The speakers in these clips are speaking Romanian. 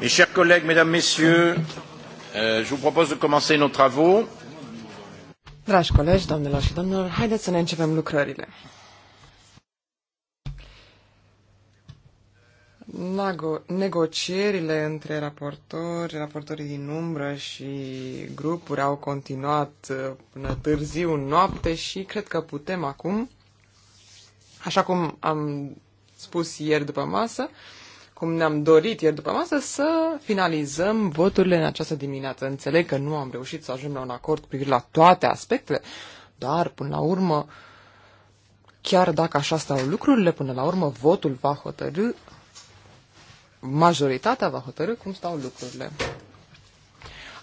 Mes chers collègues, mesdames, messieurs, euh, je vous propose de commencer nos travaux. Dragi colegi, doamnelor și domnilor, haideți să ne începem lucrările. Nago, negocierile între raportori, raportorii din umbră și grupuri au continuat uh, până târziu noapte și cred că putem acum, așa cum am spus ieri după masă, uh, cum ne-am dorit ieri după masă, să finalizăm voturile în această dimineață. Înțeleg că nu am reușit să ajungem la un acord cu privire la toate aspectele, dar până la urmă, chiar dacă așa stau lucrurile, până la urmă votul va hotărâ, majoritatea va hotărâ cum stau lucrurile.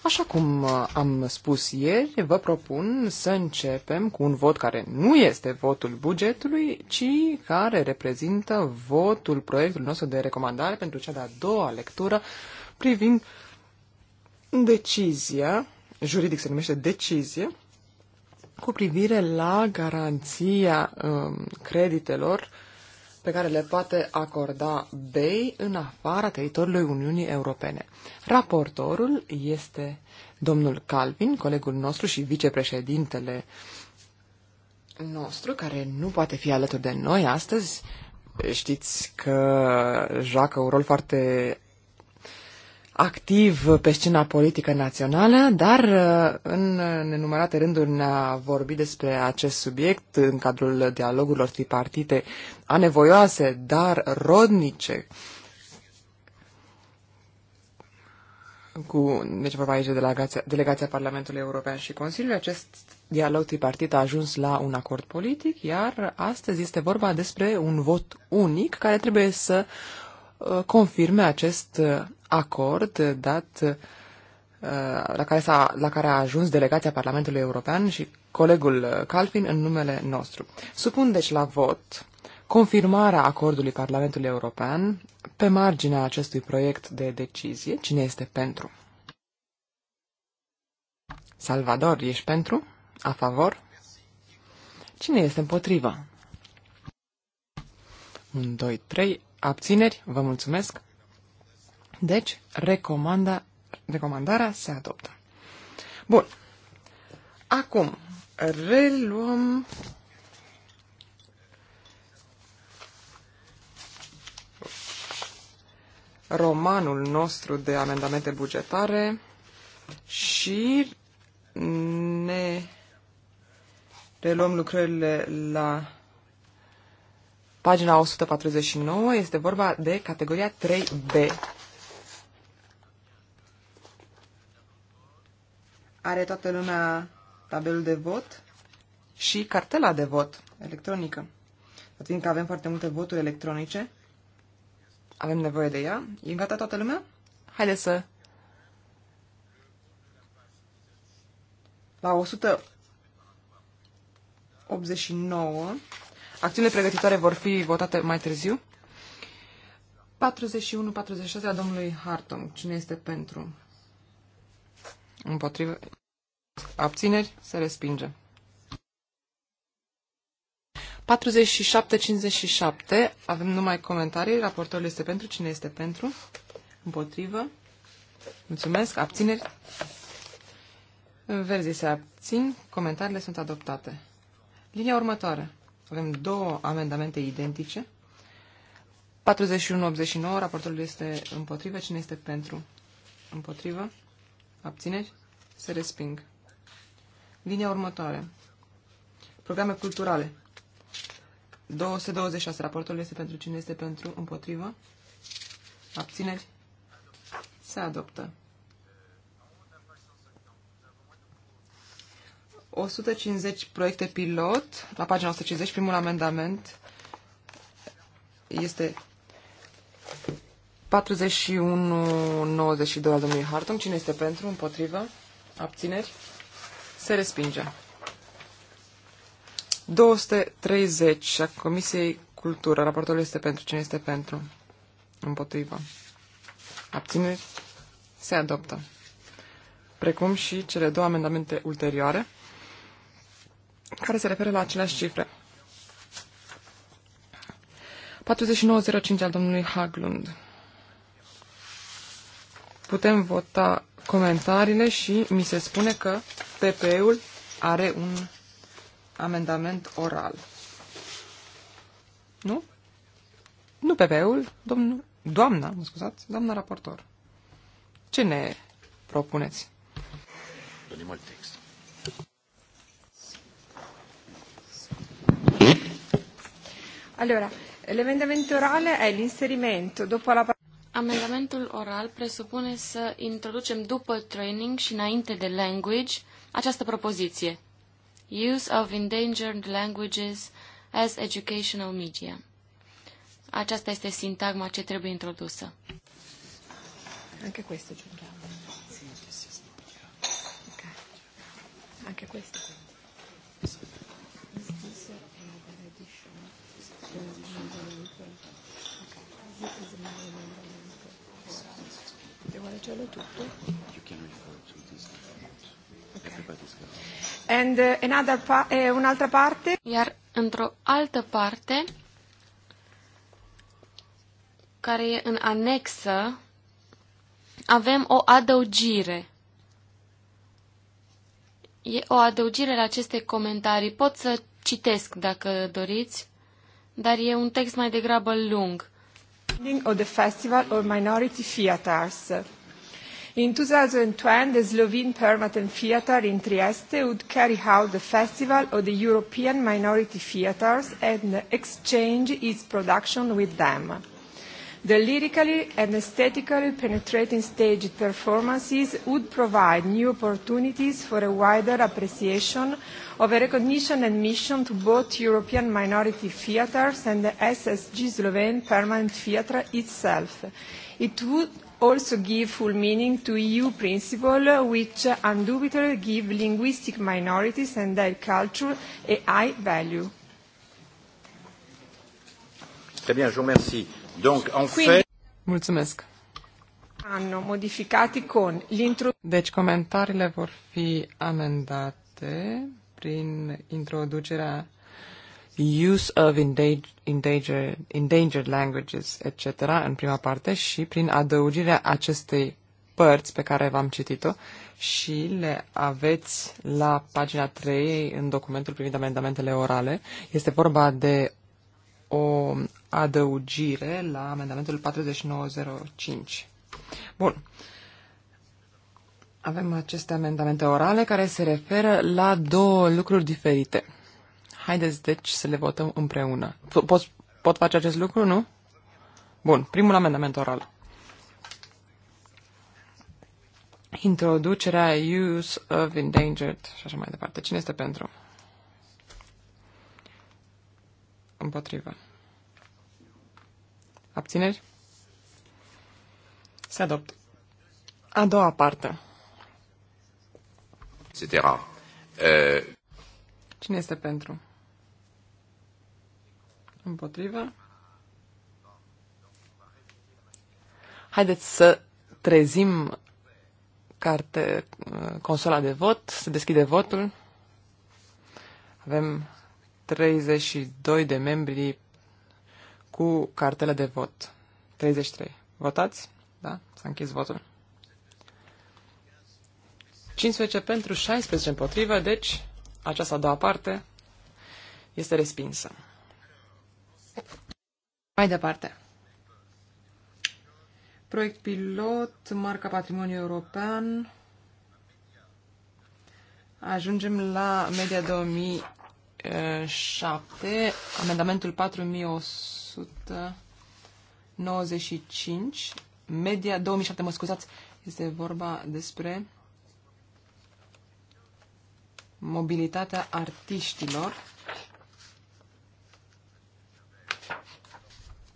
Așa cum uh, am spus ieri, vă propun să începem cu un vot care nu este votul bugetului, ci care reprezintă votul proiectului nostru de recomandare pentru cea de-a doua lectură privind decizia, juridic se numește decizie, cu privire la garanția um, creditelor uh, pe care le poate acorda BEI în afara teritoriului Uniunii Europene. Raportorul este domnul Calvin, colegul nostru și vicepreședintele nostru, care nu poate fi alături de noi astăzi. Știți că joacă un rol foarte activ pe scena politică națională, dar uh, în nenumărate rânduri ne-a vorbit despre acest subiect în cadrul dialogurilor tripartite anevoioase, dar rodnice. Cu, deci vorba aici de delegația, delegația Parlamentului European și Consiliului, acest dialog tripartit a ajuns la un acord politic, iar astăzi este vorba despre un vot unic care trebuie să uh, confirme acest uh, acord dat uh, la care, s-a, la care a ajuns delegația Parlamentului European și colegul uh, Calvin în numele nostru. Supun deci la vot confirmarea acordului Parlamentului European pe marginea acestui proiect de decizie. Cine este pentru? Salvador, ești pentru? A favor? Cine este împotriva? 1, 2, 3. Abțineri? Vă mulțumesc. Deci, recomanda, recomandarea se adoptă. Bun. Acum, reluăm romanul nostru de amendamente bugetare și ne reluăm lucrările la pagina 149. Este vorba de categoria 3B Are toată lumea tabelul de vot și cartela de vot electronică. Dar fiindcă avem foarte multe voturi electronice, avem nevoie de ea. E gata toată lumea? Haideți să... La 189, acțiunile pregătitoare vor fi votate mai târziu. 41-46 a domnului Hartong. Cine este pentru? Împotrivă. Abțineri. Se respinge. 47-57. Avem numai comentarii. Raportorul este pentru. Cine este pentru? Împotrivă. Mulțumesc. Abțineri. Verzii se abțin. Comentariile sunt adoptate. Linia următoare. Avem două amendamente identice. 41-89. Raportorul este împotrivă. Cine este pentru? Împotrivă. Abțineri? Se resping. Linia următoare. Programe culturale. 226. Raportul este pentru cine este pentru, împotrivă. Abțineri? Se adoptă. 150 proiecte pilot, la pagina 150, primul amendament este 41.92 al domnului Hartung. Cine este pentru? Împotrivă? Abțineri? Se respinge. 230 a Comisiei Cultură. Raportul este pentru. Cine este pentru? Împotrivă. Abțineri? Se adoptă. Precum și cele două amendamente ulterioare care se referă la aceleași cifre. 49.05 al domnului Haglund putem vota comentariile și mi se spune că PP-ul are un amendament oral. Nu? Nu PP-ul, doamna, mă scuzați, doamna raportor. Ce ne propuneți? Dă-ne mult text. Allora, l'emendamento orale è l'inserimento dopo la Amendamentul oral presupune să introducem după training și înainte de language această propoziție. Use of endangered languages as educational media. Aceasta este sintagma ce trebuie introdusă. Anche questo Anche questo. Okay trovare già tutto. And uh, another pa- eh, un'altra parte. Iar într-o altă parte, care e în anexă, avem o adăugire. E o adăugire la aceste comentarii. Pot să citesc dacă doriți, dar e un text mai degrabă lung. Of the festival or minority theaters. In 2020, the Slovene Permanent Theatre in Trieste would carry out the Festival of the European Minority Theatres and exchange its production with them. The lyrically and aesthetically penetrating staged performances would provide new opportunities for a wider appreciation of a recognition and mission to both European minority theatres and the SSG Slovene Permanent Theatre itself. It would also give full meaning to EU principle, which undoubtedly give linguistic minorities and their culture a high value. Très bien, je vous remercie. Donc, en fait... Mulțumesc. Anno, modificati con deci comentariile vor fi amendate prin introducerea use of endangered, endangered languages, etc., în prima parte, și prin adăugirea acestei părți pe care v-am citit-o și le aveți la pagina 3 în documentul privind amendamentele orale. Este vorba de o adăugire la amendamentul 4905. Bun. Avem aceste amendamente orale care se referă la două lucruri diferite. Haideți, deci, să le votăm împreună. Pot, pot face acest lucru, nu? Bun, primul amendament oral. Introducerea use of endangered și așa mai departe. Cine este pentru? Împotrivă. Abțineri? Se adoptă. A doua parte. Eh. Cine este pentru? Împotrivă. Haideți să trezim carte, consola de vot, să deschide votul. Avem 32 de membri cu cartele de vot. 33. Votați? Da? S-a închis votul. 15 pentru, 16 împotrivă, deci această a doua parte este respinsă. Mai departe. Proiect pilot, marca Patrimoniu European. Ajungem la media 2007, amendamentul 4195. Media 2007, mă scuzați, este vorba despre mobilitatea artiștilor.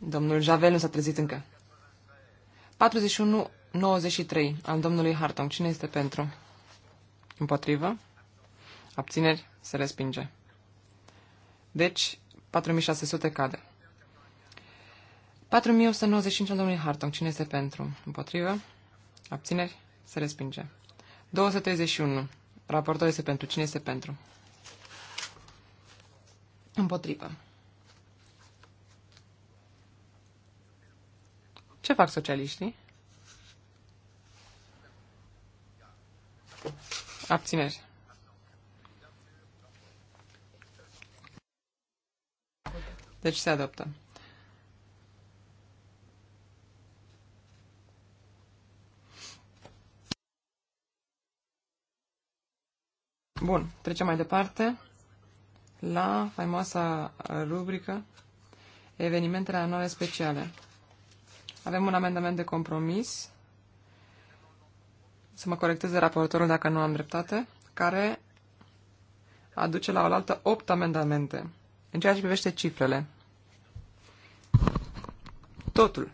Domnul Javel nu s-a trezit încă. 41.93 al domnului Hartong. Cine este pentru? Împotrivă? Abțineri? Se respinge. Deci, 4600 cade. 4195 al domnului Hartong. Cine este pentru? Împotrivă? Abțineri? Se respinge. 231. Raportul este pentru. Cine este pentru? Împotrivă. Ce fac socialiștii? Abțineri. Deci se adoptă. Bun, trecem mai departe la faimoasa rubrică Evenimentele anuale speciale. Avem un amendament de compromis. Să mă corecteze raportorul dacă nu am dreptate, care aduce la oaltă 8 amendamente. În ceea ce privește cifrele. Totul.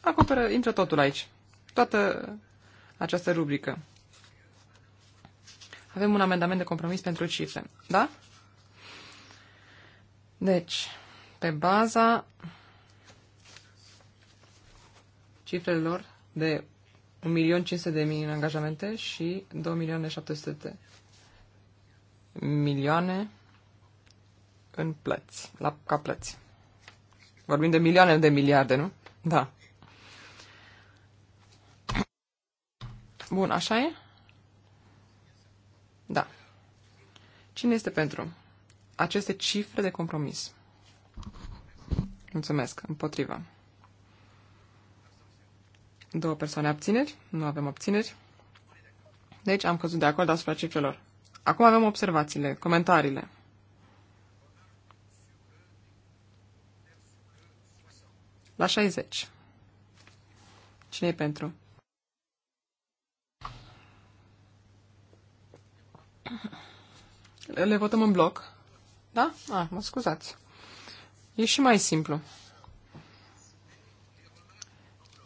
Acoperă, intră totul aici. Toată această rubrică. Avem un amendament de compromis pentru cifre. Da? Deci, pe baza cifrelor de 1.500.000 în angajamente și 2.700.000 milioane în plăți, la, ca plăți. Vorbim de milioane de miliarde, nu? Da. Bun, așa e? Da. Cine este pentru aceste cifre de compromis? Mulțumesc. Împotriva. Două persoane abțineri. Nu avem abțineri. Deci am căzut de acord asupra cifrelor. Acum avem observațiile, comentariile. La 60. Cine e pentru? Le votăm în bloc. Da? Ah, mă scuzați. E și mai simplu.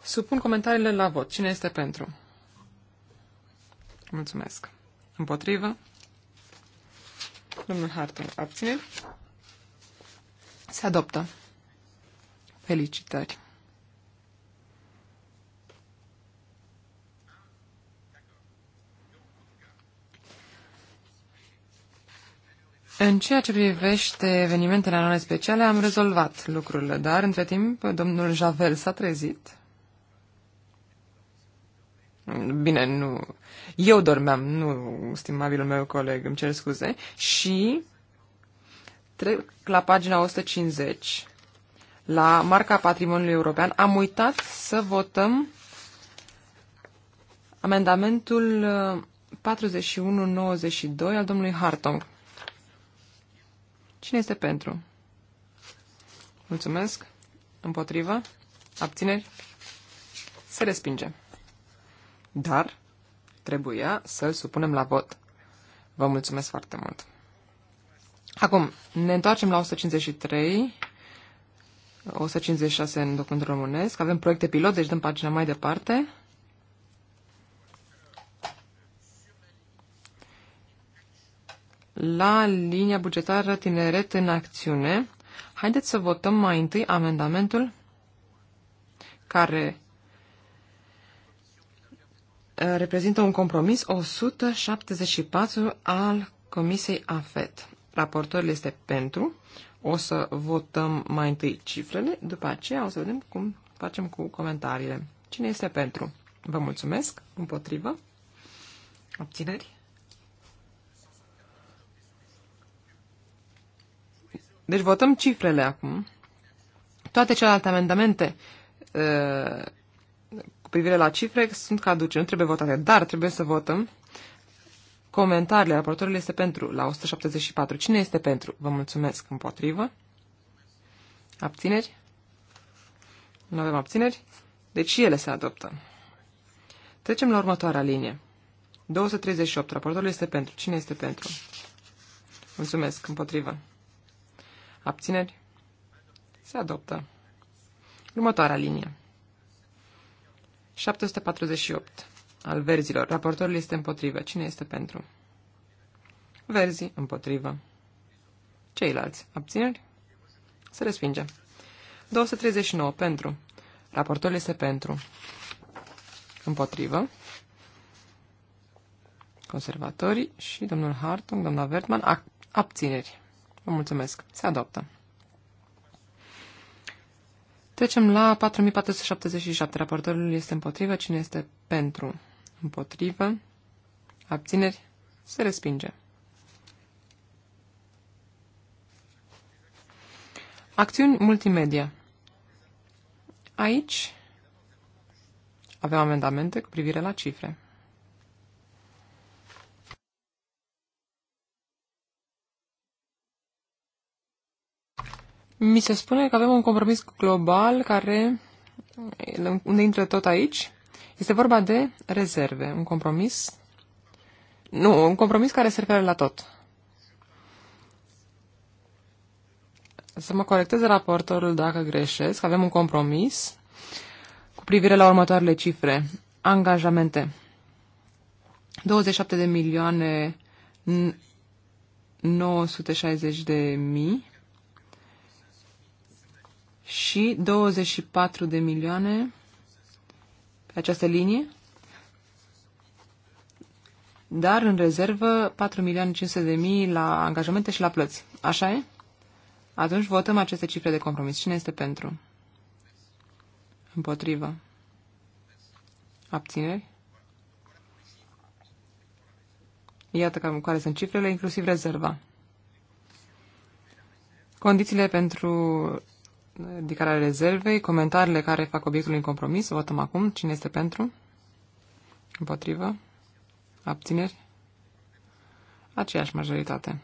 Supun comentariile la vot. Cine este pentru? Mulțumesc. Împotrivă? Domnul Hartung, abține. Se adoptă. Felicitări. În ceea ce privește evenimentele anuale speciale, am rezolvat lucrurile, dar între timp domnul Javel s-a trezit Bine, nu. Eu dormeam, nu stimabilul meu coleg, îmi cer scuze. Și trec la pagina 150, la marca patrimoniului european. Am uitat să votăm amendamentul 4192 uh, al domnului Hartong. Cine este pentru? Mulțumesc. Împotrivă? Abțineri? Se respinge dar trebuia să-l supunem la vot. Vă mulțumesc foarte mult. Acum, ne întoarcem la 153, 156 în documentul românesc. Avem proiecte pilot, deci dăm pagina mai departe. La linia bugetară tineret în acțiune, haideți să votăm mai întâi amendamentul care reprezintă un compromis 174 al Comisiei AFET. Raportorul este pentru. O să votăm mai întâi cifrele, după aceea o să vedem cum facem cu comentariile. Cine este pentru? Vă mulțumesc. Împotrivă? Obțineri? Deci votăm cifrele acum. Toate celelalte amendamente uh, privire la cifre sunt caduce, nu trebuie votate, dar trebuie să votăm. Comentariile raportorului este pentru la 174. Cine este pentru? Vă mulțumesc. Împotrivă? Abțineri? Nu avem abțineri? Deci ele se adoptă. Trecem la următoarea linie. 238. Raportorul este pentru. Cine este pentru? Mulțumesc. Împotrivă. Abțineri? Se adoptă. Următoarea linie. 748 al verzilor. Raportorul este împotrivă. Cine este pentru? Verzi împotrivă. Ceilalți abțineri? Se respinge. 239 pentru. Raportorul este pentru. Împotrivă. Conservatorii și domnul Hartung, doamna Vertman, abțineri. Vă mulțumesc. Se adoptă. Trecem la 4477. Raportorul este împotrivă. Cine este pentru? Împotrivă. Abțineri. Se respinge. Acțiuni multimedia. Aici avem amendamente cu privire la cifre. Mi se spune că avem un compromis global care, unde intră tot aici, este vorba de rezerve. Un compromis, nu, un compromis care se referă la tot. Să mă corecteze raportorul dacă greșesc. Avem un compromis cu privire la următoarele cifre. Angajamente. 27 de milioane 960 de mii și 24 de milioane pe această linie, dar în rezervă 4 milioane 500 de mii la angajamente și la plăți. Așa e? Atunci votăm aceste cifre de compromis. Cine este pentru? Împotrivă. Abțineri? Iată cam care sunt cifrele, inclusiv rezerva. Condițiile pentru ridicarea rezervei, comentariile care fac obiectul în compromis, votăm acum. Cine este pentru? Împotrivă? Abțineri? Aceeași majoritate.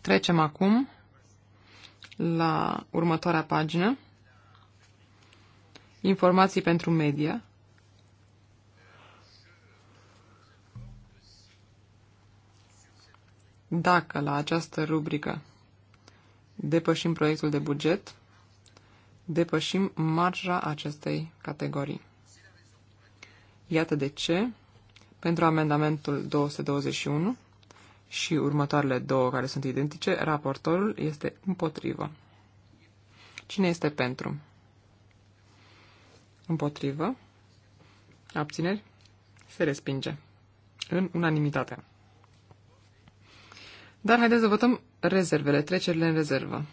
Trecem acum la următoarea pagină. Informații pentru media. Dacă la această rubrică depășim proiectul de buget, depășim marja acestei categorii. Iată de ce, pentru amendamentul 221, și următoarele două care sunt identice, raportorul este împotrivă. Cine este pentru? Împotrivă. Abțineri. Se respinge. În unanimitate. Dar haideți să votăm rezervele, trecerile în rezervă.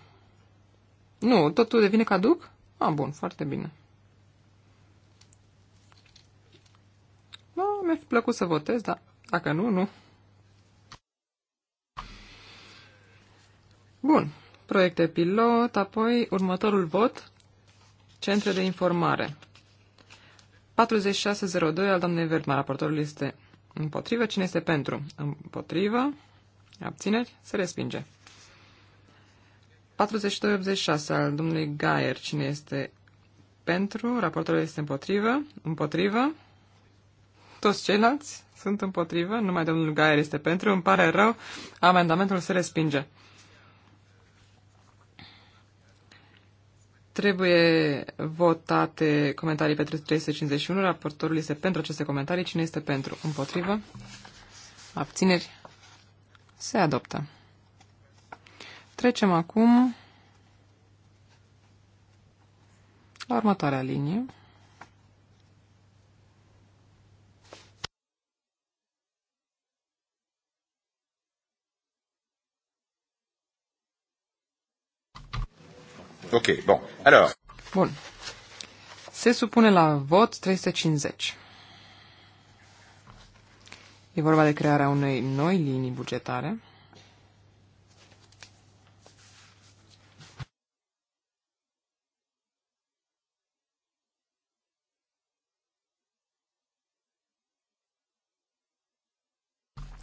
Nu, totul devine caduc? A, ah, bun, foarte bine. Nu, da, mi a fi plăcut să votez, dar dacă nu, nu. Bun. Proiecte pilot, apoi următorul vot, centre de informare. 4602 al doamnei Verma, raportorul este împotrivă. Cine este pentru? Împotrivă. Abțineri? Se respinge. 4286 al domnului Gaier. Cine este pentru? Raportorul este împotrivă. Împotrivă. Toți ceilalți sunt împotrivă. Numai domnul Gaier este pentru. Îmi pare rău. Amendamentul se respinge. Trebuie votate comentarii pentru 351. Raportorul este pentru aceste comentarii. Cine este pentru? Împotrivă? Abțineri? Se adoptă. Trecem acum la următoarea linie. Ok, bon. Alors. Bun. Se supune la vot 350. E vorba de crearea unei noi linii bugetare.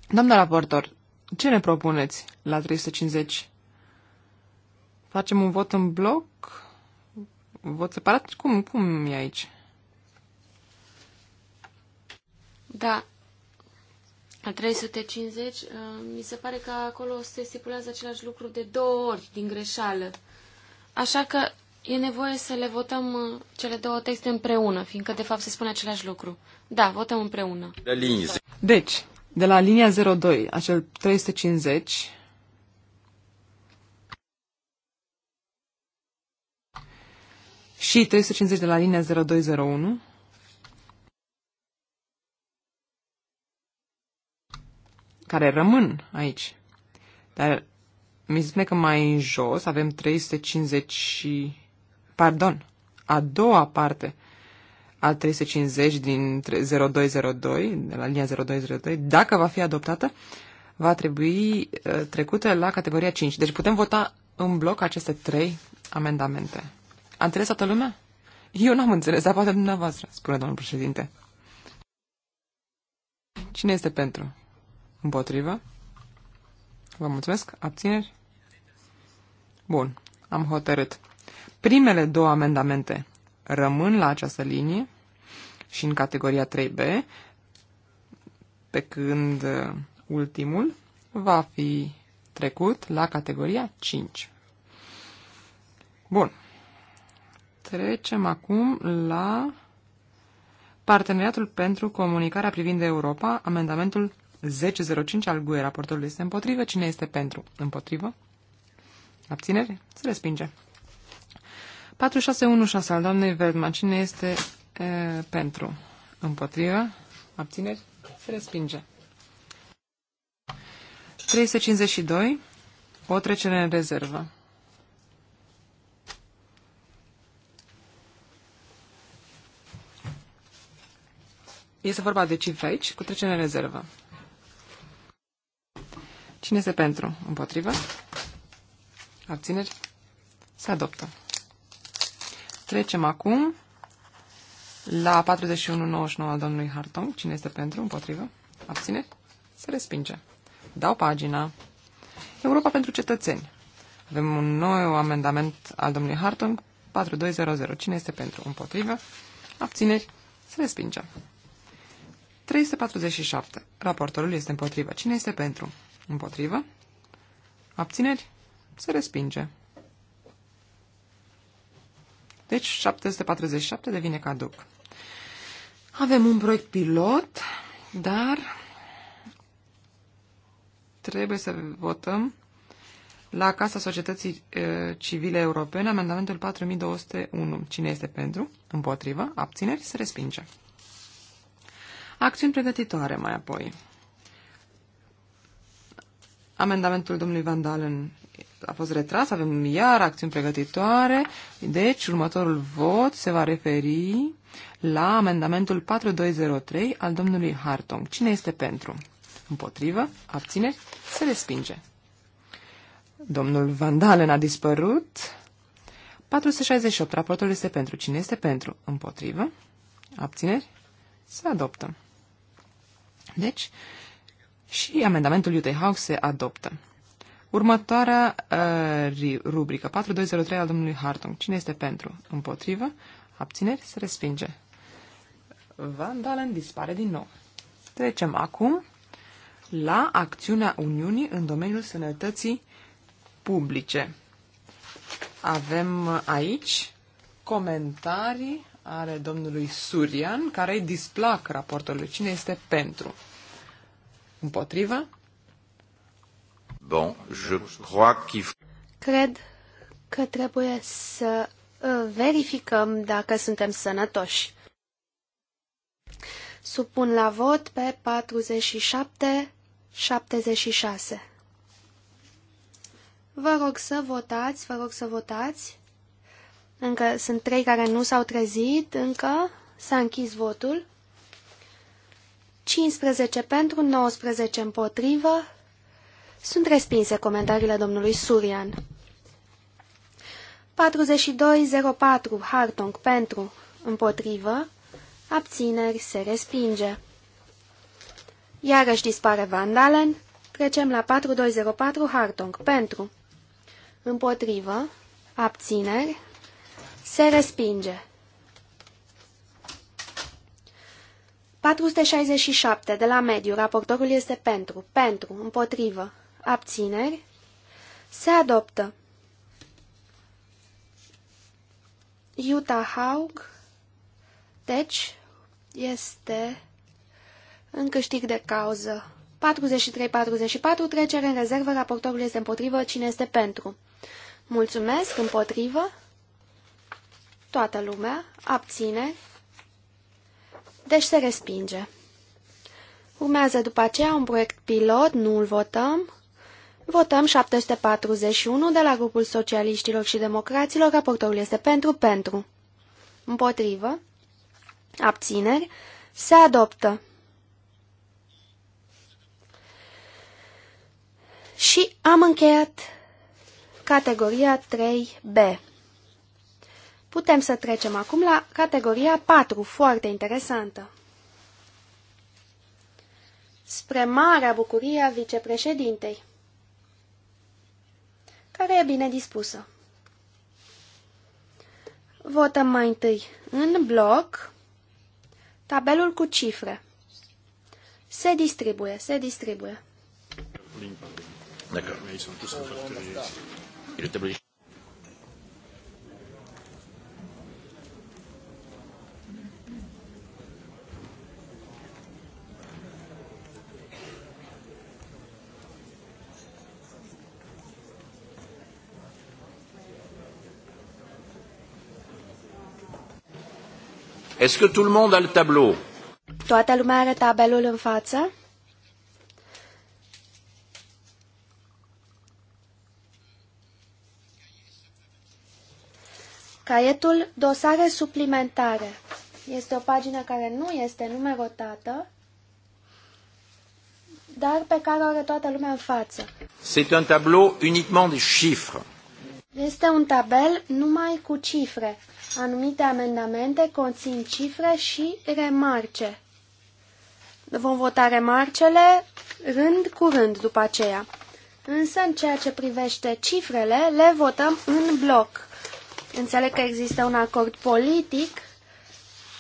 Doamna raportor, ce ne propuneți la 350? Facem un vot în bloc? Vot separat? Cum, cum e aici? Da. La 350, uh, mi se pare că acolo se stipulează același lucru de două ori din greșeală. Așa că e nevoie să le votăm uh, cele două texte împreună, fiindcă de fapt se spune același lucru. Da, votăm împreună. De Deci, de la linia 02, acel 350, și 350 de la linia 0201. care rămân aici. Dar mi se spune că mai în jos avem 350 și... Pardon, a doua parte a 350 din 0202, de la linia 0202, dacă va fi adoptată, va trebui uh, trecută la categoria 5. Deci putem vota în bloc aceste trei amendamente. A înțeles toată lumea? Eu n-am înțeles, dar poate dumneavoastră, spune domnul președinte. Cine este pentru? Împotrivă? Vă mulțumesc. Abțineri? Bun, am hotărât. Primele două amendamente rămân la această linie și în categoria 3B, pe când uh, ultimul va fi trecut la categoria 5. Bun, Trecem acum la Parteneriatul pentru comunicarea privind Europa, amendamentul 1005 al GUE. Raportorul este împotrivă. Cine este pentru? Împotrivă? Abțineri? Se respinge. 4616 al doamnei Verdman. Cine este e, pentru? Împotrivă? Abțineri? Se respinge. 352. O trecere în rezervă. Este vorba de cifre aici, cu trecere în rezervă. Cine este pentru? Împotrivă? Abțineri? Se adoptă. Trecem acum la 41.99 al domnului Hartong. Cine este pentru? Împotrivă? Abțineri? Se respinge. Dau pagina. Europa pentru cetățeni. Avem un nou amendament al domnului Hartong, 4200. Cine este pentru? Împotrivă? Abțineri? Se respinge. 347. Raportorul este împotrivă. Cine este pentru? Împotrivă? Abțineri? Se respinge. Deci 747 devine caduc. Avem un proiect pilot, dar trebuie să votăm la Casa Societății Civile Europene, amendamentul 4201. Cine este pentru? Împotrivă? Abțineri? Se respinge. Acțiuni pregătitoare mai apoi. Amendamentul domnului Van Dalen a fost retras, avem iar acțiuni pregătitoare, deci următorul vot se va referi la amendamentul 4203 al domnului Hartong. Cine este pentru? Împotrivă? Abțineri? Se respinge. Domnul Van Dalen a dispărut. 468. Raportul este pentru. Cine este pentru? Împotrivă? Abțineri? Se adoptă. Deci, și amendamentul Utah House se adoptă. Următoarea uh, rubrică, 4203 al domnului Hartung. Cine este pentru? Împotrivă? Abțineri? Se respinge. Van Dalen dispare din nou. Trecem acum la acțiunea Uniunii în domeniul sănătății publice. Avem aici comentarii ale domnului Surian, care îi displac raportului. Cine este pentru? Împotrivă? Bon, je crois Cred că trebuie să uh, verificăm dacă suntem sănătoși. Supun la vot pe 47 76. Vă rog să votați, vă rog să votați. Încă sunt trei care nu s-au trezit, încă s-a închis votul. 15 pentru, 19 împotrivă. Sunt respinse comentariile domnului Surian. 4204 Hartong pentru, împotrivă, abțineri se respinge. Iarăși dispare Van Dalen, trecem la 4204 Hartong pentru, împotrivă, abțineri se respinge. 467 de la mediu. Raportorul este pentru. Pentru. Împotrivă. Abțineri. Se adoptă. Utah Haug. Deci, este în câștig de cauză. 43-44, trecere în rezervă, raportorul este împotrivă, cine este pentru? Mulțumesc, împotrivă. Toată lumea. abține, Deci se respinge. Urmează după aceea un proiect pilot, nu îl votăm. Votăm 741 de la grupul socialiștilor și democraților. Raportorul este pentru, pentru. Împotrivă. Abțineri. Se adoptă. Și am încheiat categoria 3B. Putem să trecem acum la categoria 4, foarte interesantă. Spre marea bucurie a vicepreședintei, care e bine dispusă. Votăm mai întâi în bloc tabelul cu cifre. Se distribuie, se distribuie. Dacă. Est-ce que tout le monde a le tableau? Toată lumea are tabelul în față? Caietul Dosare suplimentare. Este o pagină care nu este numerotată, dar pe care o are toată lumea în față. C'est un tableau uniquement de chiffres. Este un tabel numai cu cifre. Anumite amendamente conțin cifre și remarce. Vom vota remarcele rând cu rând după aceea. Însă, în ceea ce privește cifrele, le votăm în bloc. Înțeleg că există un acord politic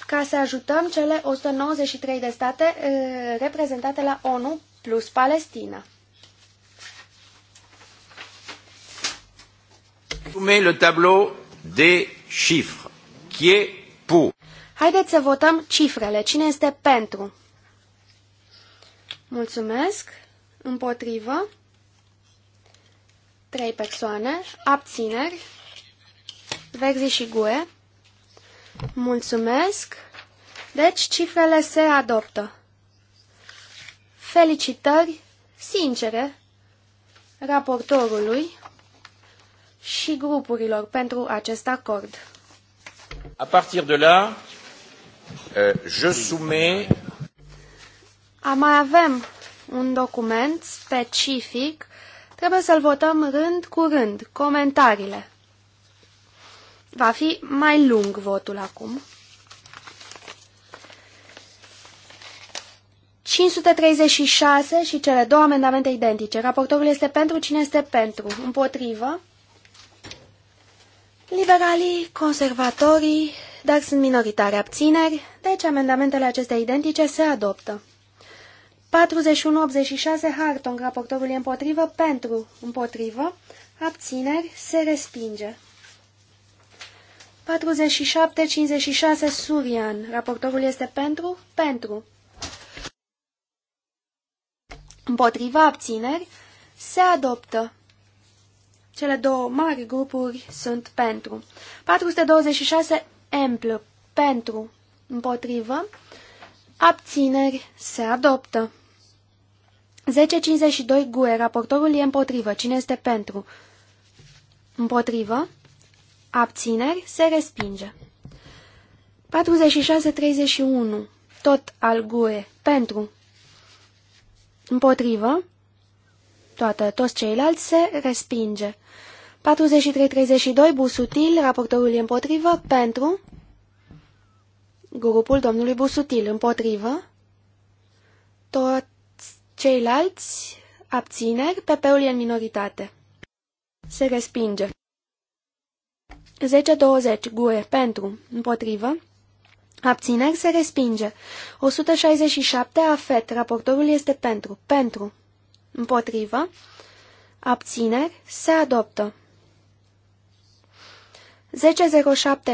ca să ajutăm cele 193 de state eh, reprezentate la ONU plus Palestina. Vă le tableau des chiffres. Qui pu. Haideți să votăm cifrele. Cine este pentru? Mulțumesc. Împotrivă. Trei persoane. Abțineri. Verzi și Gue. Mulțumesc. Deci, cifrele se adoptă. Felicitări sincere raportorului și grupurilor pentru acest acord. À partir de là, euh, je soumets... A mai avem un document specific, trebuie să-l votăm rând cu rând, comentariile. Va fi mai lung votul acum. 536 și cele două amendamente identice. Raportorul este pentru, cine este pentru? Împotrivă? Liberalii, conservatorii, dar sunt minoritari abțineri, deci amendamentele acestea identice se adoptă. 4186 Harton, raportorul e împotrivă, pentru, împotrivă, abțineri, se respinge. 4756 Surian, raportorul este pentru, pentru. Împotriva abțineri, se adoptă. Cele două mari grupuri sunt pentru. 426 amplu pentru, împotrivă, abțineri se adoptă. 10.52 GUE, raportorul e împotrivă, cine este pentru? Împotrivă, abțineri se respinge. 46.31, tot al GUE, pentru, împotrivă, toată, toți ceilalți se respinge. 43-32, Busutil, raportorul e împotrivă, pentru. Grupul domnului Busutil împotrivă. Toți ceilalți abțineri, PP-ul e în minoritate. Se respinge. 10-20, GUE, pentru, împotrivă. Abțineri se respinge. 167 afet. Raportorul este pentru. Pentru. Împotrivă. Abțineri. Se adoptă.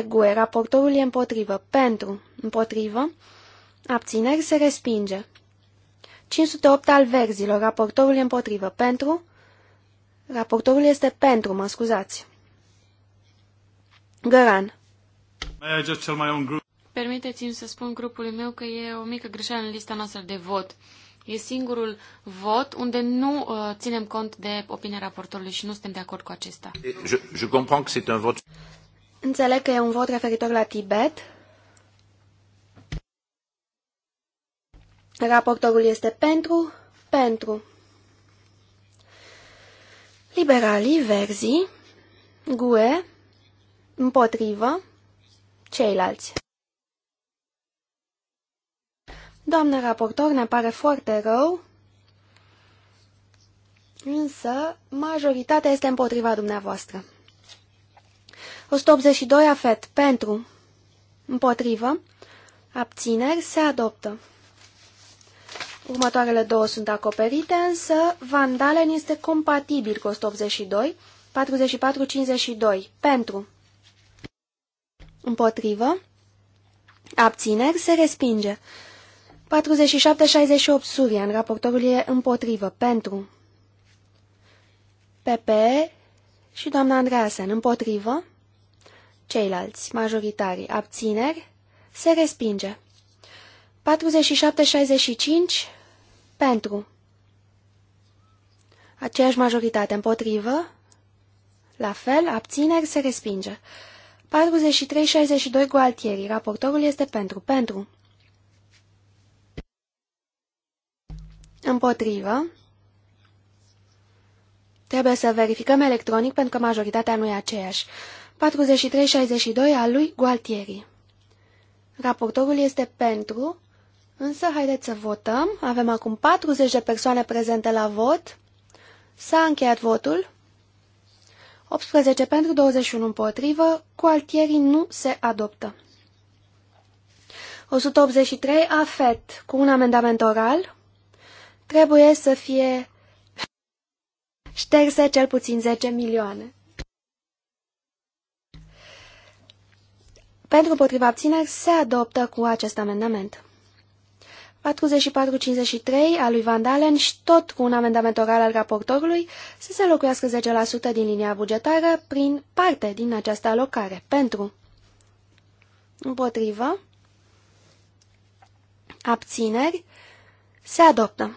10.07 GUE. Raportorul e împotrivă. Pentru. Împotrivă. Abțineri. Se respinge. 508 al verzilor. Raportorul e împotrivă. Pentru. Raportorul este pentru, mă scuzați. Găran. Permiteți-mi să spun grupului meu că e o mică greșeală în lista noastră de vot. E singurul vot unde nu uh, ținem cont de opinia raportorului și nu suntem de acord cu acesta. Je, je comprends que c'est un vot. Înțeleg că e un vot referitor la Tibet. Raportorul este pentru, pentru. Liberalii, verzii, GUE, împotrivă, ceilalți. Doamnă raportor, ne pare foarte rău, însă majoritatea este împotriva dumneavoastră. 182 afet pentru, împotrivă, abțineri se adoptă. Următoarele două sunt acoperite, însă Vandalen este compatibil cu 182, 44-52, pentru, împotrivă, abțineri se respinge. 47-68 Surian, raportorul e împotrivă, pentru. PP și doamna Andreasen, împotrivă. Ceilalți, majoritari, abțineri, se respinge. 47-65 pentru. Aceeași majoritate împotrivă. La fel, abțineri se respinge. 43-62 Gualtieri. Raportorul este pentru. Pentru. Împotrivă. Trebuie să verificăm electronic pentru că majoritatea nu e aceeași. 4362 al lui Gualtieri. Raportorul este pentru, însă haideți să votăm. Avem acum 40 de persoane prezente la vot. S-a încheiat votul. 18 pentru, 21 împotrivă. Gualtieri nu se adoptă. 183 AFET cu un amendament oral trebuie să fie șterse cel puțin 10 milioane. Pentru potriva abțineri se adoptă cu acest amendament. 4453 a lui Van Dalen și tot cu un amendament oral al raportorului să se locuiască 10% din linia bugetară prin parte din această alocare. Pentru împotrivă abțineri se adoptă.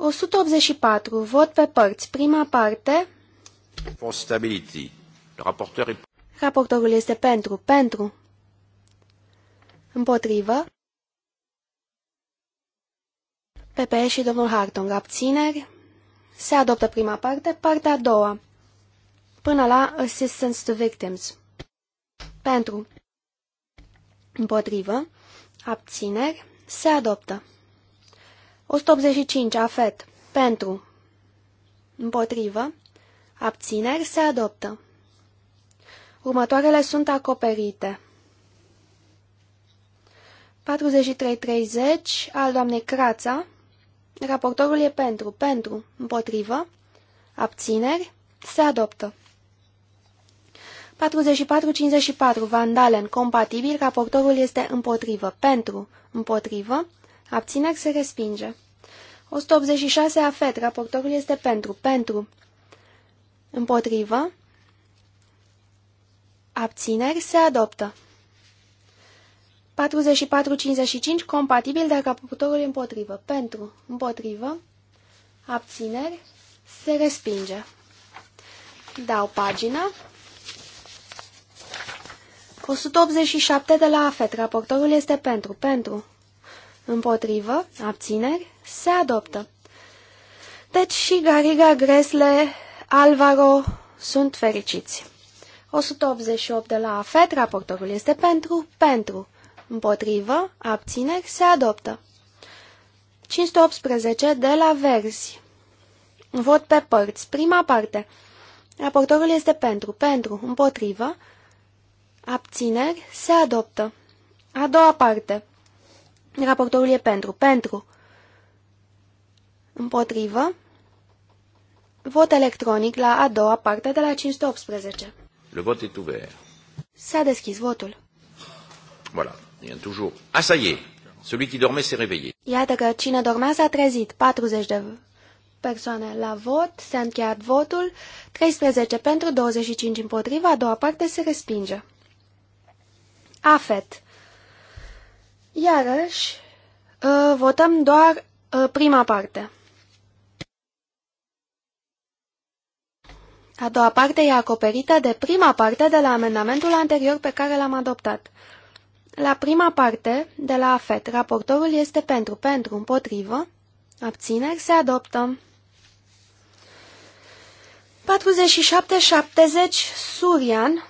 184. Vot pe părți. Prima parte. Stability. Raportor... Raportorul este pentru. Pentru. Împotrivă. PPE și domnul Hartong. Abțineri. Se adoptă prima parte. Partea a doua. Până la Assistance to Victims. Pentru. Împotrivă. Abțineri. Se adoptă. 185. Afet. Pentru. Împotrivă. Abțineri se adoptă. Următoarele sunt acoperite. 43.30 al doamnei Crața. Raportorul e pentru. Pentru. Împotrivă. Abțineri. Se adoptă. 44.54 Vandalen. Compatibil. Raportorul este împotrivă. Pentru. Împotrivă. Abțineri se respinge. 186 afet. Raportorul este pentru. Pentru. Împotrivă. Abțineri se adoptă. 44-55 compatibil, dar raportorul împotrivă. Pentru. Împotrivă. Abțineri se respinge. Dau pagina. 187 de la AFET. Raportorul este pentru. Pentru. Împotrivă, abțineri, se adoptă. Deci și Gariga, Gresle, Alvaro sunt fericiți. 188 de la AFET, raportorul este pentru, pentru. Împotrivă, abțineri, se adoptă. 518 de la Verzi. Vot pe părți. Prima parte. Raportorul este pentru, pentru, împotrivă, abțineri, se adoptă. A doua parte. Raportorul e pentru. Pentru. Împotrivă. Vot electronic la a doua parte de la 518. Le vot est ouvert. S-a deschis votul. Voilà. E y toujours... Ah, ça y est. Celui qui dormait s'est réveillé. Iată că cine dormea s-a trezit. 40 de persoane la vot, s-a încheiat votul, 13 pentru, 25 împotriva, a doua parte se respinge. AFET. Iarăși, ă, votăm doar ă, prima parte. A doua parte e acoperită de prima parte de la amendamentul anterior pe care l-am adoptat. La prima parte, de la AFET, raportorul este pentru, pentru, împotrivă, abțineri, se adoptă. 47-70, Surian,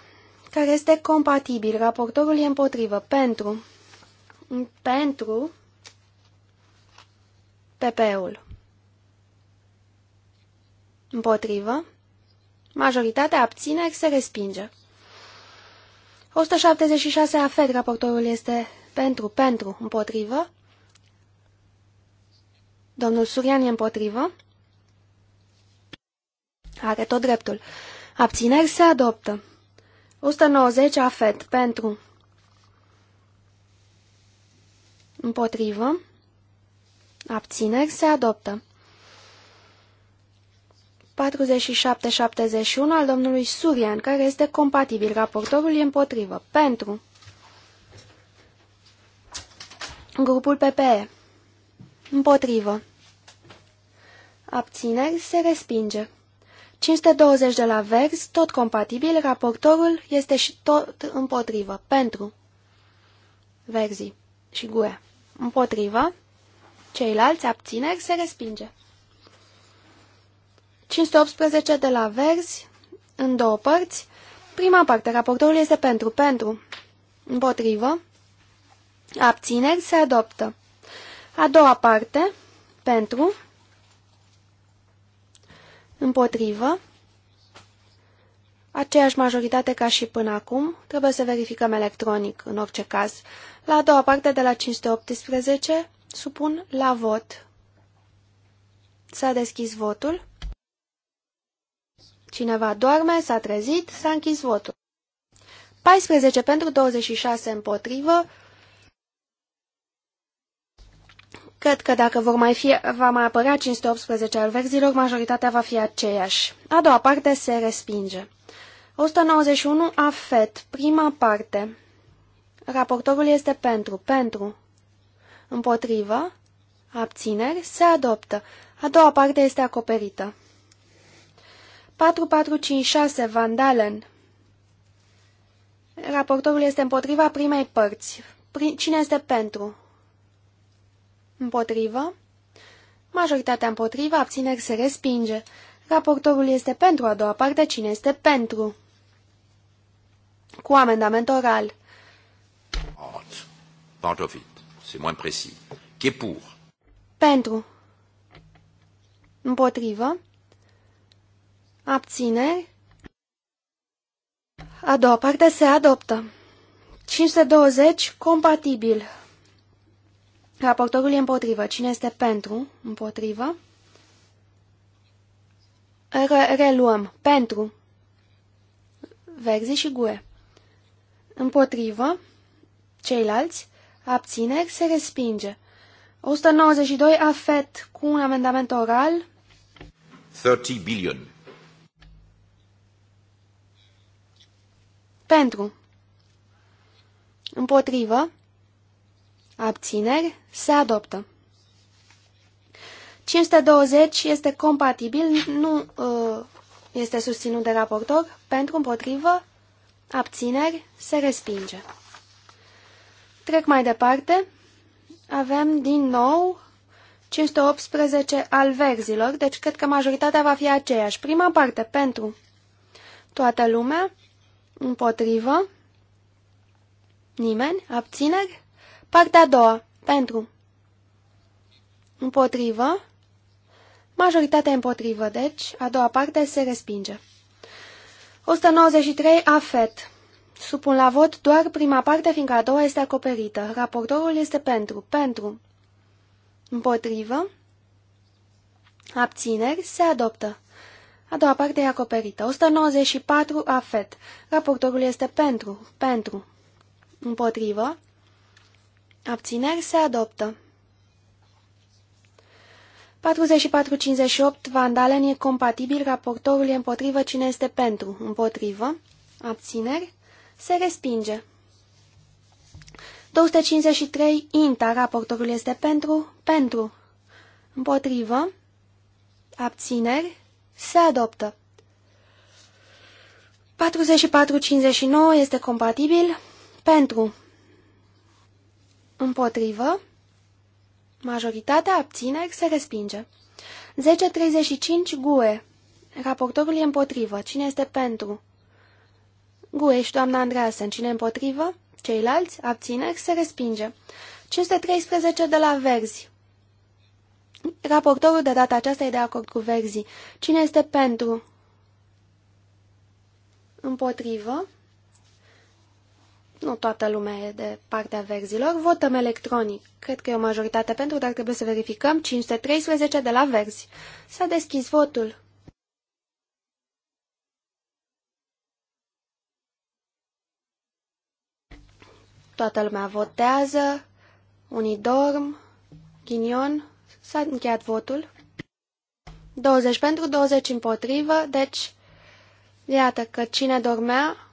care este compatibil, raportorul e împotrivă, pentru, pentru PP-ul. Împotrivă. Majoritatea abțineri se respinge. 176 afet, raportorul este pentru, pentru, împotrivă. Domnul Surian e împotrivă. Are tot dreptul. Abțineri se adoptă. 190 afet, pentru, Împotrivă. Abțineri se adoptă. 47-71 al domnului Surian, care este compatibil. Raportorul e împotrivă. Pentru. Grupul PPE. Împotrivă. Abțineri se respinge. 520 de la vers, tot compatibil, raportorul este și tot împotrivă. Pentru. Verzi și gurea. Împotrivă. Ceilalți abțineri se respinge. 518 de la verzi, în două părți. Prima parte, raportorul este pentru, pentru, împotrivă, abțineri, se adoptă. A doua parte, pentru, împotrivă, aceeași majoritate ca și până acum, trebuie să verificăm electronic în orice caz. La a doua parte de la 518 supun la vot. S-a deschis votul. Cineva doarme, s-a trezit, s-a închis votul. 14 pentru 26 împotrivă. Cred că dacă vor mai fi, va mai apărea 518 al verzilor, majoritatea va fi aceeași. A doua parte se respinge. 191 afet, prima parte. Raportorul este pentru. Pentru. Împotrivă. Abțineri. Se adoptă. A doua parte este acoperită. 4456 Vandalen. Raportorul este împotriva primei părți. Cine este pentru? Împotrivă. Majoritatea împotrivă, abțineri se respinge. Raportorul este pentru a doua parte, cine este pentru? Cu amendament oral. Part. Part of it. C'est moins précis. Qui est pour? Pentru. Împotrivă. Abțineri. A doua parte se adoptă. 520. Compatibil. Raportorul e împotrivă. Cine este pentru? Împotrivă. Re Reluăm. Pentru. Verzi și gue. Împotrivă ceilalți, abțineri, se respinge. 192 afet cu un amendament oral. 30 billion. Pentru. Împotrivă. Abțineri. Se adoptă. 520 este compatibil, nu uh, este susținut de raportor, pentru împotrivă, abțineri, se respinge. Trec mai departe. Avem din nou 518 al verzilor, deci cred că majoritatea va fi aceeași. Prima parte, pentru toată lumea, împotrivă, nimeni, abțineri. Partea a doua, pentru împotrivă, majoritatea împotrivă, deci a doua parte se respinge. 193 afet Supun la vot doar prima parte, fiindcă a doua este acoperită. Raportorul este pentru. Pentru. Împotrivă. Abțineri. Se adoptă. A doua parte e acoperită. 194 afet. Raportorul este pentru. Pentru. Împotrivă. Abțineri. Se adoptă. 44.58. Vandalen e compatibil. Raportorul e împotrivă. Cine este pentru? Împotrivă. Abțineri. Se respinge. 253. Inta. Raportorul este pentru. Pentru. Împotrivă. Abțineri. Se adoptă. 4459 este compatibil pentru împotrivă, majoritatea abțineri se respinge. 1035 GUE. Raportorul e împotrivă. Cine este pentru? Guești, doamna Andreasen, cine împotrivă? Ceilalți, abțineri, se respinge. 513 de la Verzi. Raportorul de data aceasta e de acord cu Verzi. Cine este pentru? Împotrivă. Nu toată lumea e de partea verzilor. Votăm electronic. Cred că e o majoritate pentru, dar trebuie să verificăm. 513 de la verzi. S-a deschis votul. Toată lumea votează, unii dorm, ghinion, s-a încheiat votul. 20 pentru, 20 împotrivă, deci iată că cine dormea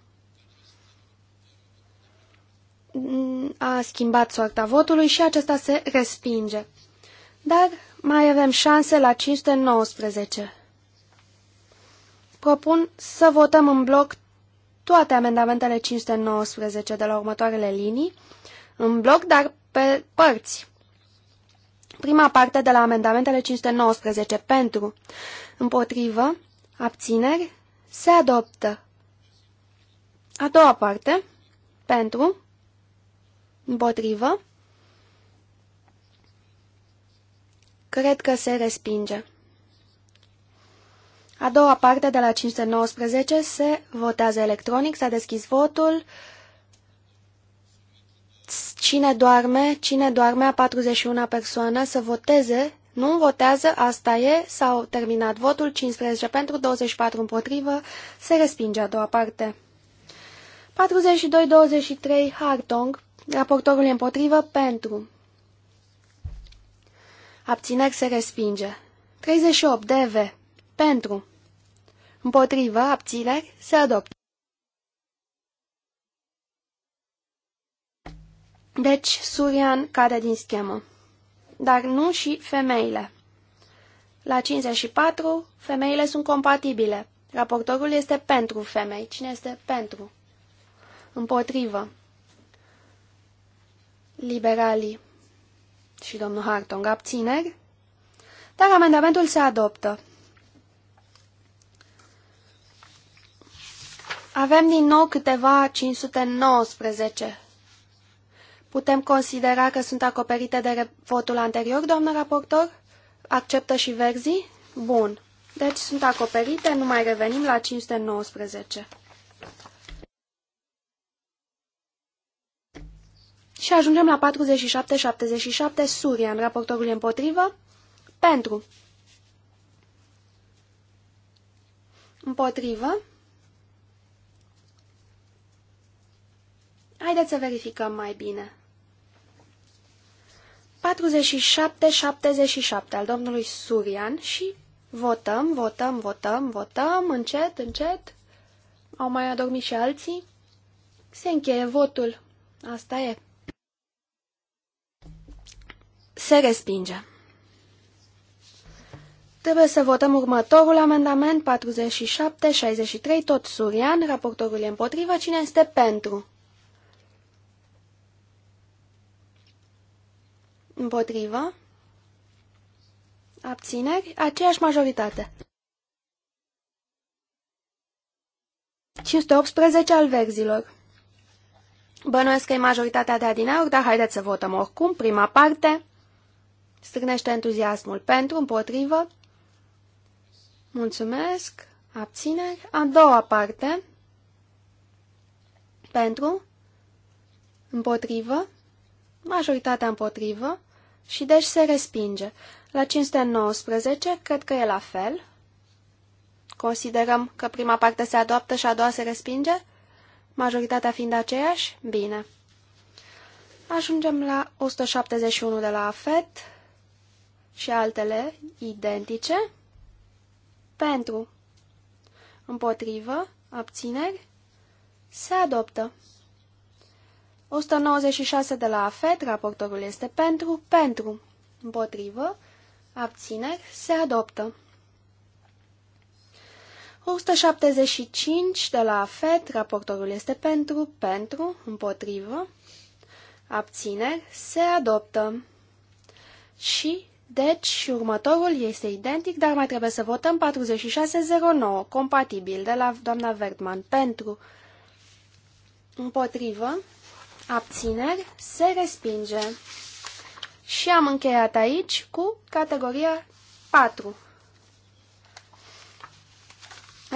a schimbat soarta votului și acesta se respinge. Dar mai avem șanse la 519. Propun să votăm în bloc toate amendamentele 519 de la următoarele linii în bloc, dar pe părți. Prima parte de la amendamentele 519 pentru, împotrivă, abțineri, se adoptă. A doua parte, pentru, împotrivă, cred că se respinge. A doua parte de la 519 se votează electronic, s-a deschis votul. Cine doarme, cine doarme a 41 persoană să voteze, nu votează, asta e, s-au terminat votul, 15 pentru, 24 împotrivă, se respinge a doua parte. 42-23 Hartong, raportorul e împotrivă, pentru. Abțineri se respinge. 38 DV, pentru. Împotriva abțineri, se adoptă. Deci, Surian cade din schemă. Dar nu și femeile. La 54, femeile sunt compatibile. Raportorul este pentru femei. Cine este pentru? Împotrivă. Liberalii și domnul Hartong abțineri. Dar amendamentul se adoptă. Avem din nou câteva 519. Putem considera că sunt acoperite de votul anterior, doamnă raportor? Acceptă și verzii? Bun. Deci sunt acoperite, nu mai revenim la 519. Și ajungem la 47-77, Surian. Raportorul e împotrivă? Pentru. Împotrivă. Haideți să verificăm mai bine. 47-77 al domnului Surian și votăm, votăm, votăm, votăm, încet, încet. Au mai adormit și alții. Se încheie votul. Asta e. Se respinge. Trebuie să votăm următorul amendament 47-63, tot Surian. Raportorul e împotrivă. Cine este pentru? Împotrivă. Abțineri. Aceeași majoritate. 518 al verzilor. Bănuiesc că e majoritatea de adineauri, dar haideți să votăm oricum. Prima parte. Strânește entuziasmul pentru, împotrivă. Mulțumesc. Abțineri. A doua parte. Pentru. Împotrivă. Majoritatea împotrivă. Și deci se respinge. La 519, cred că e la fel. Considerăm că prima parte se adoptă și a doua se respinge? Majoritatea fiind aceeași? Bine. Ajungem la 171 de la AFET și altele identice. Pentru. Împotrivă. Abțineri. Se adoptă. 196 de la AFET, raportorul este pentru, pentru, împotrivă, abțineri, se adoptă. 175 de la AFET, raportorul este pentru, pentru, împotrivă, abțineri, se adoptă. Și, deci, următorul este identic, dar mai trebuie să votăm 4609, compatibil, de la doamna Verdman, pentru, împotrivă, abțineri, se respinge. Și am încheiat aici cu categoria 4.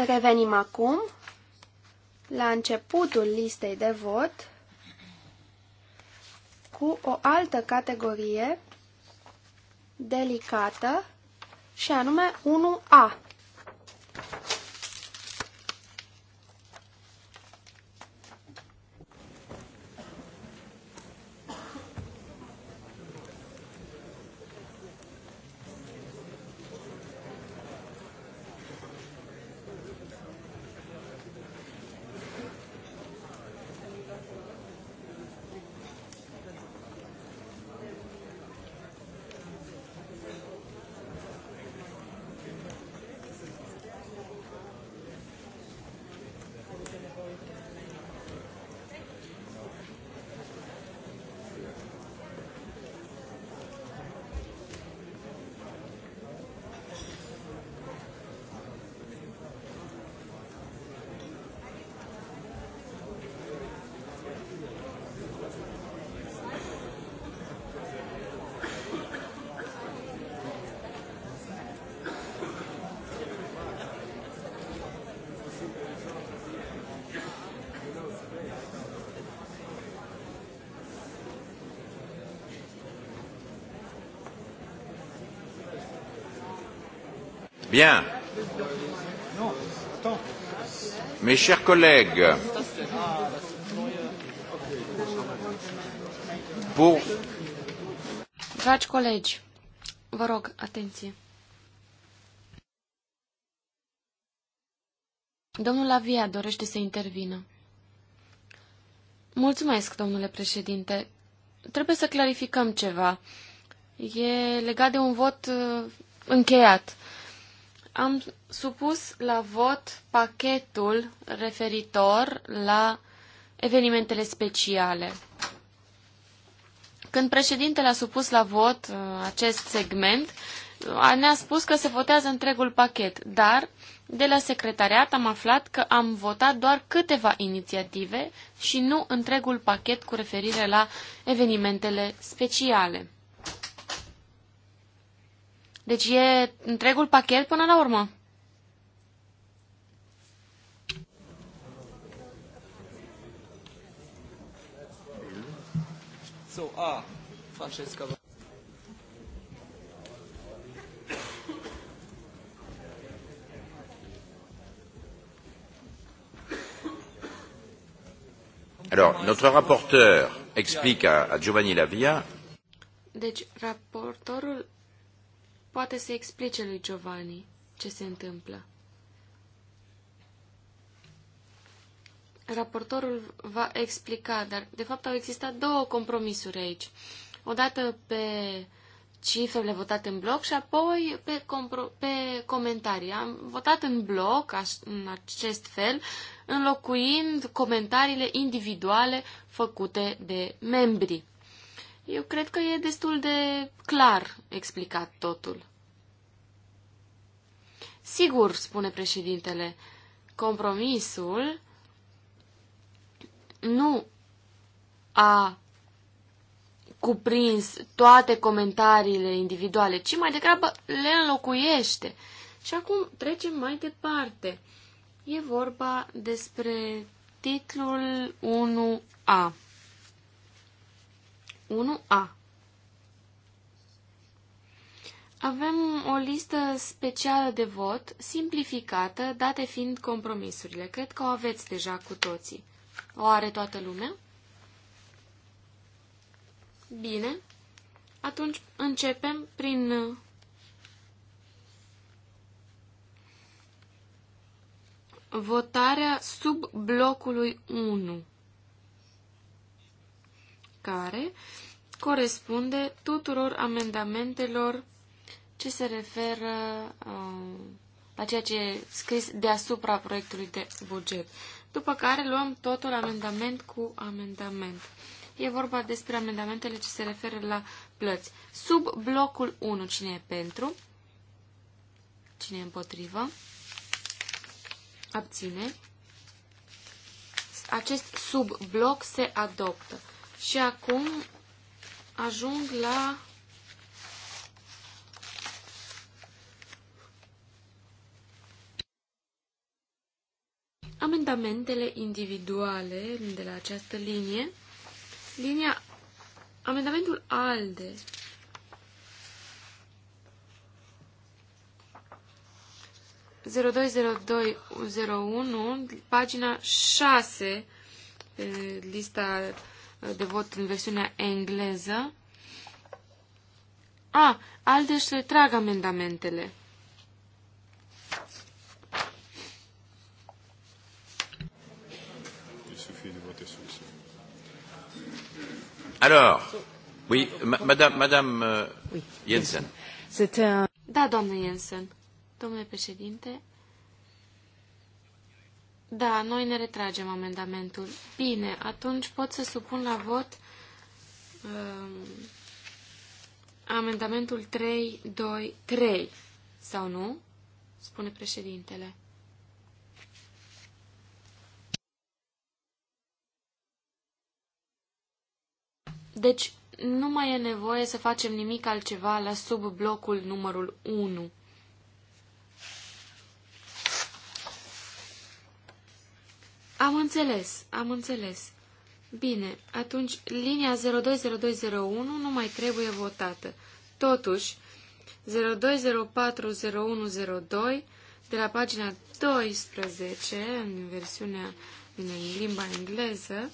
Revenim acum la începutul listei de vot cu o altă categorie delicată și anume 1A. Bien. Mes chers collègues, pour... Dragi colegi, vă rog, atenție. Domnul Avia dorește să intervină. Mulțumesc, domnule președinte. Trebuie să clarificăm ceva. E legat de un vot uh, încheiat am supus la vot pachetul referitor la evenimentele speciale. Când președintele a supus la vot uh, acest segment, uh, ne-a spus că se votează întregul pachet, dar de la secretariat am aflat că am votat doar câteva inițiative și nu întregul pachet cu referire la evenimentele speciale. Deci e întregul pachet până la urmă. So, a, Francesca. Alors, notre rapporteur explique à, à Giovanni Lavia. Deci, raportorul poate să explice lui Giovanni ce se întâmplă. Raportorul va explica, dar de fapt au existat două compromisuri aici. Odată pe cifrele votate în bloc și apoi pe, pe comentarii. Am votat în bloc, aș, în acest fel, înlocuind comentariile individuale făcute de membri. Eu cred că e destul de clar explicat totul. Sigur, spune președintele, compromisul nu a cuprins toate comentariile individuale, ci mai degrabă le înlocuiește. Și acum trecem mai departe. E vorba despre titlul 1A. 1A. Avem o listă specială de vot, simplificată, date fiind compromisurile. Cred că o aveți deja cu toții. O are toată lumea? Bine. Atunci începem prin uh, votarea sub blocului 1 care corespunde tuturor amendamentelor ce se referă uh, la ceea ce e scris deasupra proiectului de buget. După care luăm totul amendament cu amendament. E vorba despre amendamentele ce se referă la plăți. Sub blocul 1, cine e pentru? Cine e împotrivă? Abține. Acest subbloc se adoptă. Și acum ajung la amendamentele individuale de la această linie. Linia amendamentul ALDE unu, pagina 6 pe lista de vot în versiunea engleză. A, alte își retrag amendamentele. Alors, oui, madame, madame euh, Jensen. Da, doamnă Jensen. Domnule președinte, da, noi ne retragem amendamentul. Bine, atunci pot să supun la vot um, amendamentul 3, 2, 3, sau nu? Spune președintele. Deci, nu mai e nevoie să facem nimic altceva la sub blocul numărul 1. Am înțeles, am înțeles. Bine, atunci linia 020201 nu mai trebuie votată. Totuși, 02040102 de la pagina 12 în versiunea în limba engleză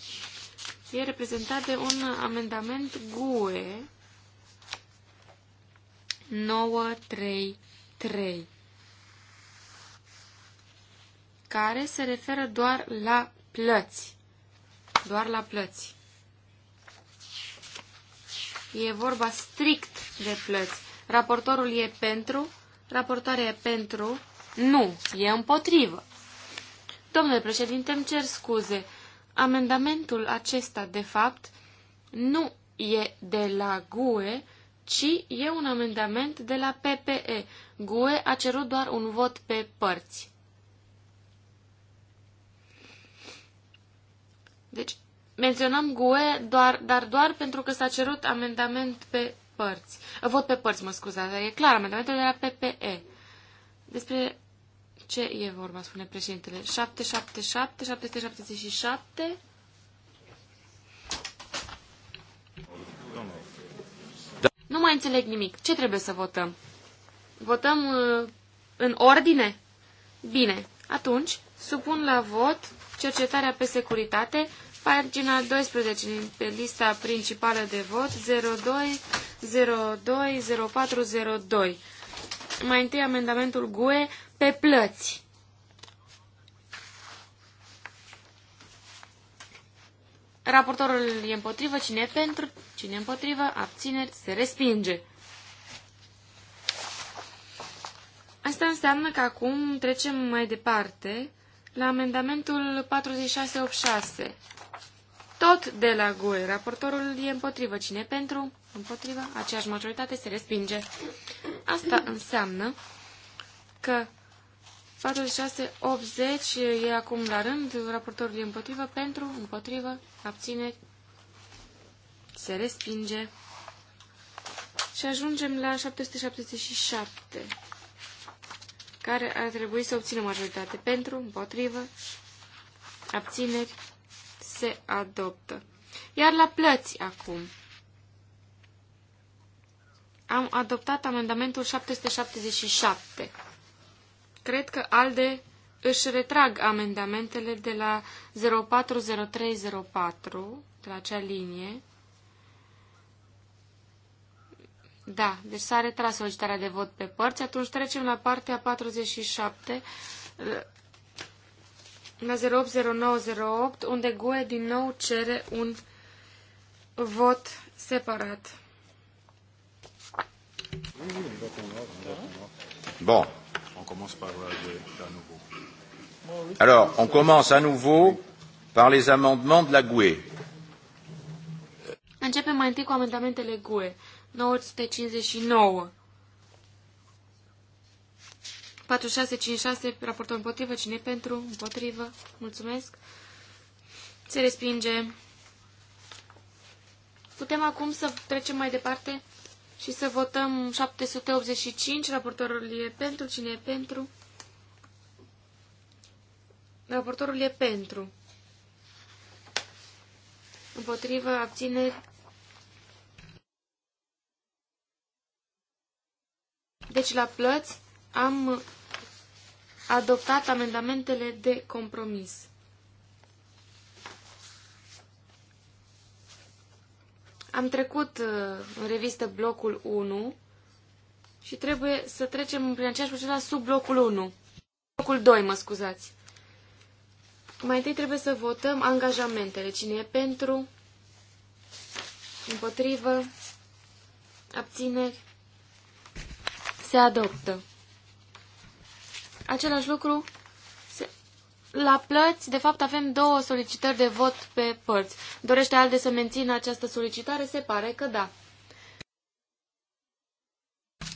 e reprezentat de un amendament GUE 933 care se referă doar la plăți. Doar la plăți. E vorba strict de plăți. Raportorul e pentru, raportarea e pentru, nu, e împotrivă. Domnule președinte, îmi cer scuze. Amendamentul acesta, de fapt, nu e de la GUE, ci e un amendament de la PPE. GUE a cerut doar un vot pe părți. Deci, menționăm GUE, doar, dar doar pentru că s-a cerut amendament pe părți. Vot pe părți, mă scuzați, dar e clar, amendamentul de la PPE. Despre ce e vorba, spune președintele? 777, 777... Nu mai înțeleg nimic. Ce trebuie să votăm? Votăm uh, în ordine? Bine. Atunci, supun la vot cercetarea pe securitate Pagina 12 pe lista principală de vot 02020402. Mai întâi amendamentul GUE pe plăți. Raportorul e împotrivă, cine e pentru, cine e împotrivă, abțineri, se respinge. Asta înseamnă că acum trecem mai departe la amendamentul 4686. Tot de la GUE. Raportorul e împotrivă. Cine pentru? Împotrivă. Aceeași majoritate se respinge. Asta înseamnă că 46, 80 e acum la rând. Raportorul e împotrivă. Pentru? Împotrivă. Abține. Se respinge. Și ajungem la 777, care ar trebui să obțină majoritate pentru, împotrivă, abțineri, se adoptă. Iar la plăți acum. Am adoptat amendamentul 777. Cred că ALDE își retrag amendamentele de la 040304, de la acea linie. Da, deci s-a retras solicitarea de vot pe părți. Atunci trecem la partea 47, 080908, unde GUE din nou cere un vot separat. Bon. On commence par la de, à nouveau. Alors, on commence à nouveau par les amendements de la GUE. Începem mai întâi cu amendamentele GUE. 959. 4656, raportul împotrivă, cine pentru, împotrivă, mulțumesc. Se respinge. Putem acum să trecem mai departe și să votăm 785, raportorul e pentru, cine e pentru. Raportorul e pentru. Împotrivă, abține. Deci la plăți am adoptat amendamentele de compromis. Am trecut uh, în revistă blocul 1 și trebuie să trecem prin aceeași procedură sub blocul 1. Blocul 2, mă scuzați. Mai întâi trebuie să votăm angajamentele. Cine e pentru? Împotrivă? Abțineri? Se adoptă. Același lucru la plăți, de fapt, avem două solicitări de vot pe părți. Dorește ALDE să mențină această solicitare? Se pare că da.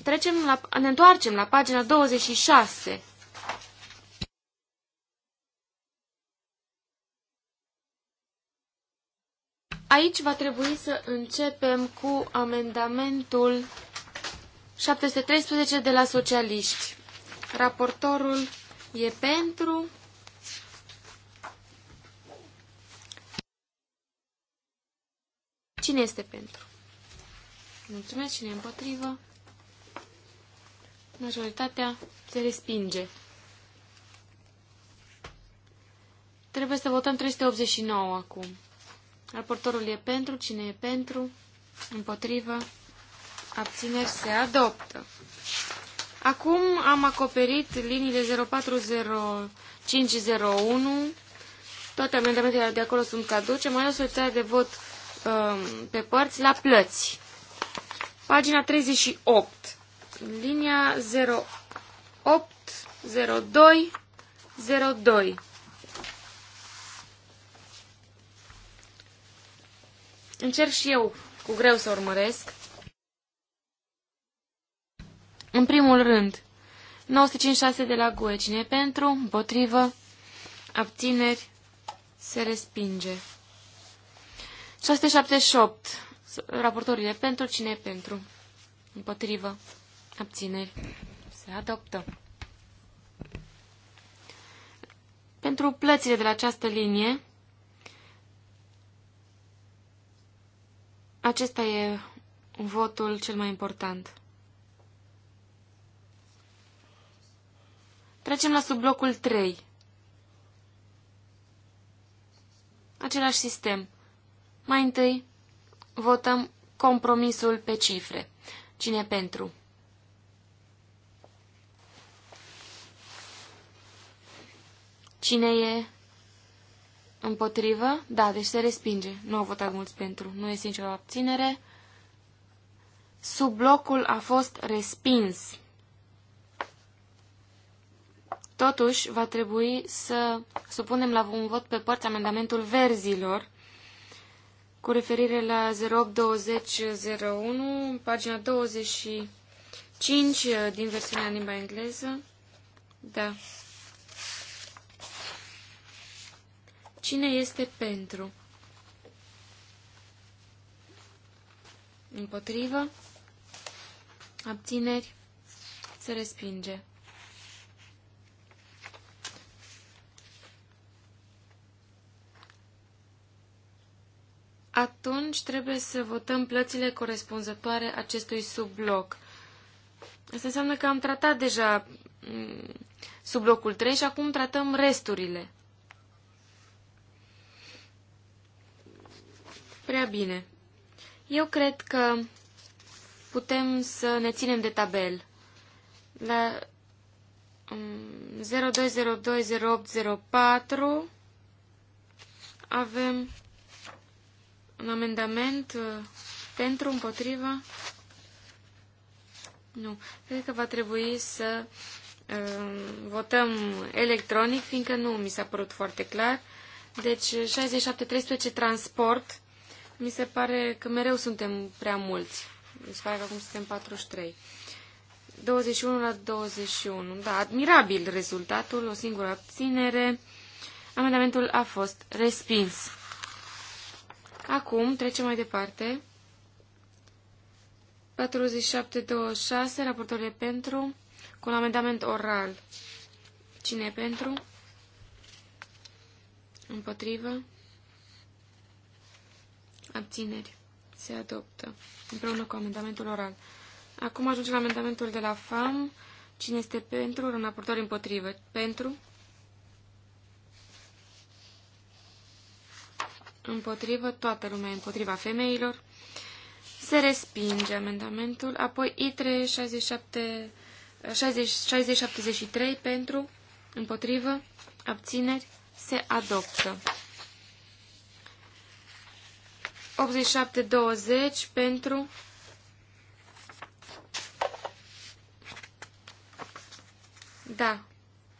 Trecem la, ne întoarcem la pagina 26. Aici va trebui să începem cu amendamentul 713 de la socialiști. Raportorul e pentru. Cine este pentru? Mulțumesc, cine e împotrivă? Majoritatea se respinge. Trebuie să votăm 389 acum. Raportorul e pentru, cine e pentru, împotrivă, abțineri se adoptă. Acum am acoperit liniile 040501, toate amendamentele de acolo sunt caduce, mai ales o de vot um, pe părți la plăți. Pagina 38, linia 080202. Încerc și eu cu greu să urmăresc. În primul rând, 956 de la Goecine Cine pentru? Împotrivă? Abțineri? Se respinge. 678. Raportorile pentru? Cine pentru? Împotrivă? Abțineri? Se adoptă. Pentru plățile de la această linie, acesta e votul cel mai important. Trecem la subblocul 3. Același sistem. Mai întâi votăm compromisul pe cifre. Cine pentru? Cine e împotrivă? Da, deci se respinge. Nu au votat mulți pentru. Nu este nicio abținere. Sublocul a fost respins. Totuși, va trebui să supunem la un vot pe părți amendamentul verzilor cu referire la 082001, pagina 25 uh, din versiunea în limba engleză. Da. Cine este pentru? Împotrivă? Abțineri? Se respinge. atunci trebuie să votăm plățile corespunzătoare acestui subbloc. Asta înseamnă că am tratat deja mm, sublocul 3 și acum tratăm resturile. Prea bine. Eu cred că putem să ne ținem de tabel. La 02020804 mm, avem un amendament uh, pentru, împotrivă? Nu. Cred că va trebui să uh, votăm electronic, fiindcă nu mi s-a părut foarte clar. Deci 67-13 transport. Mi se pare că mereu suntem prea mulți. Mi se pare că acum suntem 43. 21 la 21. Da, admirabil rezultatul, o singură abținere. Amendamentul a fost respins. Acum trecem mai departe. 47.26, raportorile pentru, cu un amendament oral. Cine e pentru? Împotrivă? Abțineri. Se adoptă. Împreună cu amendamentul oral. Acum ajungem la amendamentul de la FAM. Cine este pentru? Un raportor împotrivă. Pentru? împotrivă, toată lumea împotriva femeilor. Se respinge amendamentul, apoi I3 67, 60, pentru, împotrivă, abțineri, se adoptă. 87-20 pentru da,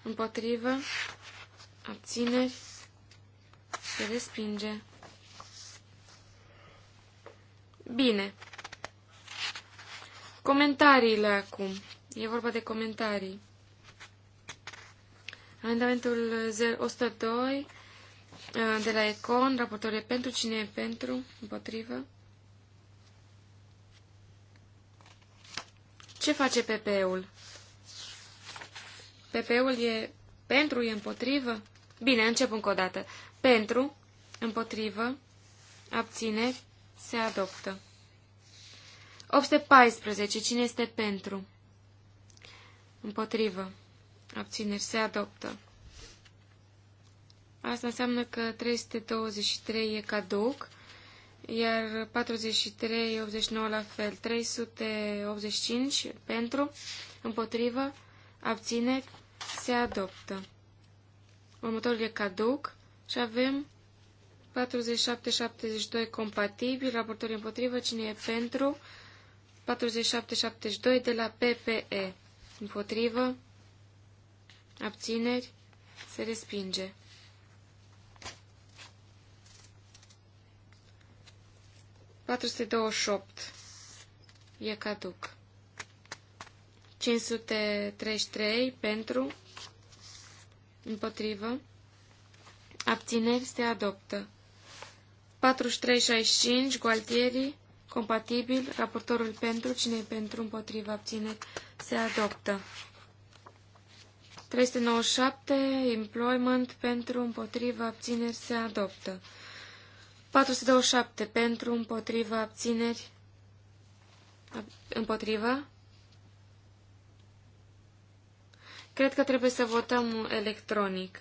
împotrivă, abțineri, se respinge. Bine. Comentariile acum. E vorba de comentarii. Amendamentul 102 uh, de la Econ, raportor pentru, cine e pentru, împotrivă. Ce face PP-ul? PP-ul e pentru, e împotrivă? Bine, încep încă o dată. Pentru, împotrivă, abțineri, se adoptă. 814. Cine este pentru? Împotrivă. Abțineri. Se adoptă. Asta înseamnă că 323 e caduc, iar 43, 89 la fel. 385 pentru, împotrivă, abțineri, se adoptă. Următorul e caduc și avem 47-72 compatibil, raportori împotrivă, cine e pentru? 47-72 de la PPE. Împotrivă, abțineri, se respinge. opt e caduc. 533 pentru, împotrivă, abțineri se adoptă. 4365, Gualtieri, compatibil, raportorul pentru, cine e pentru, împotriva, abține, se adoptă. 397, employment, pentru, împotriva, abțineri, se adoptă. 427, pentru, împotriva, abțineri, împotriva. Cred că trebuie să votăm electronic.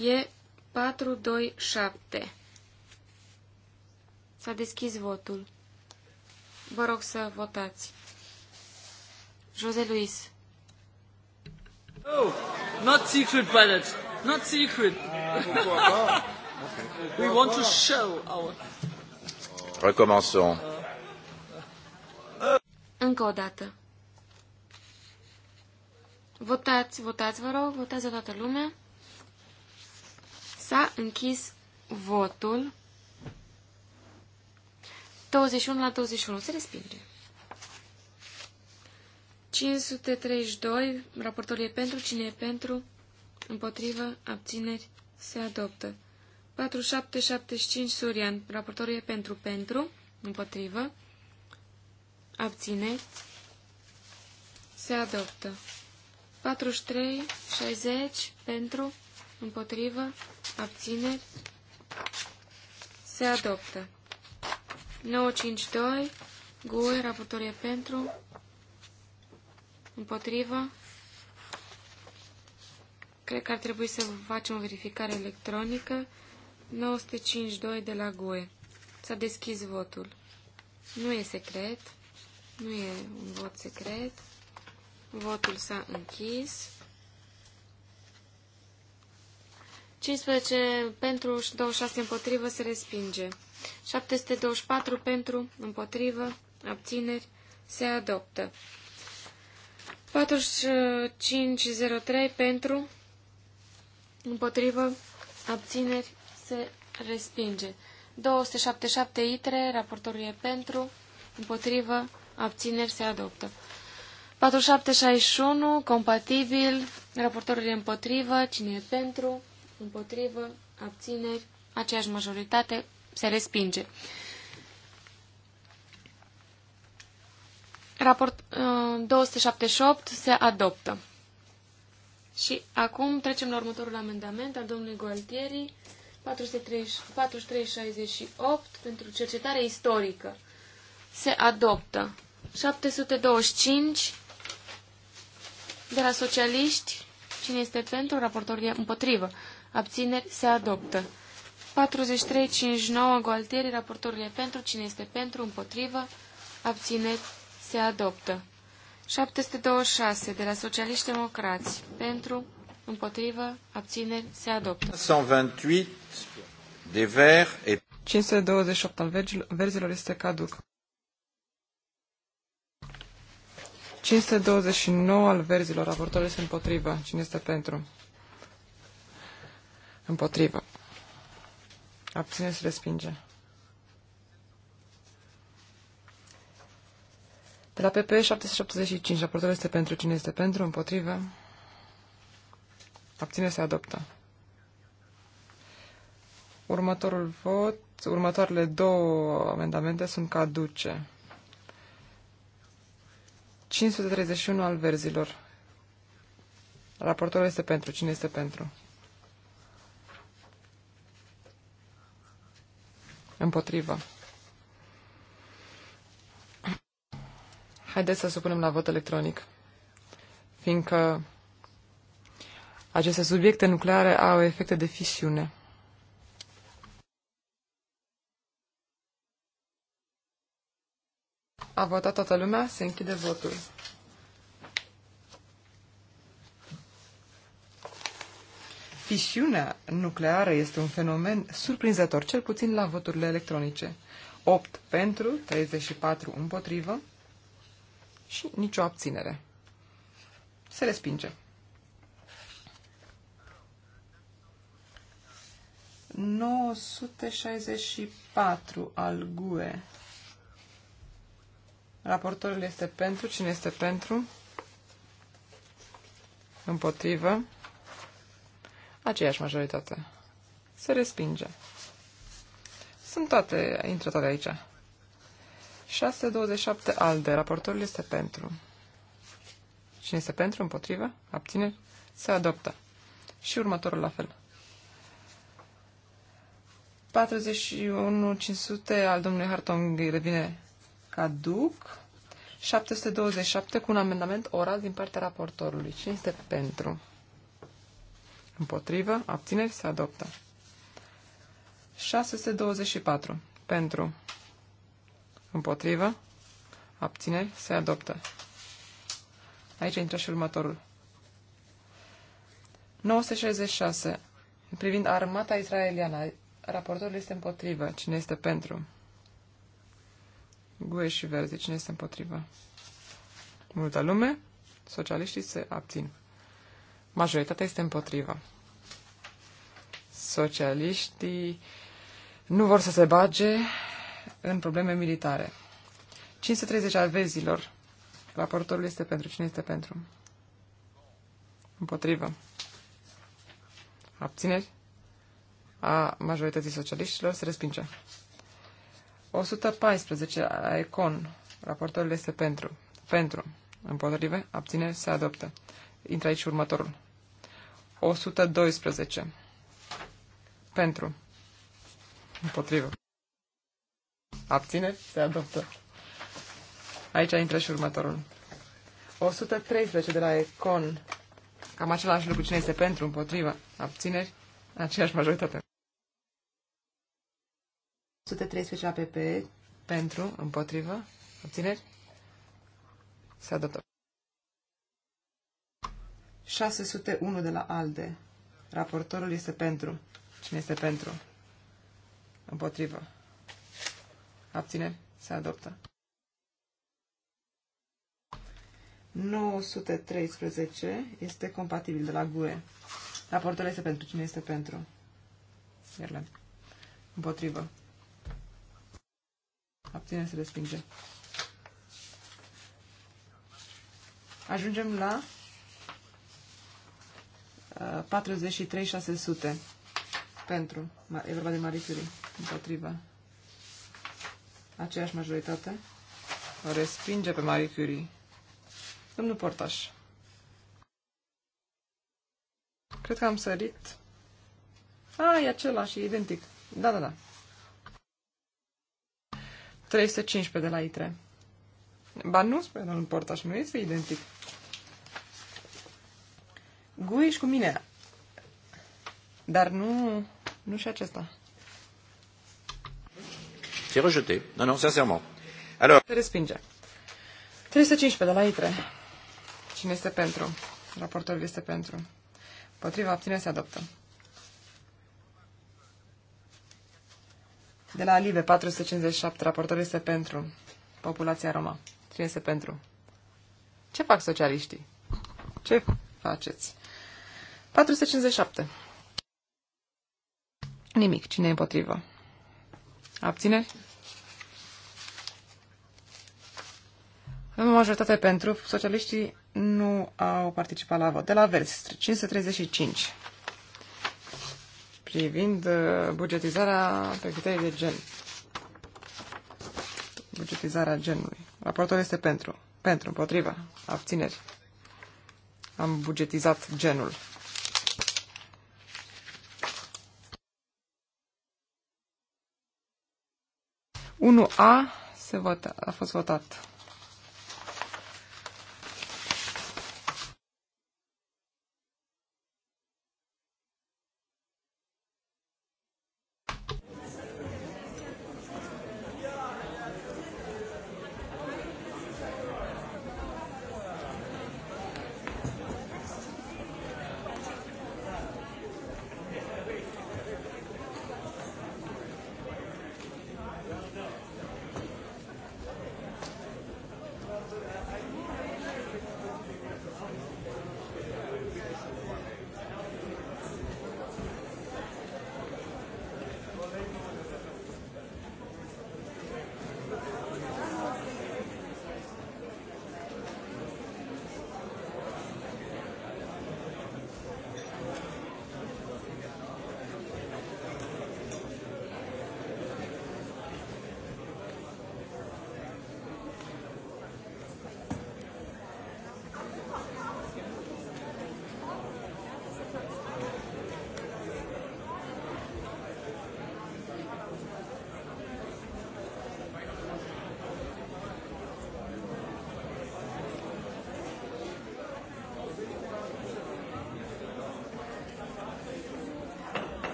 E 427. S-a deschis votul. Vă rog să votați. José Luis. Oh, not secret ballot. Not secret. We want to show our... Recommençons. Încă o dată. Votați, votați, vă rog, votați de toată lumea. S-a închis votul. 21 la 21 se respinge. 532, raportorul e pentru, cine e pentru, împotrivă, abțineri, se adoptă. 4775, Surian, raportorul e pentru, pentru, împotrivă, abțineri, se adoptă. 43, 60, pentru, împotrivă, abțineri, se adoptă. 952. GUE, raportorie pentru. Împotrivă. Cred că ar trebui să facem o verificare electronică. 952 de la GUE. S-a deschis votul. Nu e secret. Nu e un vot secret. Votul s-a închis. 15 pentru și 26 împotrivă se respinge. 724 pentru, împotrivă, abțineri, se adoptă. 4503 pentru, împotrivă, abțineri, se respinge. 277 itre, raportorul e pentru, împotrivă, abțineri, se adoptă. 4761, compatibil, raportorul e împotrivă, cine e pentru, împotrivă, abțineri, aceeași majoritate, se respinge. Raport uh, 278 se adoptă. Și acum trecem la următorul amendament al domnului Gualtieri, 4368 pentru cercetare istorică. Se adoptă. 725 de la socialiști. Cine este pentru? Raportorul împotrivă. Abțineri se adoptă. 43-59 Gualtieri, raportorul e pentru, cine este pentru, împotrivă, abține, se adoptă. 726 de la Socialiști Democrați, pentru, împotrivă, abține, se adoptă. 128 de Verts 528 al verzilor este caduc. 529 al verzilor, raportorul este împotrivă. Cine este pentru? Împotrivă. Abține se respinge. De la PP 775. Raportul este pentru. Cine este pentru? Împotrivă. Abține se adoptă. Următorul vot, următoarele două amendamente sunt caduce. 531 al verzilor. Raportul este pentru. Cine este pentru? Împotrivă. Haideți să supunem la vot electronic, fiindcă aceste subiecte nucleare au efecte de fisiune. A votat toată lumea, se închide votul. Fisiunea nucleară este un fenomen surprinzător, cel puțin la voturile electronice. 8 pentru, 34 împotrivă și nicio abținere. Se respinge. 964 al GUE. Raportorul este pentru. Cine este pentru? Împotrivă. Aceeași majoritate. Se respinge. Sunt toate, intră toate aici. 627 alde. Raportorul este pentru. Cine este pentru, împotrivă, abține, se adoptă. Și următorul la fel. 41500 al domnului Hartong revine caduc. 727 cu un amendament oral din partea raportorului. Cine este pentru? Împotrivă. Abțineri se adoptă. 624. Pentru. Împotrivă. Abțineri se adoptă. Aici intră și următorul. 966. Privind armata israeliană, raportorul este împotrivă. Cine este pentru? Gue și Verzi. Cine este împotrivă? Multă lume. Socialiștii se abțin. Majoritatea este împotrivă. Socialiștii nu vor să se bage în probleme militare. 530 al vezilor. Raportorul este pentru. Cine este pentru? Împotrivă. Abțineri? A majorității socialiștilor se respinge. 114 a Econ. Raportorul este pentru. Pentru. Împotrivă. Abțineri. Se adoptă. Intră aici următorul. 112. Pentru. Împotrivă. Abține? Se adoptă. Aici intră și următorul. 113 de la Econ. Cam același lucru. Cine este pentru, împotrivă, abțineri? Aceeași majoritate. 113 la PP. Pentru, împotrivă, abțineri? Se adoptă. 601 de la ALDE. Raportorul este pentru. Cine este pentru? Împotrivă. Abține. Se adoptă. 913 este compatibil de la GUE. Raportul este pentru. Cine este pentru? Ierle. Împotrivă. Abține se respinge. Ajungem la 43600 pentru. E vorba de Marie Curie. Împotriva. Aceeași majoritate. O respinge pe Marie Curie. Domnul Portaș. Cred că am sărit. A, e același, e identic. Da, da, da. 315 de la I3. Ba nu, spune domnul Portaș, nu este identic. Gui ești cu mine. Dar nu, nu și acesta. C'est rejeté. nu, non, sincèrement. Alors... Se respinge. 315 de la ITRE. Cine este pentru? Raportorul este pentru. Potriva abține se adoptă. De la Alive 457, raportorul este pentru. Populația Roma. Cine este pentru? Ce fac socialiștii? Ce faceți? 457. Nimic. Cine e împotrivă? Abține? În majoritate pentru. Socialiștii nu au participat la vot. De la vers, 535. Privind uh, bugetizarea pe criterii de gen. Bugetizarea genului. Raportul este pentru. Pentru, împotriva. Abțineri. Am bugetizat genul. 1A se vota, a fost votat.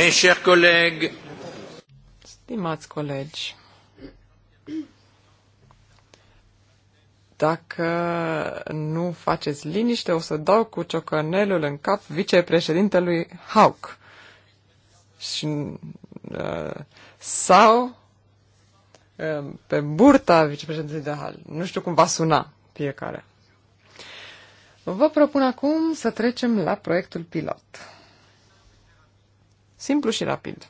Mes chers collègues. Stimați colegi, dacă nu faceți liniște, o să dau cu ciocănelul în cap vicepreședintelui Hauck. Și, uh, sau uh, pe burta vicepreședintelui de Hal. Nu știu cum va suna fiecare. Vă propun acum să trecem la proiectul pilot. Simplu și rapid.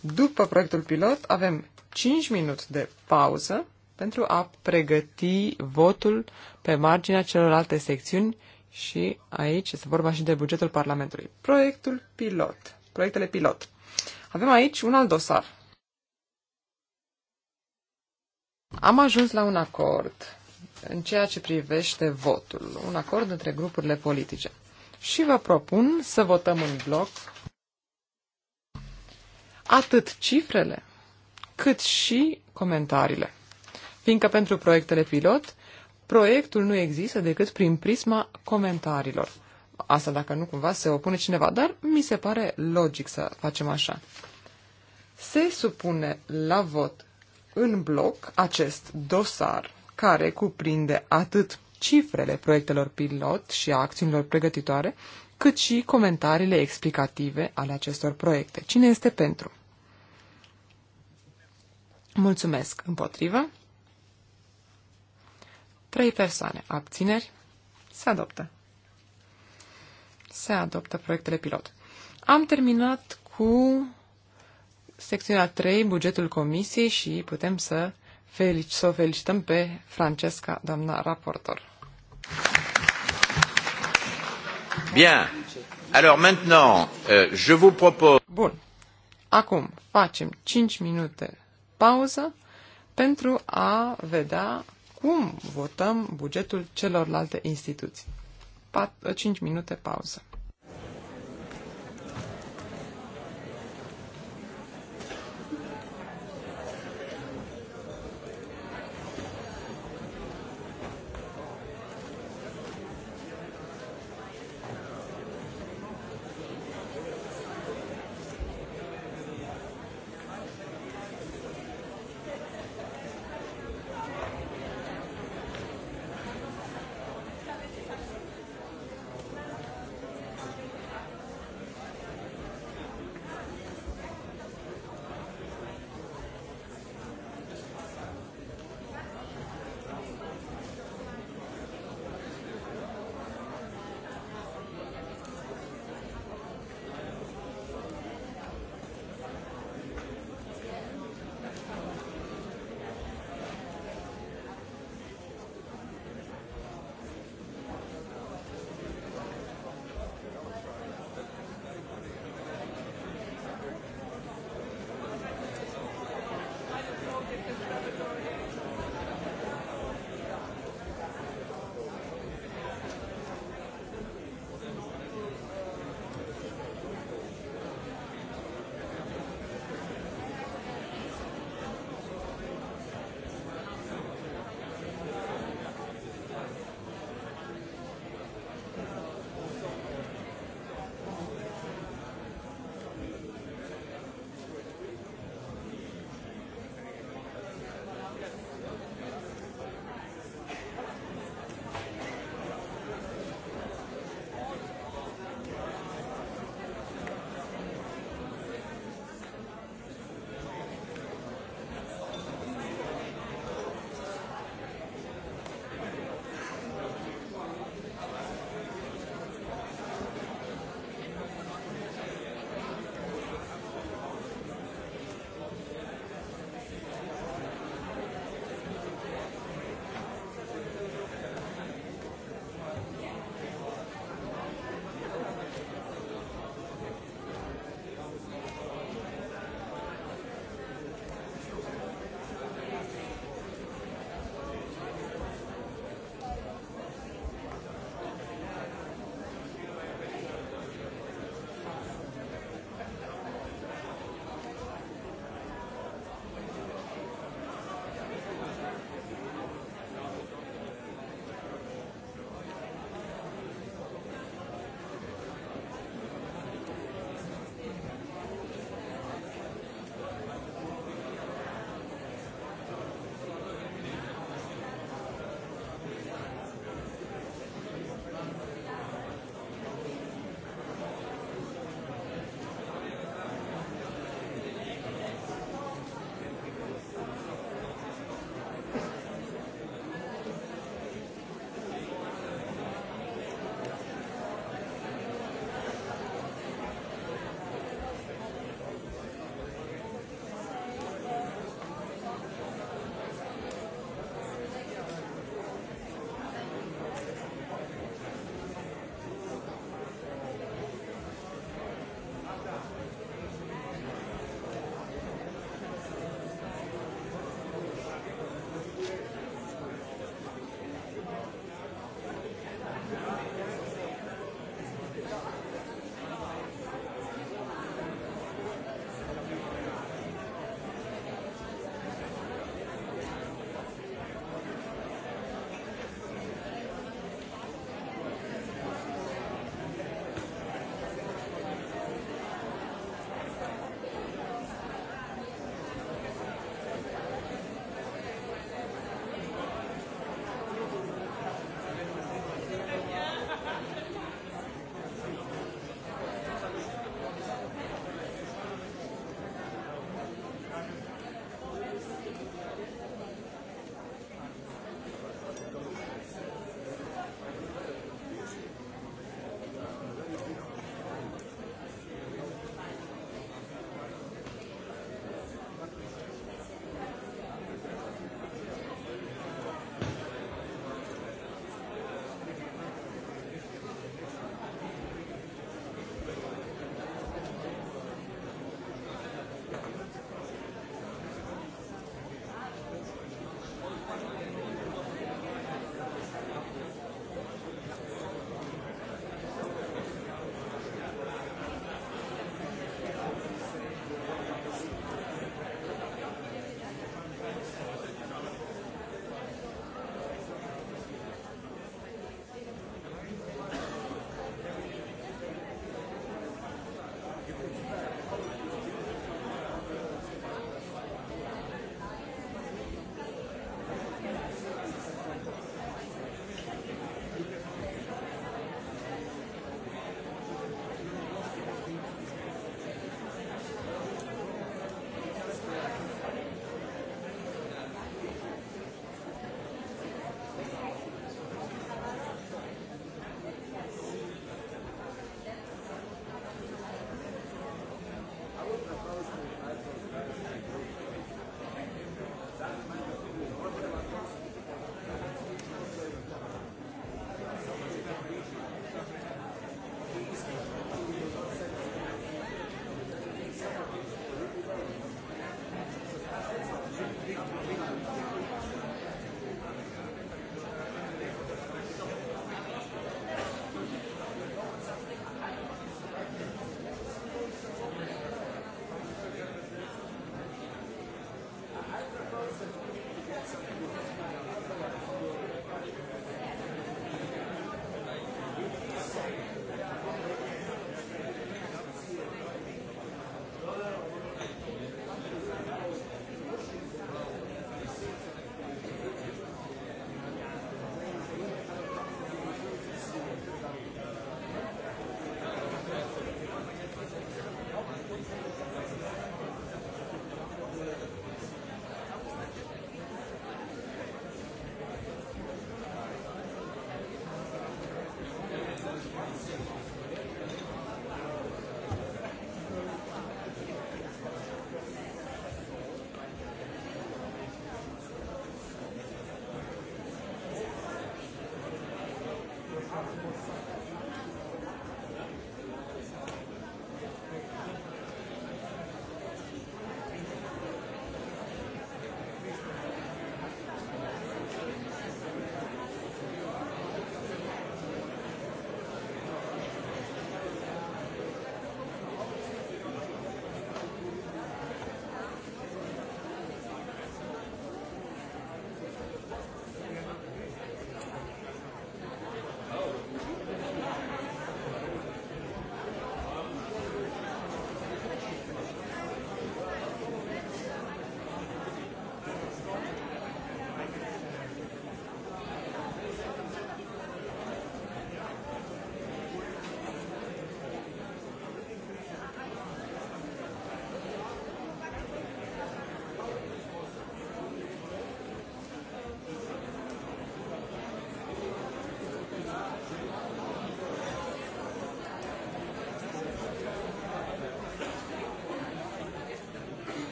După proiectul pilot avem 5 minute de pauză pentru a pregăti votul pe marginea celorlalte secțiuni și aici este vorba și de bugetul Parlamentului. Proiectul pilot. Proiectele pilot. Avem aici un alt dosar. Am ajuns la un acord în ceea ce privește votul, un acord între grupurile politice. Și vă propun să votăm în bloc atât cifrele, cât și comentariile. Fiindcă pentru proiectele pilot, proiectul nu există decât prin prisma comentariilor. Asta dacă nu cumva se opune cineva, dar mi se pare logic să facem așa. Se supune la vot în bloc acest dosar care cuprinde atât cifrele proiectelor pilot și a acțiunilor pregătitoare, cât și comentariile explicative ale acestor proiecte. Cine este pentru? Mulțumesc. Împotrivă. Trei persoane. Abțineri. Se adoptă. Se adoptă proiectele pilot. Am terminat cu secțiunea 3, bugetul comisiei și putem să, felic- să o felicităm pe Francesca, doamna raportor. Bien. Alors maintenant, euh, je vous propose... Bun. Acum facem 5 minute pauză pentru a vedea cum votăm bugetul celorlalte instituții. 5 minute pauză.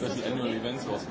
that the annual events was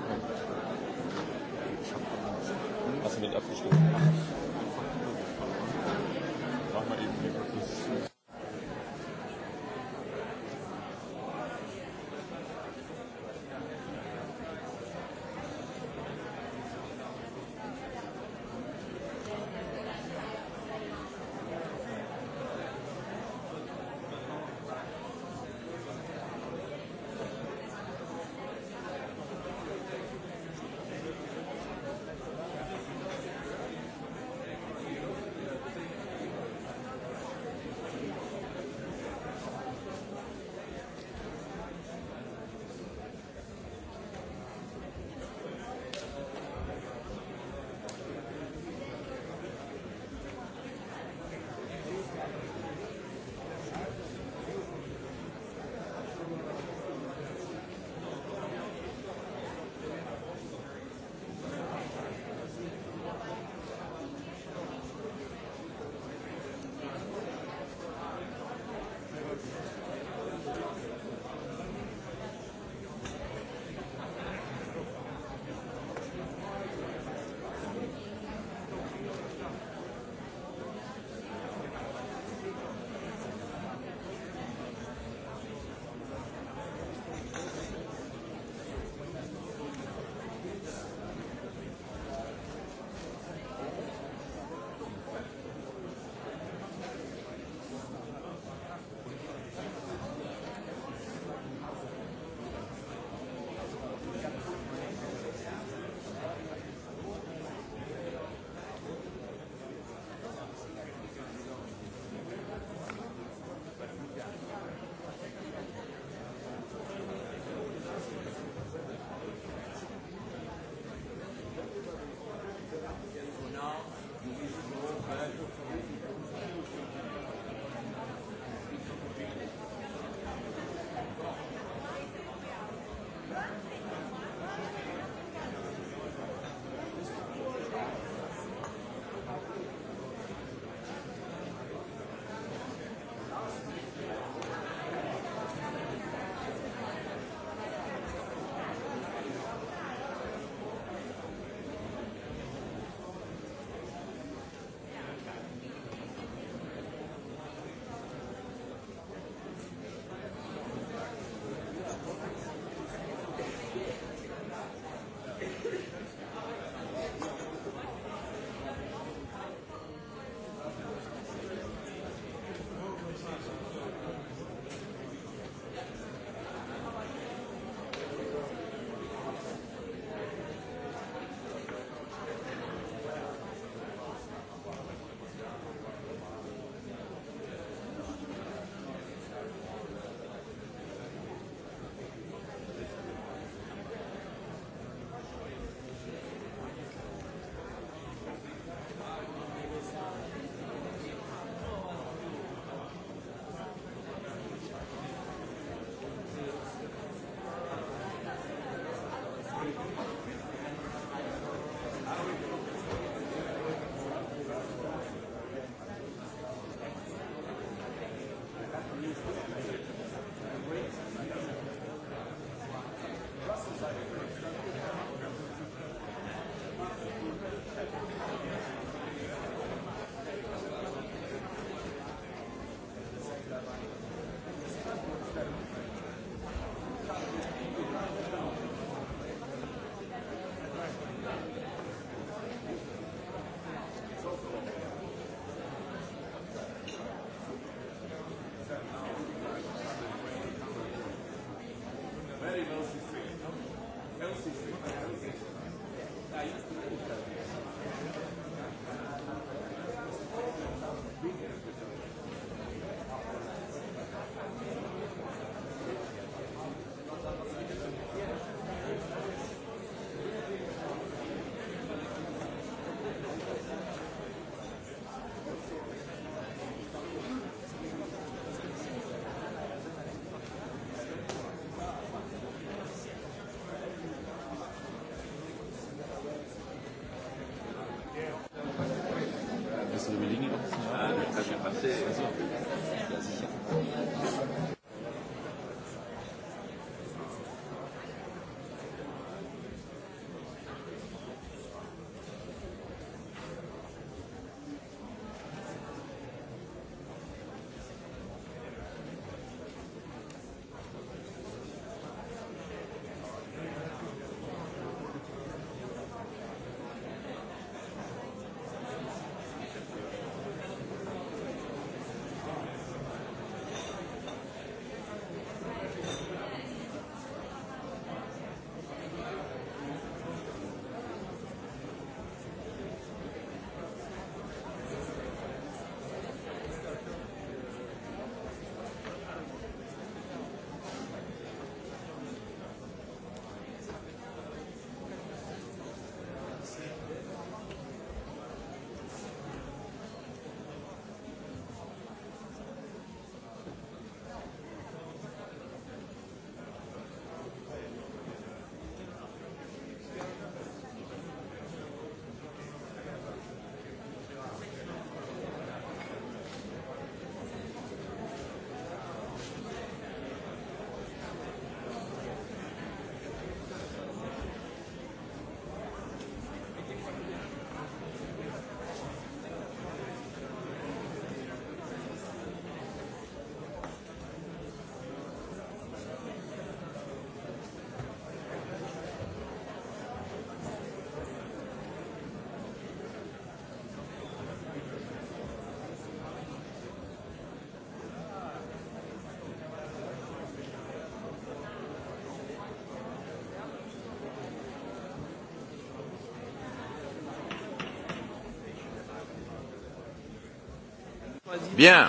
Bien.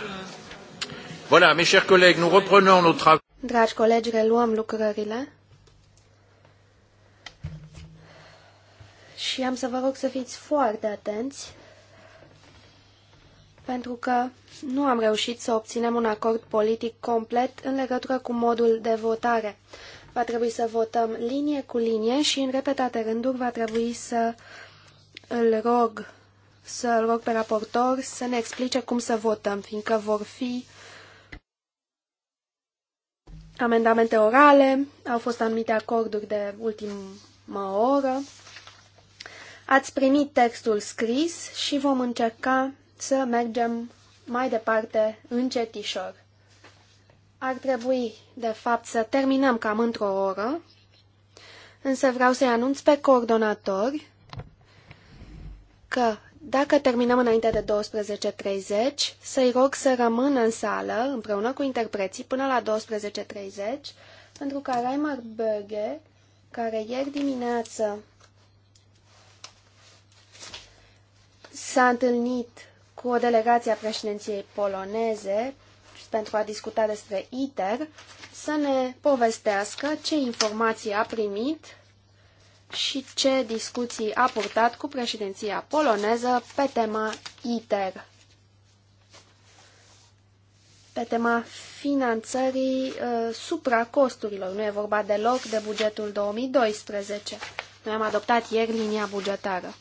Voilà, mes chers collègues, nous reprenons nos travaux. Dragi colegi, reluăm lucrările. Și am să vă rog să fiți foarte atenți, pentru că nu am reușit să obținem un acord politic complet în legătură cu modul de votare. Va trebui să votăm linie cu linie și în repetate rânduri va trebui să îl rog să rog pe raportor să ne explice cum să votăm, fiindcă vor fi amendamente orale, au fost anumite acorduri de ultimă oră. Ați primit textul scris și vom încerca să mergem mai departe încetișor. Ar trebui, de fapt, să terminăm cam într-o oră, însă vreau să-i anunț pe coordonatori că dacă terminăm înainte de 12.30, să-i rog să rămână în sală împreună cu interpreții până la 12.30, pentru că Reimer Berge, care ieri dimineață s-a întâlnit cu o delegație a președinției poloneze pentru a discuta despre ITER, să ne povestească ce informații a primit și ce discuții a purtat cu președinția poloneză pe tema ITER, pe tema finanțării uh, supracosturilor. Nu e vorba deloc de bugetul 2012. Noi am adoptat ieri linia bugetară.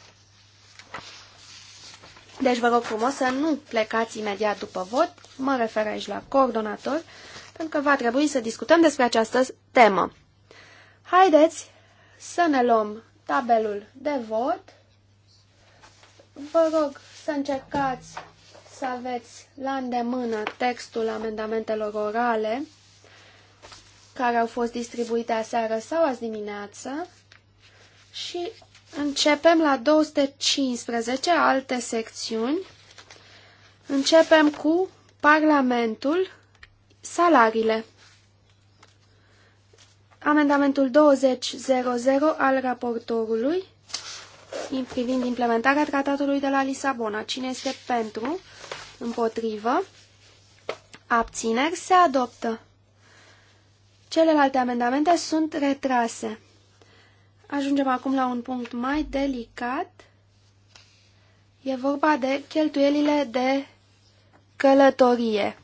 Deci vă rog frumos să nu plecați imediat după vot, mă refer aici la coordonator, pentru că va trebui să discutăm despre această temă. Haideți să ne luăm tabelul de vot. Vă rog să încercați să aveți la îndemână textul amendamentelor orale care au fost distribuite aseară sau azi dimineață și începem la 215 alte secțiuni. Începem cu Parlamentul, salariile. Amendamentul 20.00 al raportorului privind implementarea tratatului de la Lisabona. Cine este pentru? Împotrivă? Abțineri? Se adoptă. Celelalte amendamente sunt retrase. Ajungem acum la un punct mai delicat. E vorba de cheltuielile de călătorie.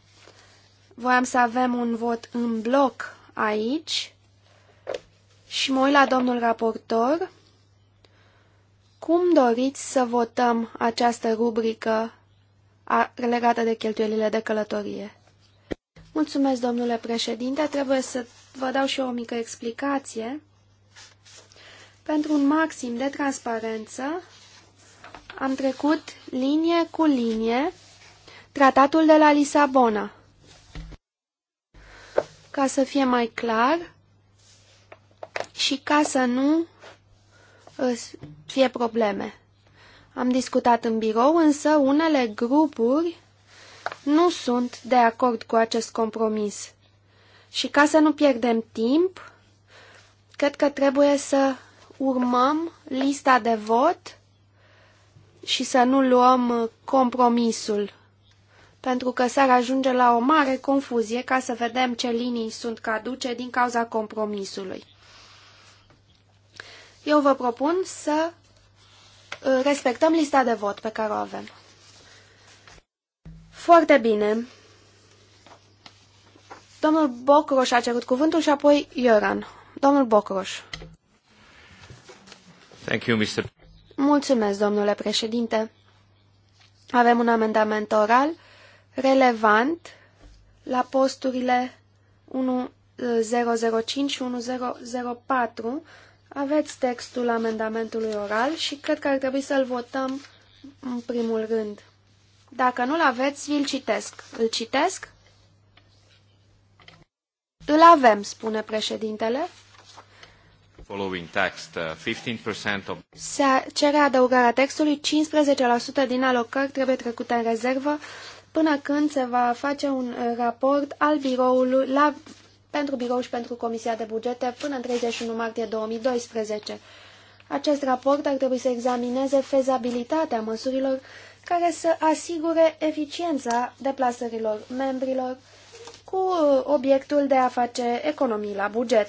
Voiam să avem un vot în bloc aici și mă uit la domnul raportor. Cum doriți să votăm această rubrică a, legată de cheltuielile de călătorie? Mulțumesc, domnule președinte. Trebuie să vă dau și eu o mică explicație. Pentru un maxim de transparență, am trecut linie cu linie tratatul de la Lisabona. Ca să fie mai clar, și ca să nu uh, fie probleme. Am discutat în birou, însă unele grupuri nu sunt de acord cu acest compromis. Și ca să nu pierdem timp, cred că trebuie să urmăm lista de vot și să nu luăm compromisul, pentru că s-ar ajunge la o mare confuzie ca să vedem ce linii sunt caduce din cauza compromisului. Eu vă propun să uh, respectăm lista de vot pe care o avem. Foarte bine. Domnul Bocroș a cerut cuvântul și apoi Ioran. Domnul Bocroș. Thank you, Mr. Mulțumesc, domnule președinte. Avem un amendament oral relevant la posturile 1005 și 1004 aveți textul amendamentului oral și cred că ar trebui să-l votăm în primul rând. Dacă nu-l aveți, vi-l citesc. Îl citesc? Îl avem, spune președintele. Following text, 15% uh, of... Se cere adăugarea textului, 15% din alocări trebuie trecute în rezervă până când se va face un raport al biroului, la pentru birou și pentru Comisia de Bugete până în 31 martie 2012. Acest raport ar trebui să examineze fezabilitatea măsurilor care să asigure eficiența deplasărilor membrilor cu uh, obiectul de a face economii la buget.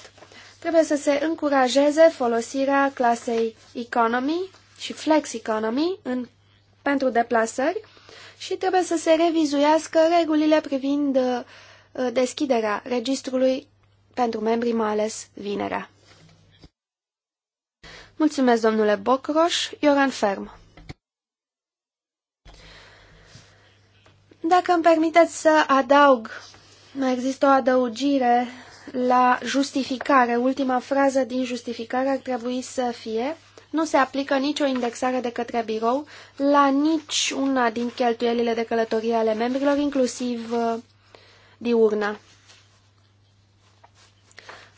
Trebuie să se încurajeze folosirea clasei economy și flex economy în, pentru deplasări și trebuie să se revizuiască regulile privind uh, Uh, deschiderea registrului pentru membrii, mai ales vinerea. Mulțumesc, domnule Bocroș, Ioran Ferm. Dacă îmi permiteți să adaug, mai există o adăugire la justificare. Ultima frază din justificare ar trebui să fie nu se aplică nicio indexare de către birou la nici una din cheltuielile de călătorie ale membrilor, inclusiv uh, diurna.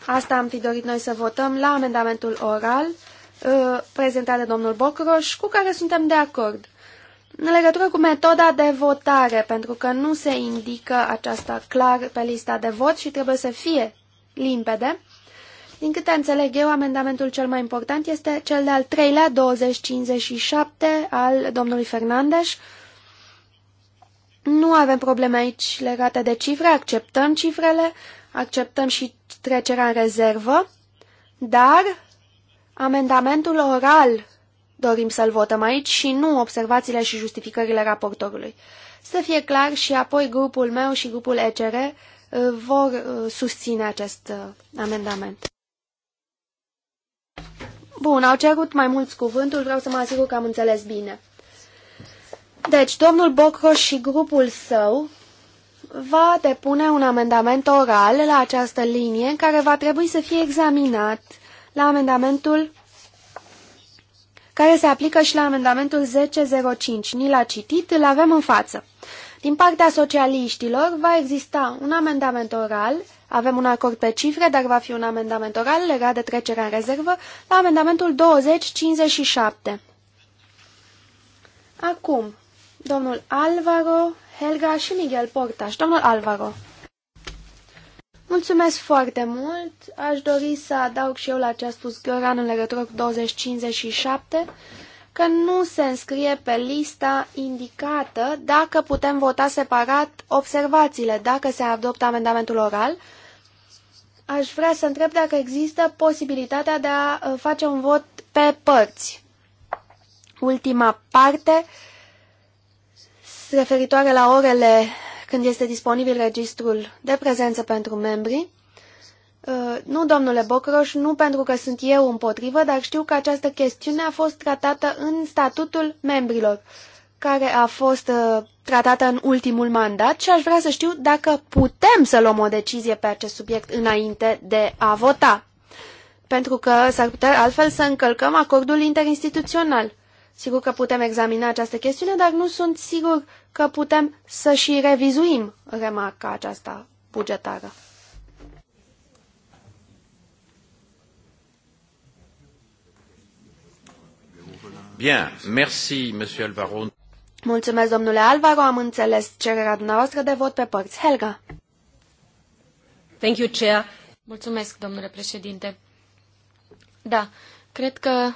Asta am fi dorit noi să votăm la amendamentul oral uh, prezentat de domnul Bocroș, cu care suntem de acord. În legătură cu metoda de votare, pentru că nu se indică aceasta clar pe lista de vot și trebuie să fie limpede, din câte înțeleg eu, amendamentul cel mai important este cel de-al treilea, 2057, al domnului Fernandes, nu avem probleme aici legate de cifre, acceptăm cifrele, acceptăm și trecerea în rezervă, dar amendamentul oral dorim să-l votăm aici și nu observațiile și justificările raportorului. Să fie clar și apoi grupul meu și grupul ECR uh, vor uh, susține acest uh, amendament. Bun, au cerut mai mulți cuvântul, vreau să mă asigur că am înțeles bine. Deci, domnul Bocro și grupul său va depune un amendament oral la această linie care va trebui să fie examinat la amendamentul care se aplică și la amendamentul 1005. Ni l-a citit, îl avem în față. Din partea socialiștilor va exista un amendament oral, avem un acord pe cifre, dar va fi un amendament oral legat de trecerea în rezervă, la amendamentul 2057. Acum, domnul Alvaro, Helga și Miguel Portaș. Domnul Alvaro. Mulțumesc foarte mult. Aș dori să adaug și eu la ce a spus Găran în legătură cu 2057 că nu se înscrie pe lista indicată dacă putem vota separat observațiile, dacă se adoptă amendamentul oral. Aș vrea să întreb dacă există posibilitatea de a uh, face un vot pe părți. Ultima parte referitoare la orele când este disponibil registrul de prezență pentru membri. Uh, nu, domnule Bocroș, nu pentru că sunt eu împotrivă, dar știu că această chestiune a fost tratată în statutul membrilor, care a fost uh, tratată în ultimul mandat și aș vrea să știu dacă putem să luăm o decizie pe acest subiect înainte de a vota. Pentru că s-ar putea altfel să încălcăm acordul interinstituțional. Sigur că putem examina această chestiune, dar nu sunt sigur că putem să și revizuim remarca aceasta bugetară. Bien, merci, monsieur Alvaro. Mulțumesc, domnule Alvaro, am înțeles cererea dumneavoastră de vot pe părți. Helga. Thank you, Chair. Mulțumesc, domnule președinte. Da, cred că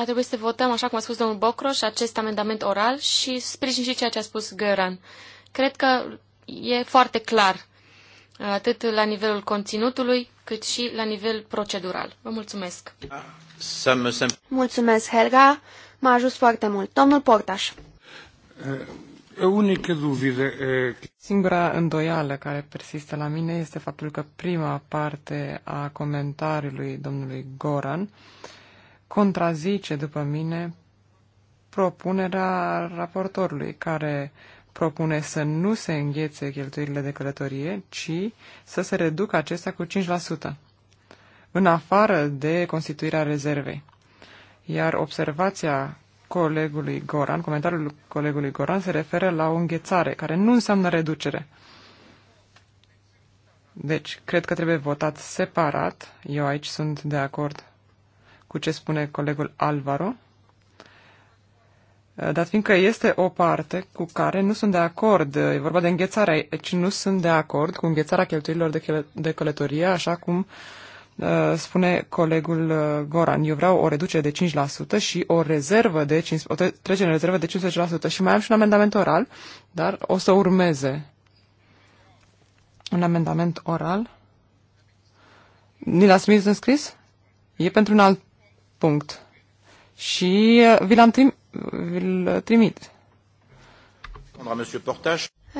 a trebuit să votăm, așa cum a spus domnul Bocroș, acest amendament oral și sprijin și ceea ce a spus Găran. Cred că e foarte clar, atât la nivelul conținutului, cât și la nivel procedural. Vă mulțumesc! Mulțumesc, Helga! M-a ajuns foarte mult. Domnul Portaș. Unică duvidă. Singura îndoială care persistă la mine este faptul că prima parte a comentariului domnului Goran contrazice, după mine, propunerea raportorului, care propune să nu se înghețe cheltuielile de călătorie, ci să se reducă acestea cu 5%, în afară de constituirea rezervei. Iar observația colegului Goran, comentariul colegului Goran se referă la o înghețare, care nu înseamnă reducere. Deci, cred că trebuie votat separat. Eu aici sunt de acord cu ce spune colegul Alvaro, dar fiindcă este o parte cu care nu sunt de acord, e vorba de înghețarea, deci nu sunt de acord cu înghețarea cheltuielilor de, călătorie, așa cum uh, spune colegul uh, Goran. Eu vreau o reducere de 5% și o rezervă de 5, o trecere în rezervă de 50% și mai am și un amendament oral, dar o să urmeze un amendament oral. Ni l-ați trimis în scris? E pentru un alt punct. Și uh, vi l-am trim vi uh, trimit.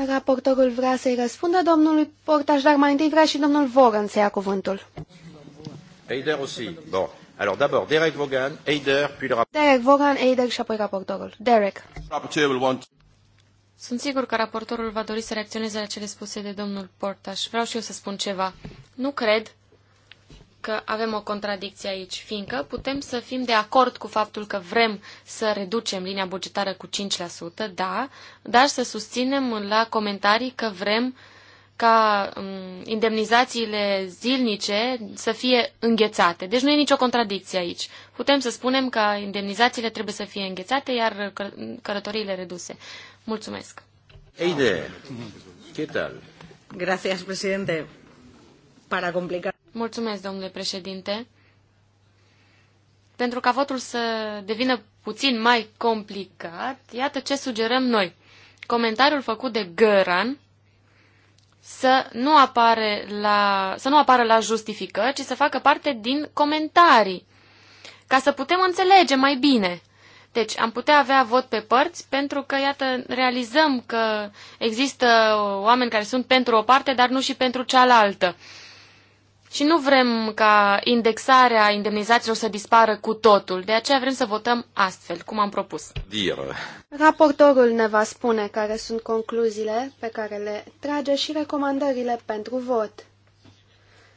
Raportorul vrea să-i răspundă domnului Portaș, dar mai întâi vrea și domnul Voran să ia cuvântul. Eider aussi. Bon. Alors d'abord Derek Vaughan, Eider, puis le rapporteur. Derek Vaughan, Eider și apoi raportorul. Derek. Sunt sigur că raportorul va dori să reacționeze la cele spuse de domnul Portaș. Vreau și eu să spun ceva. Nu cred că avem o contradicție aici, fiindcă putem să fim de acord cu faptul că vrem să reducem linia bugetară cu 5%, da, dar să susținem la comentarii că vrem ca um, indemnizațiile zilnice să fie înghețate. Deci nu e nicio contradicție aici. Putem să spunem că indemnizațiile trebuie să fie înghețate, iar călătoriile reduse. Mulțumesc. Eide, ce tal? Gracias, presidente. Para complicar. Mulțumesc, domnule președinte. Pentru ca votul să devină puțin mai complicat, iată ce sugerăm noi. Comentariul făcut de Găran să nu, apare la, să nu apară la justificări, ci să facă parte din comentarii, ca să putem înțelege mai bine. Deci am putea avea vot pe părți pentru că, iată, realizăm că există oameni care sunt pentru o parte, dar nu și pentru cealaltă. Și nu vrem ca indexarea indemnizațiilor să dispară cu totul, de aceea vrem să votăm astfel, cum am propus. Dire. Raportorul ne va spune care sunt concluziile pe care le trage și recomandările pentru vot.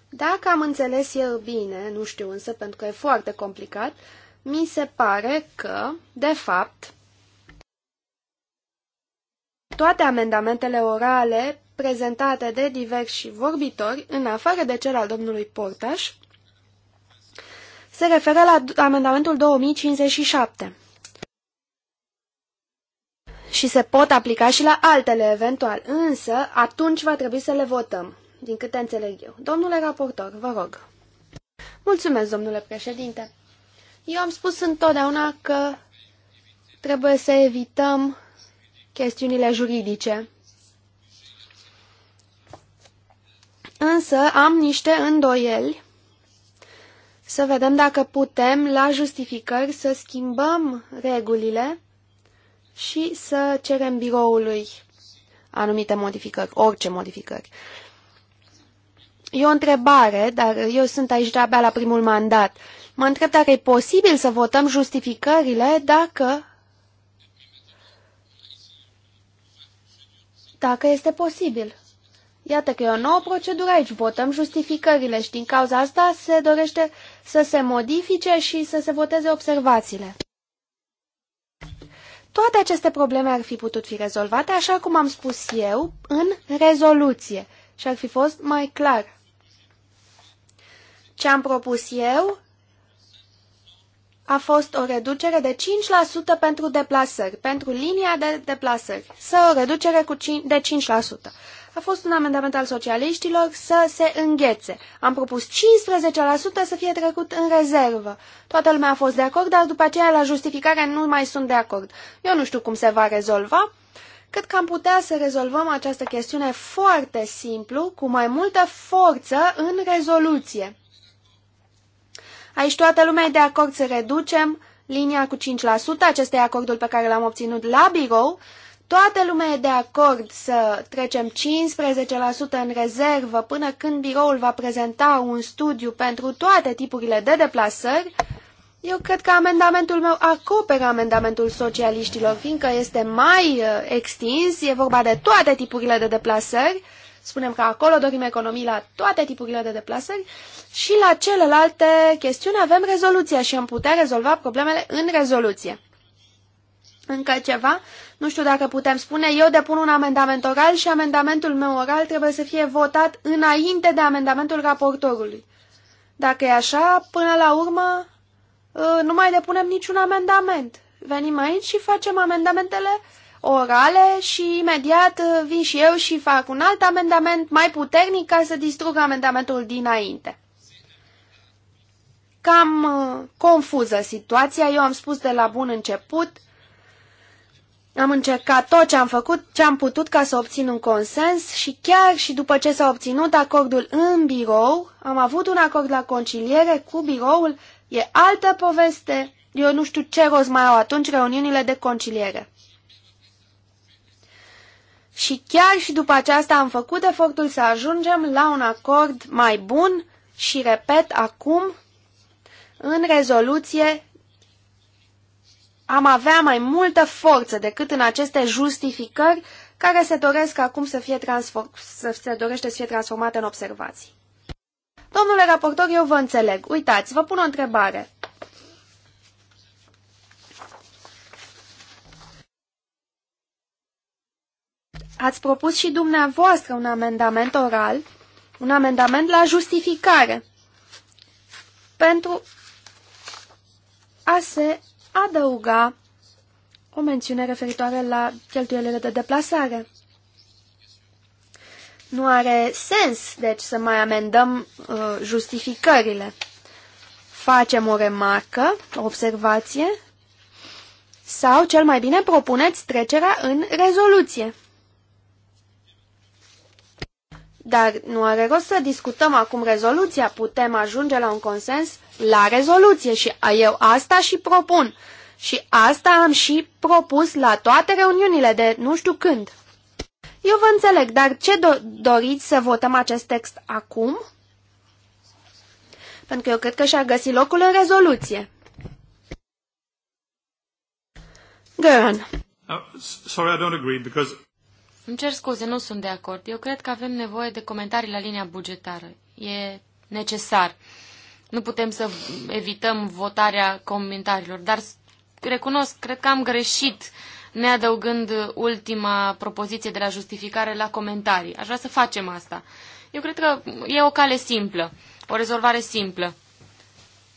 Dacă am înțeles eu bine, nu știu însă pentru că e foarte complicat, mi se pare că, de fapt, toate amendamentele orale prezentate de diversi vorbitori, în afară de cel al domnului Portaș, se referă la amendamentul 2057 și se pot aplica și la altele eventual, însă atunci va trebui să le votăm, din câte înțeleg eu. Domnule raportor, vă rog. Mulțumesc, domnule președinte. Eu am spus întotdeauna că trebuie să evităm chestiunile juridice Însă am niște îndoieli să vedem dacă putem la justificări să schimbăm regulile și să cerem biroului anumite modificări, orice modificări. E o întrebare, dar eu sunt aici de-abia la primul mandat. Mă întreb dacă e posibil să votăm justificările dacă... Dacă este posibil. Iată că e o nouă procedură aici, votăm justificările și din cauza asta se dorește să se modifice și să se voteze observațiile. Toate aceste probleme ar fi putut fi rezolvate, așa cum am spus eu, în rezoluție și ar fi fost mai clar. Ce am propus eu a fost o reducere de 5% pentru deplasări, pentru linia de deplasări, să o reducere cu 5, de 5% a fost un amendament al socialiștilor să se înghețe. Am propus 15% să fie trecut în rezervă. Toată lumea a fost de acord, dar după aceea la justificare nu mai sunt de acord. Eu nu știu cum se va rezolva. Cât că am putea să rezolvăm această chestiune foarte simplu, cu mai multă forță în rezoluție. Aici toată lumea e de acord să reducem linia cu 5%, acesta e acordul pe care l-am obținut la birou, Toată lumea e de acord să trecem 15% în rezervă până când biroul va prezenta un studiu pentru toate tipurile de deplasări. Eu cred că amendamentul meu acoperă amendamentul socialiștilor, fiindcă este mai uh, extins, e vorba de toate tipurile de deplasări. Spunem că acolo dorim economii la toate tipurile de deplasări și la celelalte chestiuni avem rezoluția și am putea rezolva problemele în rezoluție. Încă ceva, nu știu dacă putem spune, eu depun un amendament oral și amendamentul meu oral trebuie să fie votat înainte de amendamentul raportorului. Dacă e așa, până la urmă ă, nu mai depunem niciun amendament. Venim aici și facem amendamentele orale și imediat ă, vin și eu și fac un alt amendament mai puternic ca să distrug amendamentul dinainte. Cam ă, confuză situația, eu am spus de la bun început, am încercat tot ce am făcut, ce am putut ca să obțin un consens și chiar și după ce s-a obținut acordul în birou, am avut un acord la conciliere cu biroul, e altă poveste. Eu nu știu ce rost mai au atunci reuniunile de conciliere. Și chiar și după aceasta am făcut efortul să ajungem la un acord mai bun și, repet, acum, în rezoluție am avea mai multă forță decât în aceste justificări care se doresc acum să fie să se dorește să fie transformate în observații. Domnule raportor, eu vă înțeleg. Uitați, vă pun o întrebare. Ați propus și dumneavoastră un amendament oral, un amendament la justificare, pentru a se adăuga o mențiune referitoare la cheltuielile de deplasare. Nu are sens, deci, să mai amendăm uh, justificările. Facem o remarcă, o observație, sau, cel mai bine, propuneți trecerea în rezoluție. Dar nu are rost să discutăm acum rezoluția, putem ajunge la un consens la rezoluție și eu asta și propun. Și asta am și propus la toate reuniunile de nu știu când. Eu vă înțeleg, dar ce do doriți să votăm acest text acum? Pentru că eu cred că și-a găsit locul în rezoluție. Găran. Uh, sorry, I don't agree because îmi cer scuze, nu sunt de acord. Eu cred că avem nevoie de comentarii la linia bugetară. E necesar. Nu putem să evităm votarea comentariilor, dar recunosc, cred că am greșit neadăugând ultima propoziție de la justificare la comentarii. Aș vrea să facem asta. Eu cred că e o cale simplă, o rezolvare simplă.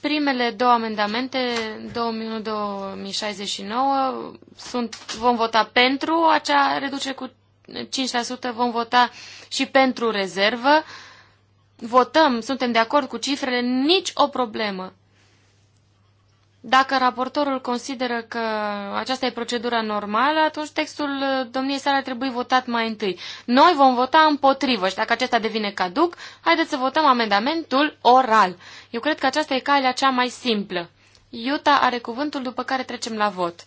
Primele două amendamente, 2001-2069, sunt, vom vota pentru acea reducere cu vom vota și pentru rezervă. Votăm, suntem de acord cu cifrele, nici o problemă. Dacă raportorul consideră că aceasta e procedura normală, atunci textul domniei sale ar trebui votat mai întâi. Noi vom vota împotrivă și dacă acesta devine caduc, haideți să votăm amendamentul oral. Eu cred că aceasta e calea cea mai simplă. Iuta are cuvântul, după care trecem la vot.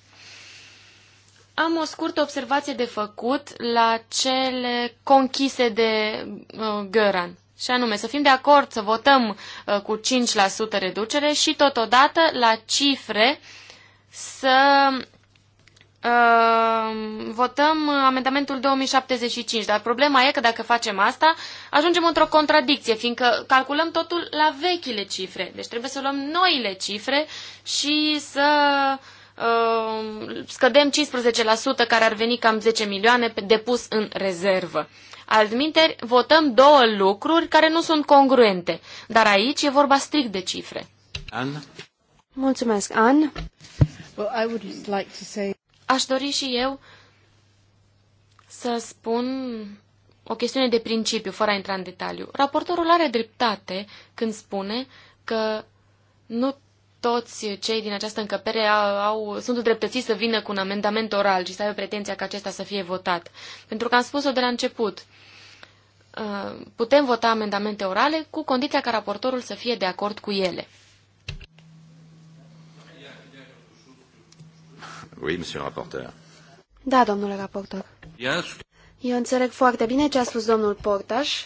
Am o scurtă observație de făcut la cele conchise de uh, Göran. Și anume, să fim de acord să votăm uh, cu 5% reducere și totodată la cifre să uh, votăm amendamentul 2075. Dar problema e că dacă facem asta, ajungem într-o contradicție, fiindcă calculăm totul la vechile cifre. Deci trebuie să luăm noile cifre și să uh, Um, scădem 15% care ar veni cam 10 milioane depus în rezervă. Altminteri, votăm două lucruri care nu sunt congruente, dar aici e vorba strict de cifre. An? Mulțumesc, An. Well, I would like to say... Aș dori și eu să spun o chestiune de principiu, fără a intra în detaliu. Raportorul are dreptate când spune că nu toți cei din această încăpere au, sunt îndreptățiți să vină cu un amendament oral și să aibă pretenția ca acesta să fie votat. Pentru că am spus-o de la început, uh, putem vota amendamente orale cu condiția ca raportorul să fie de acord cu ele. Oui, monsieur raporteur. Da, domnule raportor. Eu înțeleg foarte bine ce a spus domnul Portaș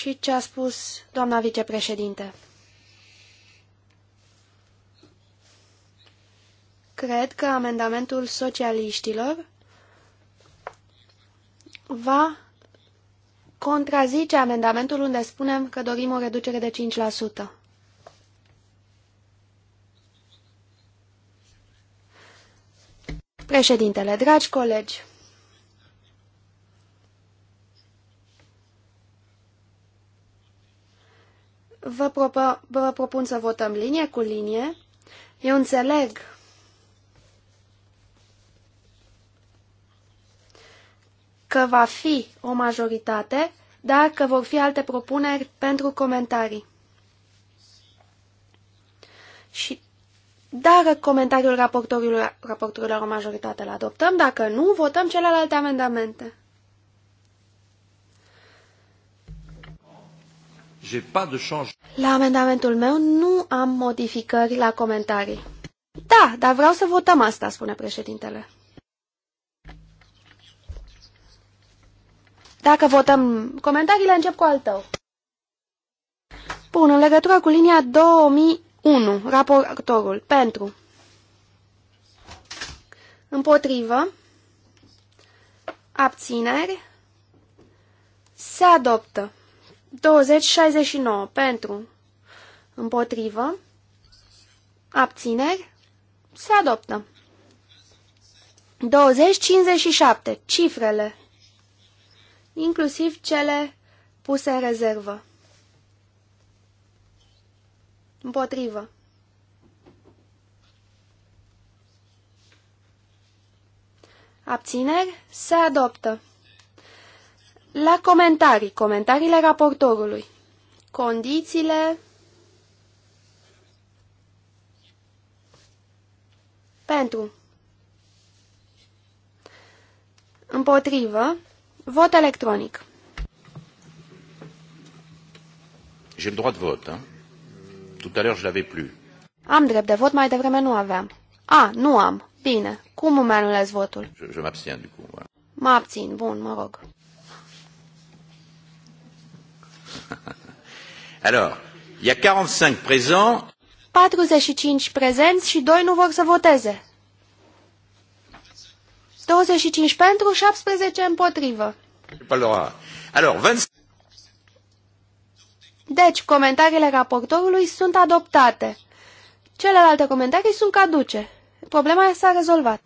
și ce a spus doamna vicepreședinte. Cred că amendamentul socialiștilor va contrazice amendamentul unde spunem că dorim o reducere de 5%. Președintele, dragi colegi, Vă, propă, vă propun să votăm linie cu linie. Eu înțeleg că va fi o majoritate, dar că vor fi alte propuneri pentru comentarii. Și dacă comentariul raportorilor raportorilor o majoritate îl adoptăm, dacă nu, votăm celelalte amendamente. La amendamentul meu nu am modificări la comentarii. Da, dar vreau să votăm asta, spune președintele. Dacă votăm comentariile, încep cu al tău. Bun, în legătură cu linia 2001, raportorul, pentru, împotrivă, abțineri, se adoptă. 20-69 pentru, împotrivă, abțineri, se adoptă. 20-57, cifrele, inclusiv cele puse în rezervă. Împotrivă. Abțineri se adoptă. La comentarii, comentariile raportorului. Condițiile pentru împotrivă vot electronic. J'ai le droit de vote. Hein? Tout à l'heure, je l'avais plus. Am drept de vot, mai devreme nu aveam. A, nu am. Bine. Cum îmi anulez votul? Je, je m'abstiens, du coup. Voilà. Mă abțin, bun, mă rog. Alors, il y a 45 présents. 45 prezenți și 2 nu vor să voteze. 25 pentru, 17 împotrivă. Deci, comentariile raportorului sunt adoptate. Celelalte comentarii sunt caduce. Problema s-a rezolvat.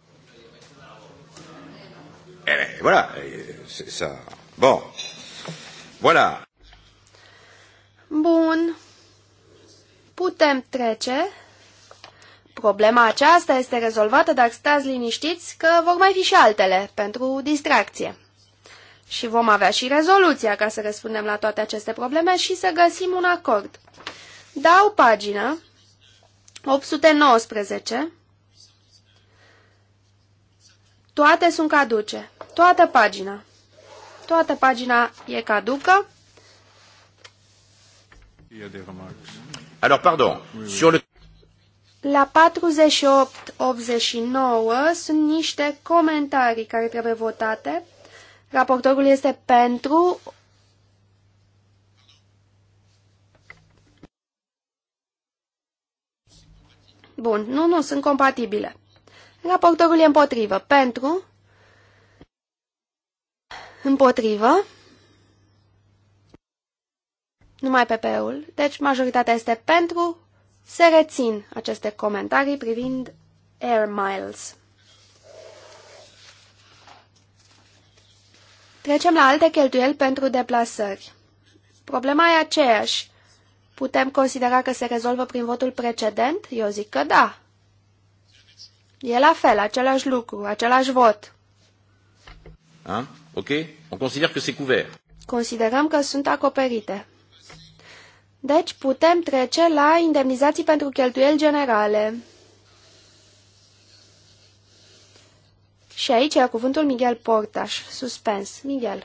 Eh, voilà, eh, c'est ça. Bon, voilà. Bun. Putem trece. Problema aceasta este rezolvată, dar stați liniștiți că vor mai fi și altele pentru distracție. Și vom avea și rezoluția ca să răspundem la toate aceste probleme și să găsim un acord. Dau pagina 819. Toate sunt caduce. Toată pagina. Toată pagina e caducă. Alors, pardon, sur le... La 48-89 sunt niște comentarii care trebuie votate. Raportorul este pentru... Bun, nu, nu, sunt compatibile. Raportorul e împotrivă. Pentru... Împotrivă numai PP-ul, deci majoritatea este pentru, se rețin aceste comentarii privind Air Miles. Trecem la alte cheltuieli pentru deplasări. Problema e aceeași. Putem considera că se rezolvă prin votul precedent? Eu zic că da. E la fel, același lucru, același vot. A? Ok? On consider că se couvert. Considerăm că sunt acoperite. Deci putem trece la indemnizații pentru cheltuieli generale. Și aici ia cuvântul Miguel Portaș. Suspens. Miguel.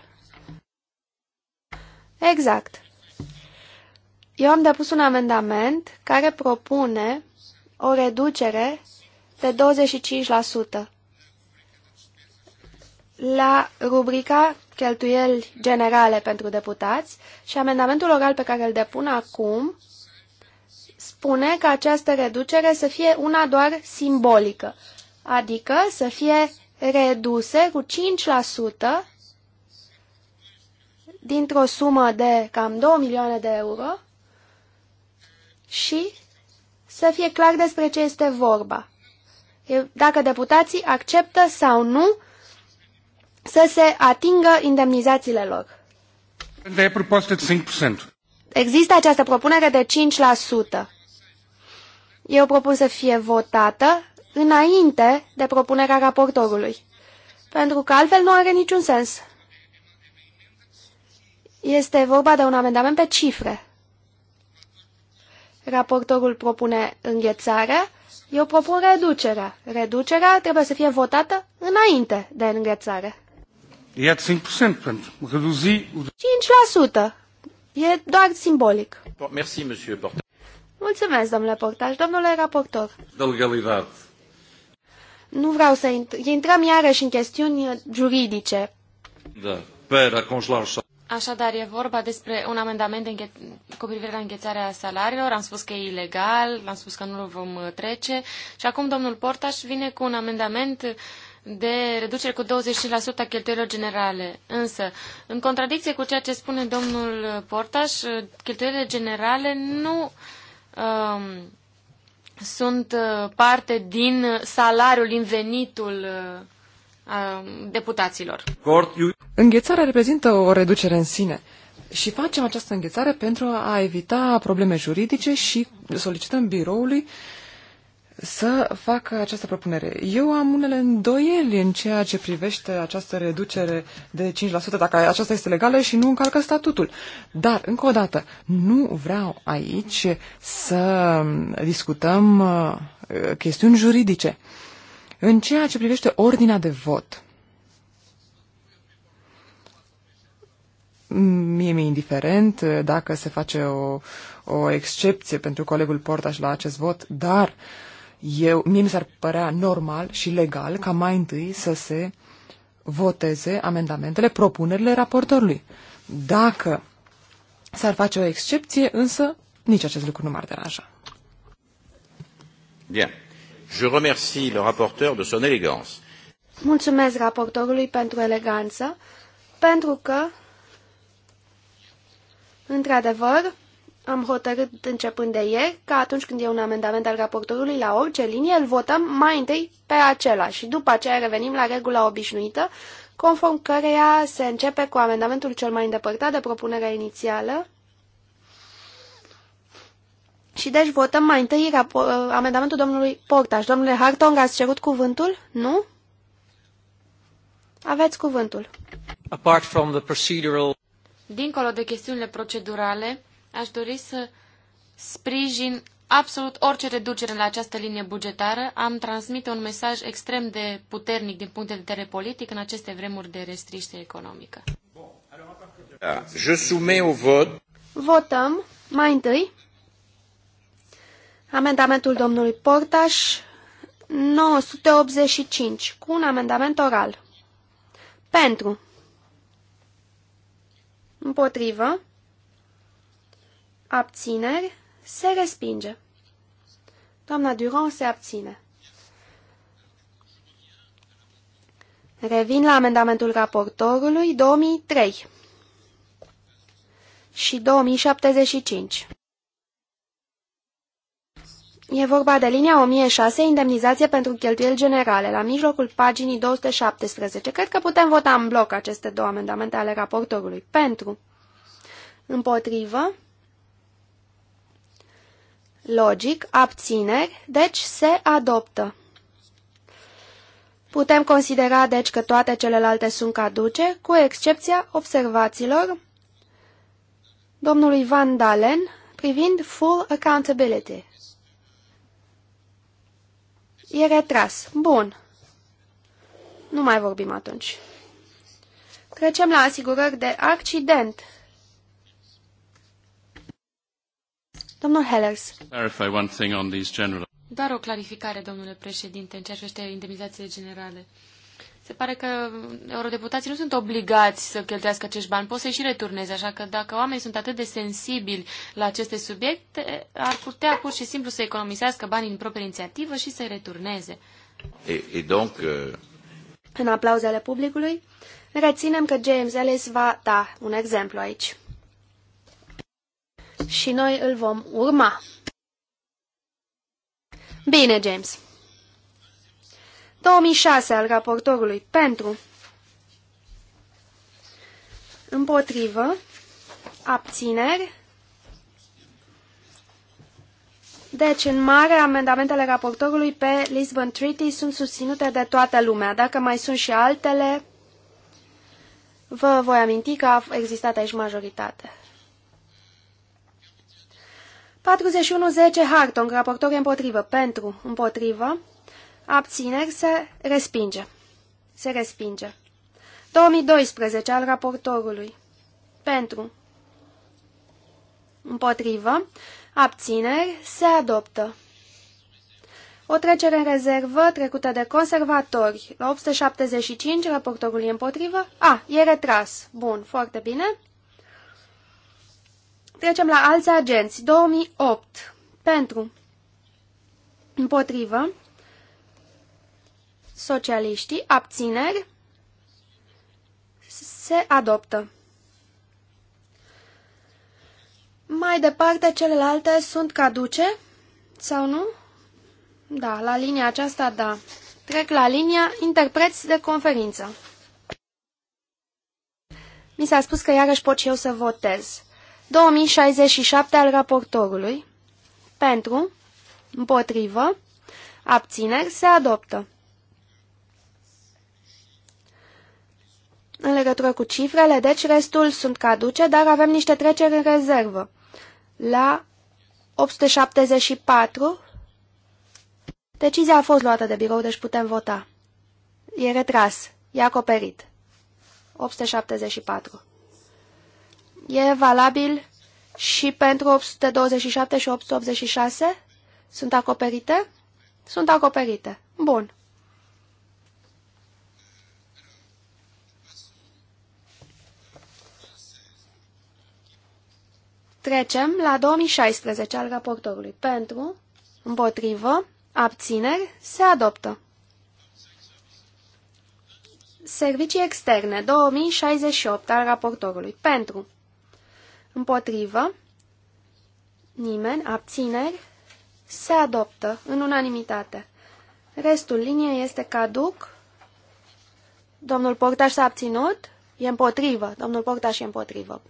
Exact. Eu am depus un amendament care propune o reducere de 25% la rubrica cheltuieli generale pentru deputați și amendamentul oral pe care îl depun acum spune că această reducere să fie una doar simbolică, adică să fie reduse cu 5% dintr-o sumă de cam 2 milioane de euro și să fie clar despre ce este vorba. Dacă deputații acceptă sau nu să se atingă indemnizațiile lor. De de Există această propunere de 5%. Eu propun să fie votată înainte de propunerea raportorului, pentru că altfel nu are niciun sens. Este vorba de un amendament pe cifre. Raportorul propune înghețarea, eu propun reducerea. Reducerea trebuie să fie votată înainte de înghețare. E 5% pentru reduzi... 5%! E doar simbolic. Merci, monsieur Portaș. Mulțumesc, domnule Portaș. Domnule raportor. De legalitate. Nu vreau să intr intrăm iarăși în chestiuni juridice. Da. Pera, congelar Așadar, e vorba despre un amendament de cu privire la înghețarea salariilor. Am spus că e ilegal, am spus că nu-l vom uh, trece. Și acum domnul Portaș vine cu un amendament uh, de reducere cu 25% a cheltuielor generale. Însă, în contradicție cu ceea ce spune domnul Portaș, cheltuielile generale nu um, sunt uh, parte din salariul, din venitul um, deputaților. Înghețarea reprezintă o reducere în sine. Și facem această înghețare pentru a evita probleme juridice și solicităm biroului uh, să facă această propunere. Eu am unele îndoieli în ceea ce privește această reducere de 5%, dacă aceasta este legală și nu încalcă statutul. Dar, încă o dată, nu vreau aici să discutăm uh, chestiuni juridice. În ceea ce privește ordinea de vot, mie mi-e indiferent uh, dacă se face o, o excepție pentru colegul Portaș la acest vot, dar uh, eu, mie mi s-ar părea normal și legal ca mai întâi să se voteze amendamentele, propunerile raportorului. Dacă s-ar face o excepție, însă nici acest lucru nu m-ar deranja. Bien. Je remercie le rapporteur de son élégance. Mulțumesc raportorului pentru eleganță, pentru că, într-adevăr, am hotărât începând de ieri că atunci când e un amendament al raportorului la orice linie, îl votăm mai întâi pe acela și după aceea revenim la regula obișnuită, conform căreia se începe cu amendamentul cel mai îndepărtat de propunerea inițială. Și deci votăm mai întâi amendamentul domnului Portaș. Domnule Harton, ați cerut cuvântul? Nu? Aveți cuvântul. Apart from the procedural... Dincolo de chestiunile procedurale, aș dori să sprijin absolut orice reducere la această linie bugetară. Am transmit un mesaj extrem de puternic din punct de vedere politic în aceste vremuri de restricție economică. Je au vot. Votăm mai întâi amendamentul domnului Portaș 985 cu un amendament oral. Pentru. Împotrivă abțineri, se respinge. Doamna Durand se abține. Revin la amendamentul raportorului 2003 și 2075. E vorba de linia 1006, indemnizație pentru cheltuieli generale, la mijlocul paginii 217. Cred că putem vota în bloc aceste două amendamente ale raportorului. Pentru. Împotrivă. Logic, abțineri, deci se adoptă. Putem considera deci că toate celelalte sunt caduce, cu excepția observațiilor domnului Van Dalen privind full accountability. E retras. Bun. Nu mai vorbim atunci. Trecem la asigurări de accident Domnul Hellers. Doar o clarificare, domnule președinte, în ceea ce este indemnizațiile generale. Se pare că eurodeputații nu sunt obligați să cheltuiască acești bani, pot să-i și returneze, așa că dacă oamenii sunt atât de sensibili la aceste subiecte, ar putea pur și simplu să economisească banii în proprie inițiativă și să-i returneze. E, e donc, uh... În aplauzele publicului, reținem că James Ellis va da un exemplu aici și noi îl vom urma. Bine, James. 2006 al raportorului pentru împotrivă abțineri Deci, în mare, amendamentele raportorului pe Lisbon Treaty sunt susținute de toată lumea. Dacă mai sunt și altele, vă voi aminti că a existat aici majoritate. 41-10, Harton, raportor împotrivă, pentru, împotrivă, abțineri, se respinge. Se respinge. 2012 al raportorului, pentru, împotrivă, abțineri, se adoptă. O trecere în rezervă trecută de conservatori la 875, raportorul e împotrivă. A, e retras. Bun, foarte bine. Trecem la alți agenți. 2008. Pentru. Împotrivă. Socialiștii. Abțineri. Se adoptă. Mai departe, celelalte sunt caduce? Sau nu? Da, la linia aceasta, da. Trec la linia interpreți de conferință. Mi s-a spus că iarăși pot și eu să votez. 2067 al raportorului. Pentru, împotrivă, abțineri, se adoptă. În legătură cu cifrele, deci restul sunt caduce, dar avem niște treceri în rezervă. La 874, decizia a fost luată de birou, deci putem vota. E retras, e acoperit. 874. E valabil și pentru 827 și 886? Sunt acoperite? Sunt acoperite. Bun. Trecem la 2016 al raportorului. Pentru, împotrivă, abțineri, se adoptă. Servicii externe, 2068 al raportorului. Pentru, Împotrivă. Nimeni. Abțineri. Se adoptă în unanimitate. Restul liniei este caduc. Domnul Portaș s-a abținut. E împotrivă. Domnul Portaș e împotrivă.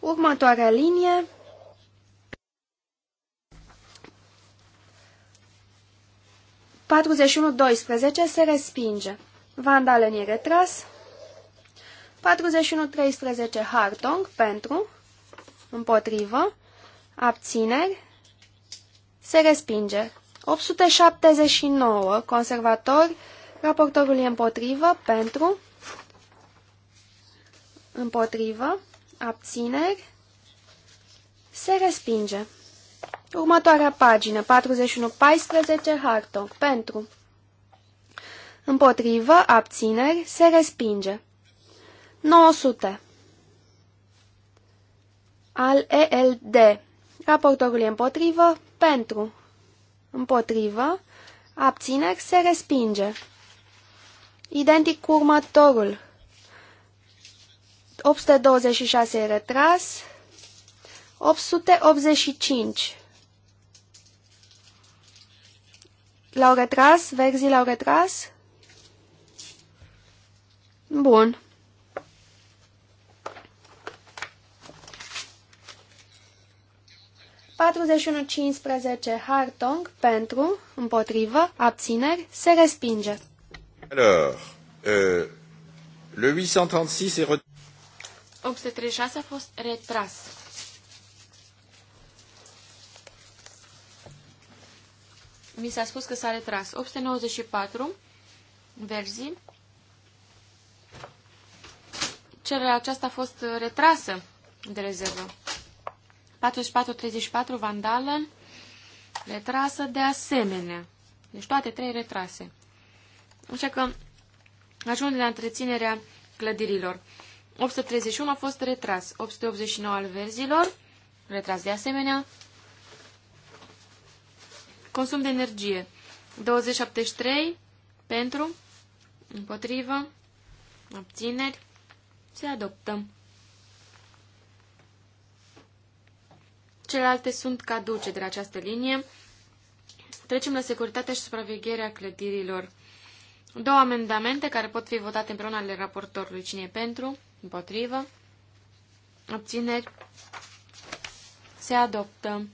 Următoarea linie. unu 12 se respinge. Vandalen e retras. 41-13 Hartong pentru, împotrivă, abțineri, se respinge. 879 conservatori, raportorul e împotrivă, pentru, împotrivă, abțineri, se respinge. Următoarea pagină, 41-14 Hartong, pentru, împotrivă, abțineri, se respinge. 900 al ELD. Raportorul e împotrivă, pentru, împotrivă, abțineri, se respinge. Identic cu următorul. 826 e retras, 885. L-au retras? Verzii l-au retras? Bun. 41.15 Hartong pentru, împotrivă, abțineri, se respinge. Alors, euh, le 836 est 836 a fost retras. Mi s-a spus că s-a retras. 894 verzi. Cererea aceasta a fost retrasă de rezervă. 44-34 retrasă de asemenea. Deci toate trei retrase. Așa că ajungem la întreținerea clădirilor. 831 a fost retras, 889 al verzilor, retras de asemenea. Consum de energie, 273 pentru, împotrivă, abțineri, se adoptă. Celelalte sunt caduce de la această linie. Trecem la securitatea și supravegherea clădirilor. Două amendamente care pot fi votate împreună ale raportorului. Cine e pentru? Împotrivă? Obțineri? Se adoptă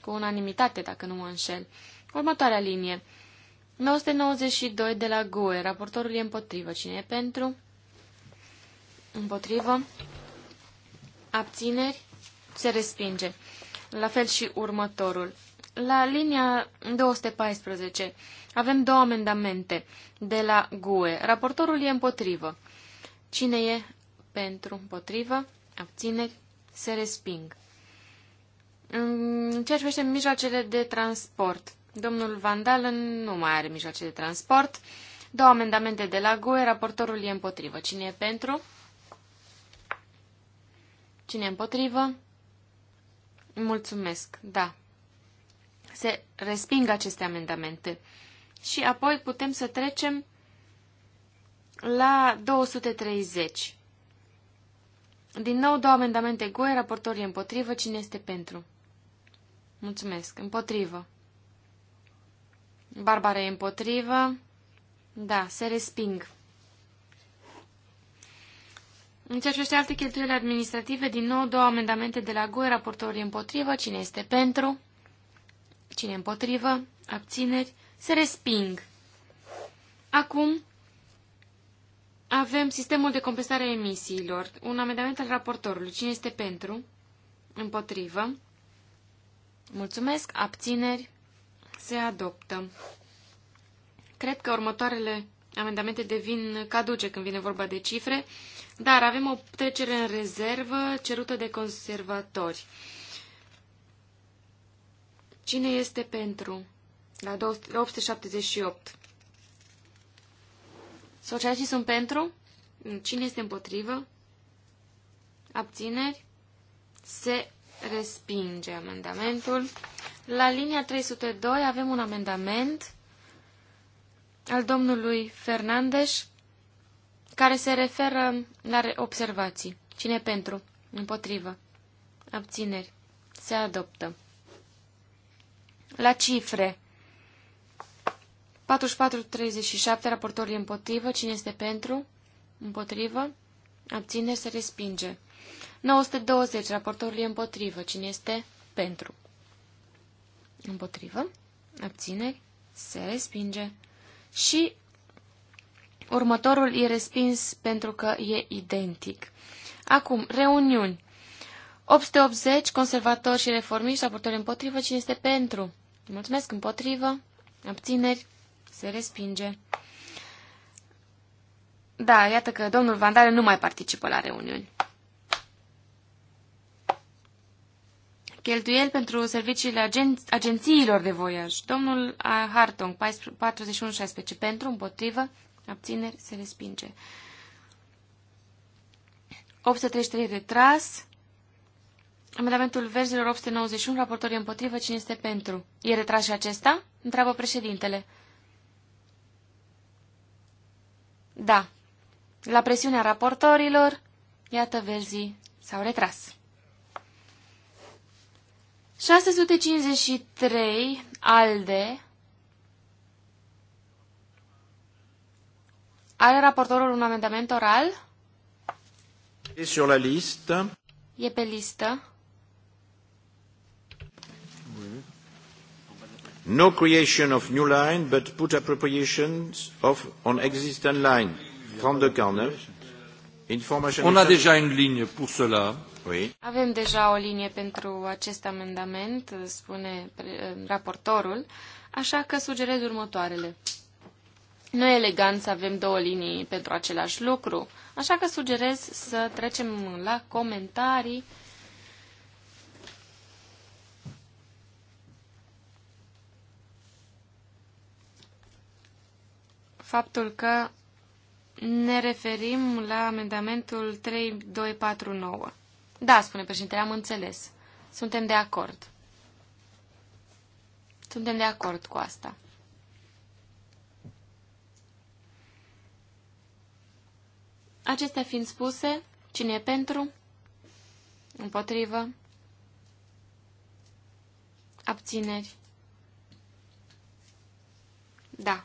cu unanimitate, dacă nu mă înșel. Următoarea linie. 992 de la GUE. Raportorul e împotrivă. Cine e pentru? Împotrivă? Abțineri? Se respinge la fel și următorul. La linia 214 avem două amendamente de la GUE. Raportorul e împotrivă. Cine e pentru împotrivă? Abține, Se resping. În ceea ce privește mijloacele de transport, domnul Vandalen nu mai are mijloace de transport. Două amendamente de la GUE, raportorul e împotrivă. Cine e pentru? Cine e împotrivă? Mulțumesc, da. Se resping aceste amendamente. Și apoi putem să trecem la 230. Din nou două amendamente GUE, raportorii împotrivă, cine este pentru? Mulțumesc, împotrivă. Barbara e împotrivă. Da, se resping. În ceea ce privește alte cheltuieli administrative, din nou două amendamente de la GUE, raportorii împotrivă, cine este pentru, cine împotrivă, abțineri, se resping. Acum avem sistemul de compensare a emisiilor, un amendament al raportorului, cine este pentru, împotrivă, mulțumesc, abțineri, se adoptă. Cred că următoarele amendamente devin caduce când vine vorba de cifre, dar avem o trecere în rezervă cerută de conservatori. Cine este pentru? La 878. Socialiștii sunt pentru? Cine este împotrivă? Abțineri? Se respinge amendamentul. La linia 302 avem un amendament al domnului Fernandes care se referă la observații. Cine pentru? Împotrivă. Abțineri. Se adoptă. La cifre. 44-37, raportorul împotrivă. Cine este pentru? Împotrivă. Abțineri se respinge. 920, raportorul împotrivă. Cine este pentru? Împotrivă. Abțineri se respinge. Și Următorul e respins pentru că e identic. Acum, reuniuni. 880, conservatori și reformiști, raportori împotrivă, cine este pentru? Mulțumesc, împotrivă, abțineri, se respinge. Da, iată că domnul Vandale nu mai participă la reuniuni. Cheltuieli pentru serviciile agen agențiilor de voiaj. Domnul Hartong, 41-16 pentru, împotrivă, abțineri, se respinge. 833 retras. Amendamentul verzilor 891, raportorii împotrivă, cine este pentru? E retras și acesta? Întreabă președintele. Da. La presiunea raportorilor, iată verzii s-au retras. 653 alde Are raportorul un amendament oral? E sur la listă. E pe listă. No creation of new line, but put appropriations of on existing line. corner. Information. On a deja une ligne pour cela. Oui. Avem deja o linie pentru acest amendament, spune eh, raportorul, așa că sugerez următoarele. Nu e elegant să avem două linii pentru același lucru, așa că sugerez să trecem la comentarii. Faptul că ne referim la amendamentul 3249. Da, spune președintele, am înțeles. Suntem de acord. Suntem de acord cu asta. Acestea fiind spuse, cine e pentru? Împotrivă? Abțineri? Da.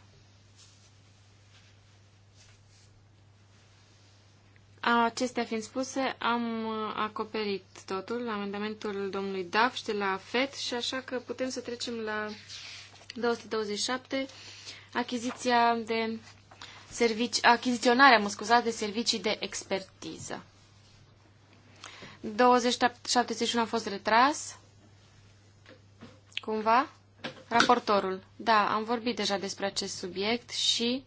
Acestea fiind spuse, am acoperit totul la amendamentul domnului Daf și de la FET și așa că putem să trecem la 227, achiziția de servici, achiziționarea, mă scuzați, de servicii de expertiză. 2071 a fost retras. Cumva? Raportorul. Da, am vorbit deja despre acest subiect și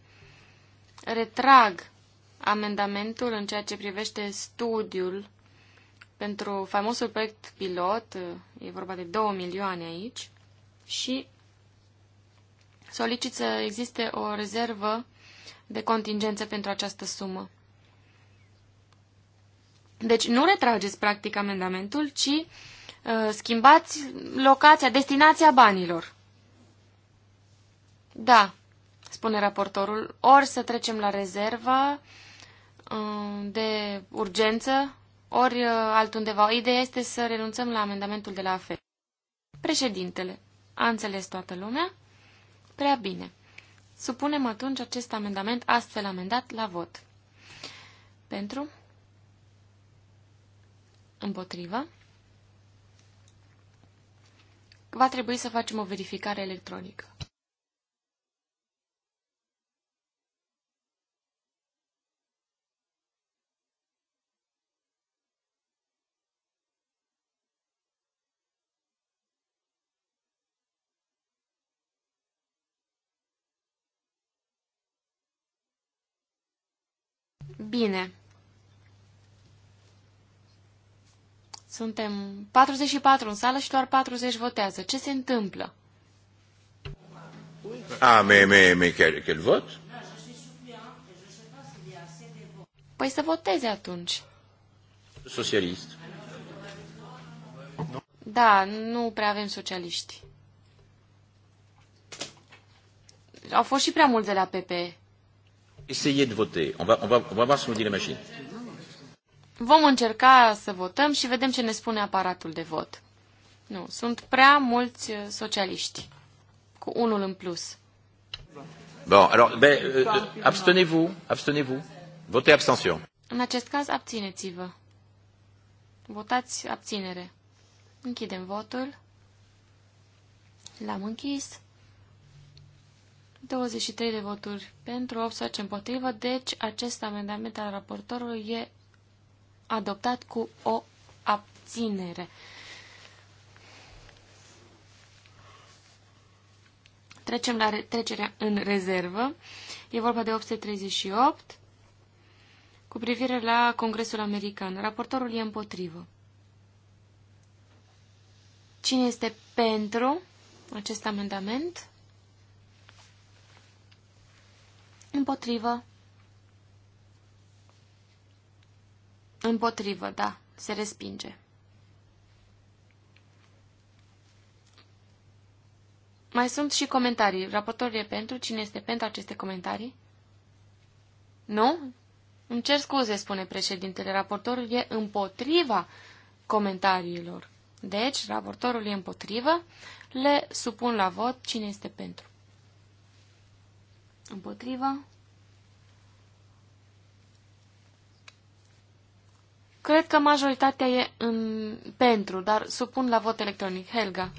retrag amendamentul în ceea ce privește studiul pentru faimosul proiect pilot, e vorba de 2 milioane aici, și solicit să existe o rezervă de contingență pentru această sumă. Deci nu retrageți practic amendamentul, ci uh, schimbați locația, destinația banilor. Da, spune raportorul, ori să trecem la rezervă uh, de urgență, ori uh, altundeva. Ideea este să renunțăm la amendamentul de la AFE. Președintele, a înțeles toată lumea? Prea bine. Supunem atunci acest amendament astfel amendat la vot. Pentru? Împotrivă? Va trebui să facem o verificare electronică. Bine. Suntem 44 în sală și doar 40 votează. Ce se întâmplă? Ah, mais, mais, mais quel, quel vot? Păi să voteze atunci. Socialist. Da, nu prea avem socialiști. Au fost și prea mulți de la PP. Essayez de voter. On va, on va, on va voir ce nous dit la machine. Vom încerca să votăm și vedem ce ne spune aparatul de vot. Nu, sunt prea mulți uh, socialiști. Cu unul în plus. Bon, alors, ben, euh, euh, abstenez-vous, abstenez-vous. Votez abstention. În acest caz, abțineți-vă. Votați abținere. Închidem votul. L-am închis. 23 de voturi pentru, 18 împotrivă, deci acest amendament al raportorului e adoptat cu o abținere. Trecem la trecerea în rezervă. E vorba de 838 cu privire la Congresul American. Raportorul e împotrivă. Cine este pentru acest amendament? Împotrivă. Împotrivă, da. Se respinge. Mai sunt și comentarii. Raportorul e pentru. Cine este pentru aceste comentarii? Nu? Îmi cer scuze, spune președintele. Raportorul e împotriva comentariilor. Deci, raportorul e împotrivă. Le supun la vot cine este pentru. Împotriva. Cred că majoritatea e în... pentru, dar supun la vot electronic. Helga.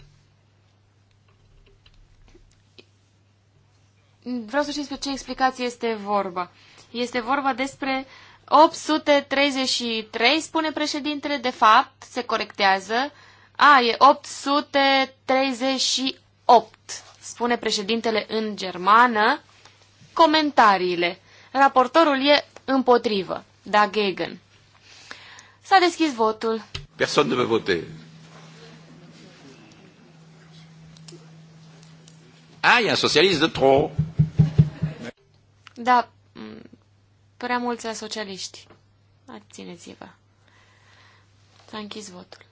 Vreau să știți pe ce explicație este vorba. Este vorba despre 833, spune președintele, de fapt, se corectează. A, e 838, spune președintele în germană comentariile. Raportorul e împotrivă. Da, Gegen. S-a deschis votul. Persoană ne vote. Ah, e un socialist de trop. Da, prea mulți socialiști. Abțineți-vă. S-a închis votul.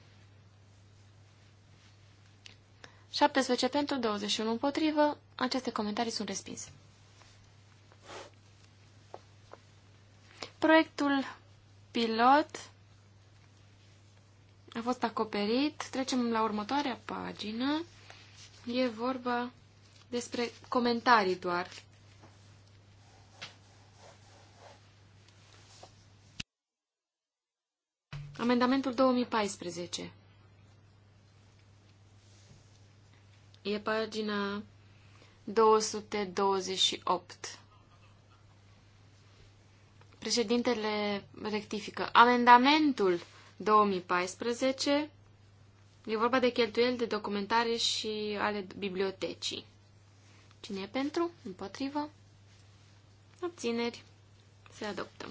17 pentru, 21 împotrivă. Aceste comentarii sunt respinse. Proiectul pilot a fost acoperit. Trecem la următoarea pagină. E vorba despre comentarii doar. Amendamentul 2014. E pagina 228. Președintele rectifică. Amendamentul 2014 e vorba de cheltuieli de documentare și ale bibliotecii. Cine e pentru? Împotrivă? Abțineri? Se adoptă.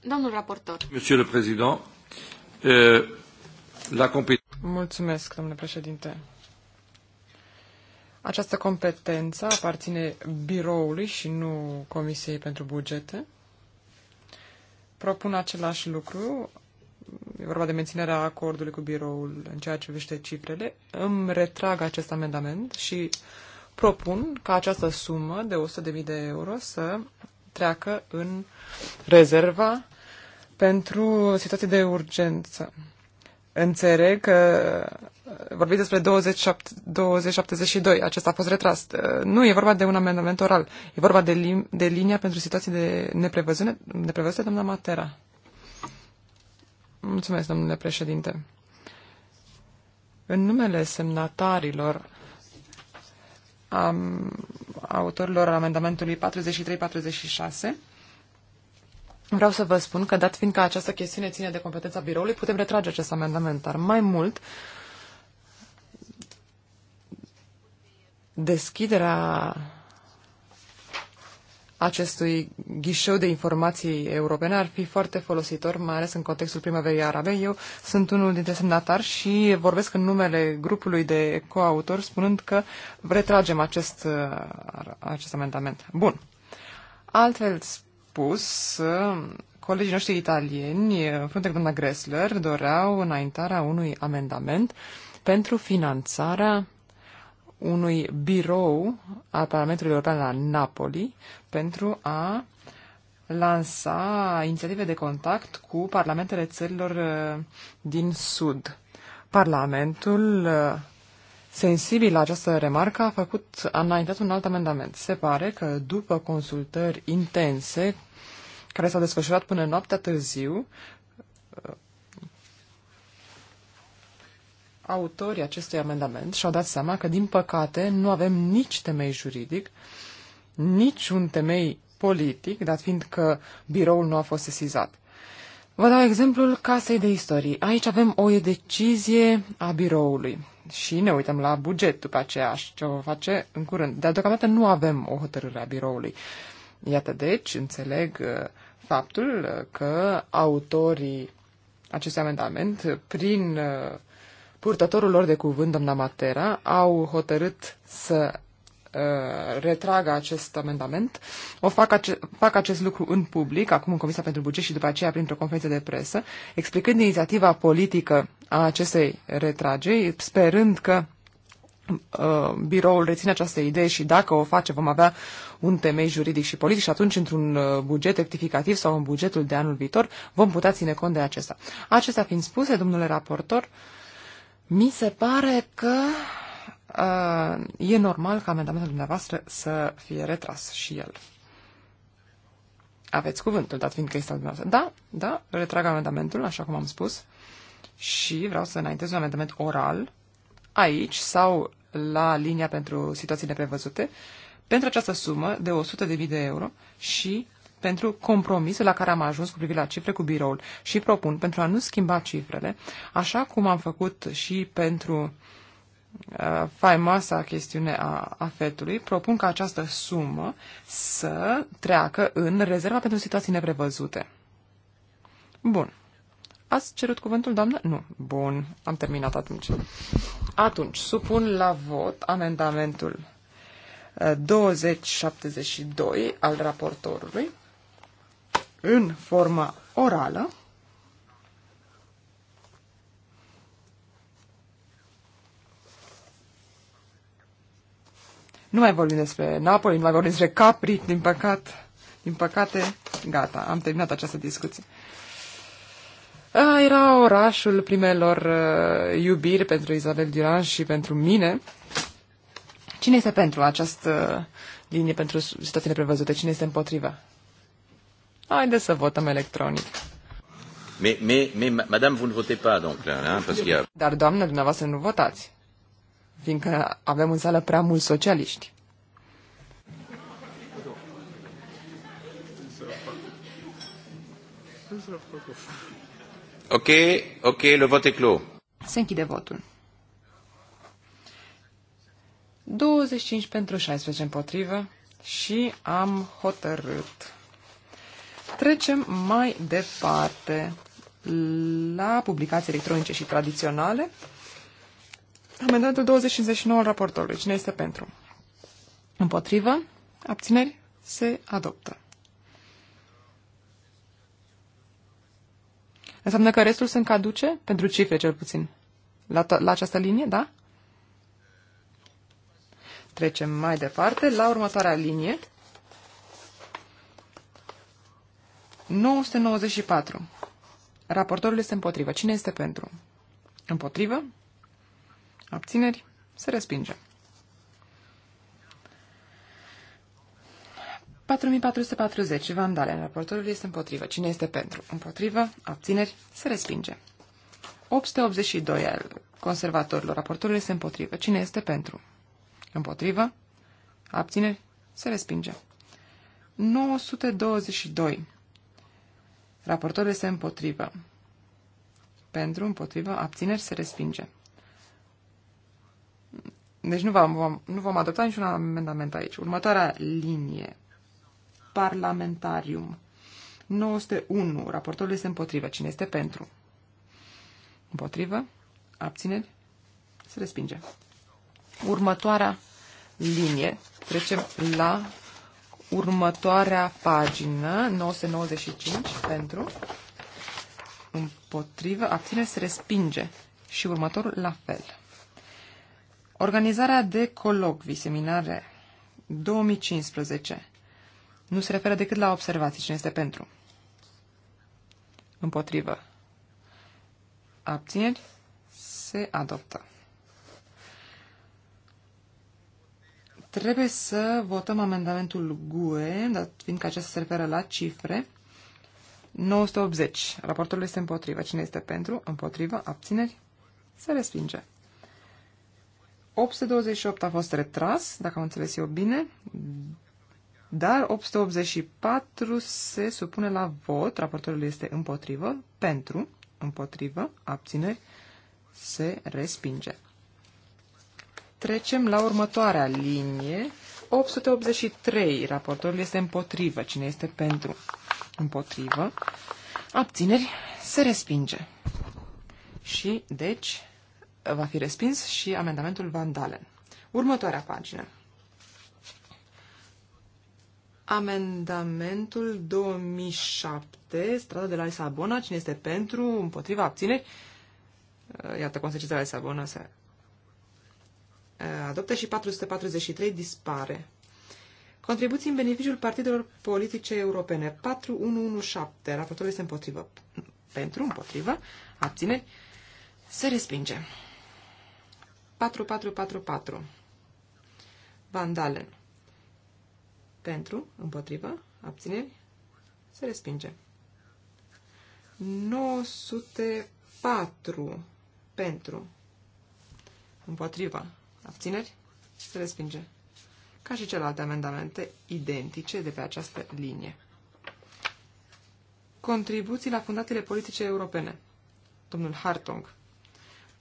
Domnul raportor. Monsieur le Président, euh, la compétence Mulțumesc, domnule președinte. Această competență aparține biroului și nu Comisiei pentru Bugete. Propun același lucru, e vorba de menținerea acordului cu biroul în ceea ce privește cifrele. Îmi retrag acest amendament și propun ca această sumă de 100.000 de euro să treacă în rezerva pentru situații de urgență. Înțeleg că vorbiți despre 2072, acesta a fost retras. Nu, e vorba de un amendament oral. E vorba de, lim, de linia pentru situații de neprevăzute, neprevăzute, doamna Matera. Mulțumesc, domnule președinte. În numele semnatarilor am, autorilor amendamentului 43-46, Vreau să vă spun că, dat fiindcă această chestiune ține de competența biroului, putem retrage acest amendament. Dar mai mult, deschiderea acestui ghișeu de informații europene ar fi foarte folositor, mai ales în contextul primăverii arabe. Eu sunt unul dintre semnatari și vorbesc în numele grupului de coautor, spunând că retragem acest, uh, acest amendament. Bun. Altfel spus, colegii noștri italieni, în frunte cu doamna Gressler, doreau înaintarea unui amendament pentru finanțarea unui birou al Parlamentului European la Napoli pentru a lansa inițiative de contact cu parlamentele țărilor uh, din Sud. Parlamentul uh, Sensibil la această remarcă, a făcut, a înaintat un alt amendament. Se pare că după consultări intense, care s-au desfășurat până noaptea târziu, uh, autorii acestui amendament și-au dat seama că, din păcate, nu avem nici temei juridic, nici un temei politic, dat fiind că biroul nu a fost sesizat. Vă dau exemplul Casei de Istorie. Aici avem o decizie a biroului și ne uităm la buget după aceea și ce vom face în curând. Dar deocamdată nu avem o hotărâre a biroului. Iată deci, înțeleg uh, faptul uh, că autorii acestui amendament, prin uh, purtătorul lor de cuvânt, doamna Matera, au hotărât să Uh, retragă acest amendament. O fac, ace- fac acest lucru în public, acum în Comisia pentru Buget și după aceea printr-o conferință de presă, explicând inițiativa politică a acestei retrageri, sperând că uh, biroul reține această idee și dacă o face vom avea un temei juridic și politic și atunci într-un uh, buget rectificativ sau în bugetul de anul viitor vom putea ține cont de acesta. Acestea fiind spuse, domnule raportor, mi se pare că Uh, e normal ca amendamentul dumneavoastră să fie retras și el. Aveți cuvântul, dat fiindcă este al dumneavoastră. Da, da, retrag amendamentul, așa cum am spus, și vreau să înaintez un amendament oral aici sau la linia pentru situații neprevăzute pentru această sumă de 100.000 de euro și pentru compromisul la care am ajuns cu privire la cifre cu biroul și propun pentru a nu schimba cifrele, așa cum am făcut și pentru uh, Uh, faimoasa chestiune a fetului. propun ca această sumă să treacă în rezerva pentru situații neprevăzute. Bun. Ați cerut cuvântul, doamnă? Nu. Bun. Am terminat atunci. Atunci, supun la vot amendamentul 2072 uh, al raportorului în forma orală. Nu mai vorbim despre Napoli, nu mai vorbim despre Capri, din păcat. Din păcate, gata, am terminat această discuție. era orașul primelor uh, iubiri pentru Isabel Duran și pentru mine. Cine este pentru această linie pentru situațiile prevăzute? Cine este împotriva? Haideți să votăm electronic. Mais, mais, mais, madame, vous ne votez pas, donc, là, hein, parce qu'il y a... Dar, doamnă, dumneavoastră nu votați fiindcă avem în sală prea mulți socialiști. Ok, ok, le vote clou. Se închide votul. 25 pentru 16 împotrivă și am hotărât. Trecem mai departe la publicații electronice și tradiționale. Amendamentul 259 al raportorului. Cine este pentru? Împotrivă? Abțineri? Se adoptă. Înseamnă că restul sunt caduce? Pentru cifre, cel puțin. La, la această linie, da? Trecem mai departe la următoarea linie. 994. Raportorul este împotrivă. Cine este pentru? Împotrivă? Abțineri? Se respinge. 4440. Vandale. Raportorul este împotrivă. Cine este pentru? Împotrivă. Abțineri. Se respinge. 882 al conservatorilor. Raportorul este împotrivă. Cine este pentru? Împotrivă. Abțineri. Se respinge. 922. Raportorul este împotrivă. Pentru, împotrivă, abțineri, se respinge. Deci nu vom, nu vom adopta niciun amendament aici. Următoarea linie. Parlamentarium. 901. Raportorul este împotrivă. Cine este pentru? Împotrivă? Abțineri? Se respinge. Următoarea linie. Trecem la următoarea pagină. 995. Pentru? Împotrivă? Abțineri? Se respinge. Și următorul la fel. Organizarea de colocvii, seminare 2015 nu se referă decât la observații. Cine este pentru? Împotrivă. Abțineri se adoptă. Trebuie să votăm amendamentul GUE, dar fiindcă acesta se referă la cifre. 980. Raportul este împotrivă. Cine este pentru? Împotrivă. Abțineri? Se respinge. 828 a fost retras, dacă am înțeles eu bine, dar 884 se supune la vot, raportorul este împotrivă, pentru, împotrivă, abțineri, se respinge. Trecem la următoarea linie, 883, raportorul este împotrivă, cine este pentru, împotrivă, abțineri, se respinge. Și, deci, va fi respins și amendamentul Van Dalen. Următoarea pagină. Amendamentul 2007, strada de la Lisabona, cine este pentru, împotriva, abțineri. Uh, iată, consecința la Lisabona se uh, adoptă și 443 dispare. Contribuții în beneficiul partidelor politice europene. 4117. Raportul este împotrivă. Pentru, împotrivă, abțineri, se respinge. 4444. Vandalen. Pentru, împotrivă, abțineri, se respinge. 904 pentru, împotrivă, abțineri, se respinge. Ca și celelalte amendamente identice de pe această linie. Contribuții la fundațiile politice europene. Domnul Hartung.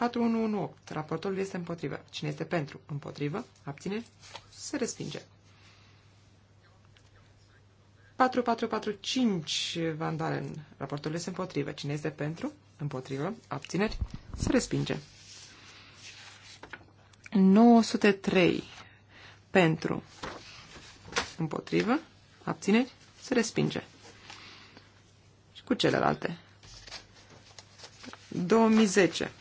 4118. Raportorul este împotrivă. Cine este pentru? Împotrivă. Abține. Se respinge. 4445 Van Dalen. Raportorul este împotrivă. Cine este pentru? Împotrivă. Abțineri. Se respinge. 903 pentru. Împotrivă. Abțineri. Se respinge. Și cu celelalte. 2010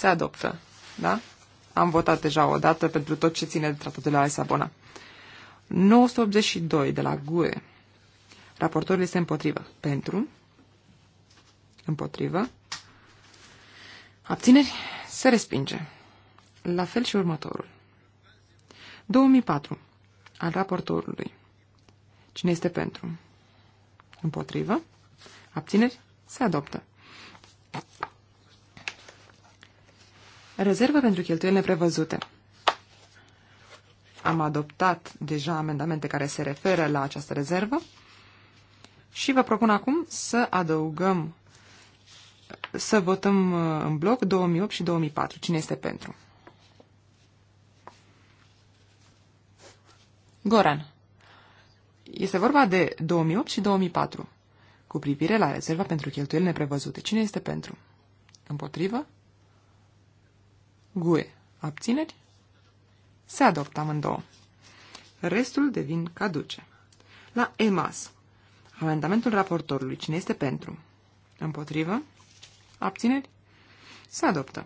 se adoptă. Da? Am votat deja o dată pentru tot ce ține de tratatul de la Lisabona. 982 de la GUE. Raportorul este împotrivă. Pentru. Împotrivă. Abțineri. Se respinge. La fel și următorul. 2004. Al raportorului. Cine este pentru? Împotrivă. Abțineri. Se adoptă. Rezervă pentru cheltuieli neprevăzute. Am adoptat deja amendamente care se referă la această rezervă și vă propun acum să adăugăm, să votăm uh, în bloc 2008 și 2004. Cine este pentru? Goran. Este vorba de 2008 și 2004 cu privire la rezerva pentru cheltuieli neprevăzute. Cine este pentru? Împotrivă? GUE. Abțineri? Se adoptă amândouă. Restul devin caduce. La EMAS. Amendamentul raportorului. Cine este pentru? Împotrivă? Abțineri? Se adoptă.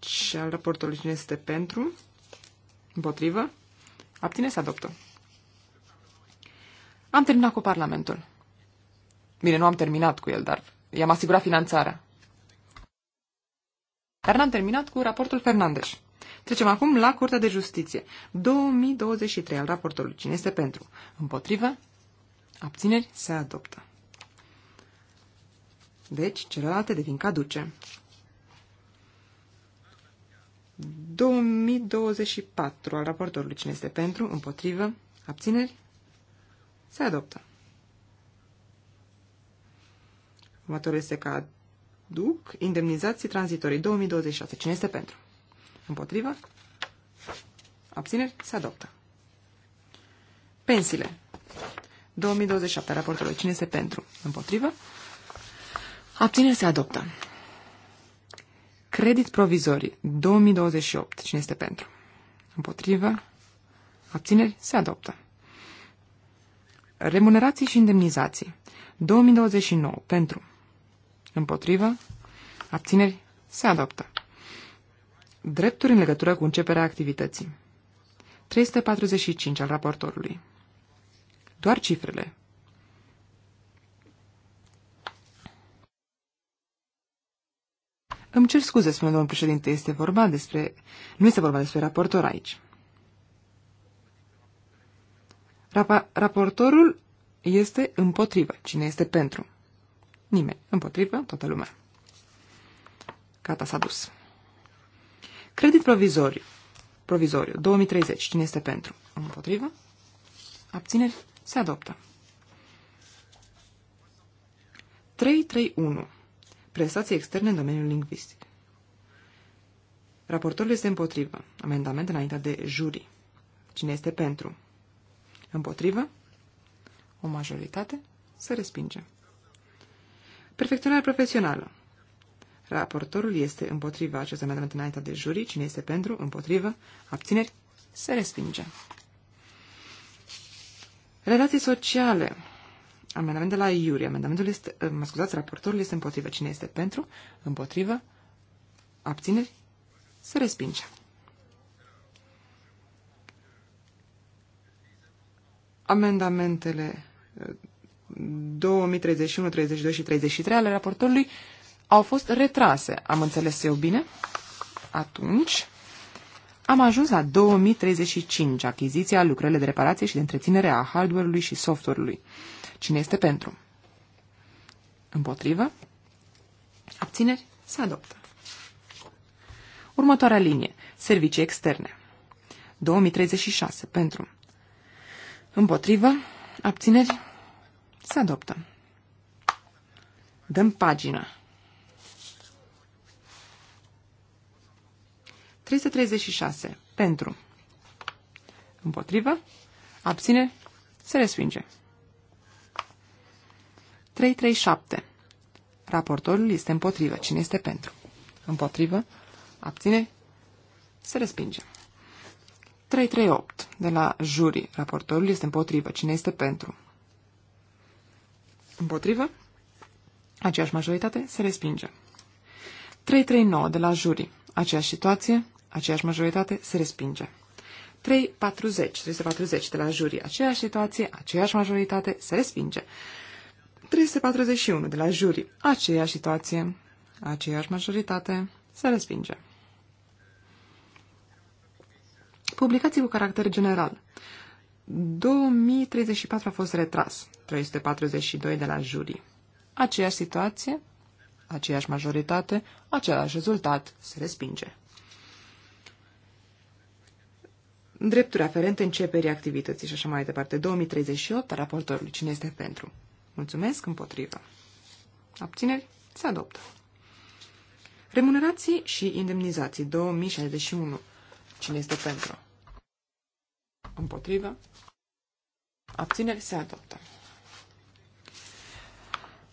...2060 al raportului cine este pentru, împotrivă, abține, se adoptă. Am terminat cu Parlamentul. Bine, nu am terminat cu el, dar i-am asigurat finanțarea. Dar n-am terminat cu raportul Fernandez. Trecem acum la Curtea de Justiție. 2023 al raportului. Cine este pentru? Împotrivă? Abțineri? Se adoptă. Deci, celelalte devin caduce. 2024 al raportorului. Cine este pentru? Împotrivă? Abțineri? Se adoptă. Următorul este ca duc indemnizații tranzitorii 2026. Cine este pentru? Împotrivă? Abțineri? Se adoptă. Pensiile. 2027. Raportului. Cine este pentru? Împotrivă? Abțineri? Se adoptă. Credit provizorii. 2028. Cine este pentru? Împotrivă? Abțineri? Se adoptă. Remunerații și indemnizații. 2029. Pentru. Împotrivă. Abțineri. Se adoptă. Drepturi în legătură cu începerea activității. 345 al raportorului. Doar cifrele. Îmi cer scuze, spune domnul președinte, este vorba despre... Nu este vorba despre raportor aici. Rapa, raportorul este împotrivă. Cine este pentru? Nimeni. Împotrivă. Toată lumea. Gata, s-a dus. Credit provizoriu. Provizoriu. 2030. Cine este pentru? Împotrivă. Abțineri. Se adoptă. 331. Prestații externe în domeniul lingvistic. Raportorul este împotrivă. Amendament înaintea de juri. Cine este pentru? Împotrivă? O majoritate? Se respinge. Perfecționare profesională. Raportorul este împotriva acest amendament înaintea de jurii. Cine este pentru, împotrivă, abțineri, se respinge. Relații sociale. Amendament de la Iuri. Amendamentul este, eh, mă scuzați, raportorul este împotrivă. Cine este pentru, împotrivă, abțineri, se respinge. Amendamentele eh, 2031, 32 și 33 ale raportorului au fost retrase. Am înțeles eu bine? Atunci am ajuns la 2035, achiziția, lucrările de reparație și de întreținere a hardware-ului și software-ului. Cine este pentru? Împotrivă? Abțineri? Se adoptă. Următoarea linie. Servicii externe. 2036. Pentru. Împotrivă. Abțineri. Se adoptă. Dăm pagina. 336. Pentru. Împotrivă. Abține. Se respinge. 337. Raportorul este împotrivă. Cine este pentru? Împotrivă. Abține. Se respinge. 338. De la juri. Raportorul este împotrivă. Cine este pentru? Împotrivă. Aceeași majoritate se respinge. 339 de la juri. Aceeași situație, aceeași majoritate se respinge. 340, 340 de la juri. Aceeași situație, aceeași majoritate se respinge. 341 de la juri. Aceeași situație, aceeași majoritate se respinge. Publicații cu caracter general. 2034 a fost retras, 342 de la jurii. Aceeași situație, aceeași majoritate, același rezultat, se respinge. Drepturi aferente începerii activității și așa mai departe. 2038 a raportorului. Cine este pentru? Mulțumesc, împotrivă. Abțineri? Se adoptă. Remunerații și indemnizații. 2061. Cine este pentru? Împotrivă. Abțineri se adoptă.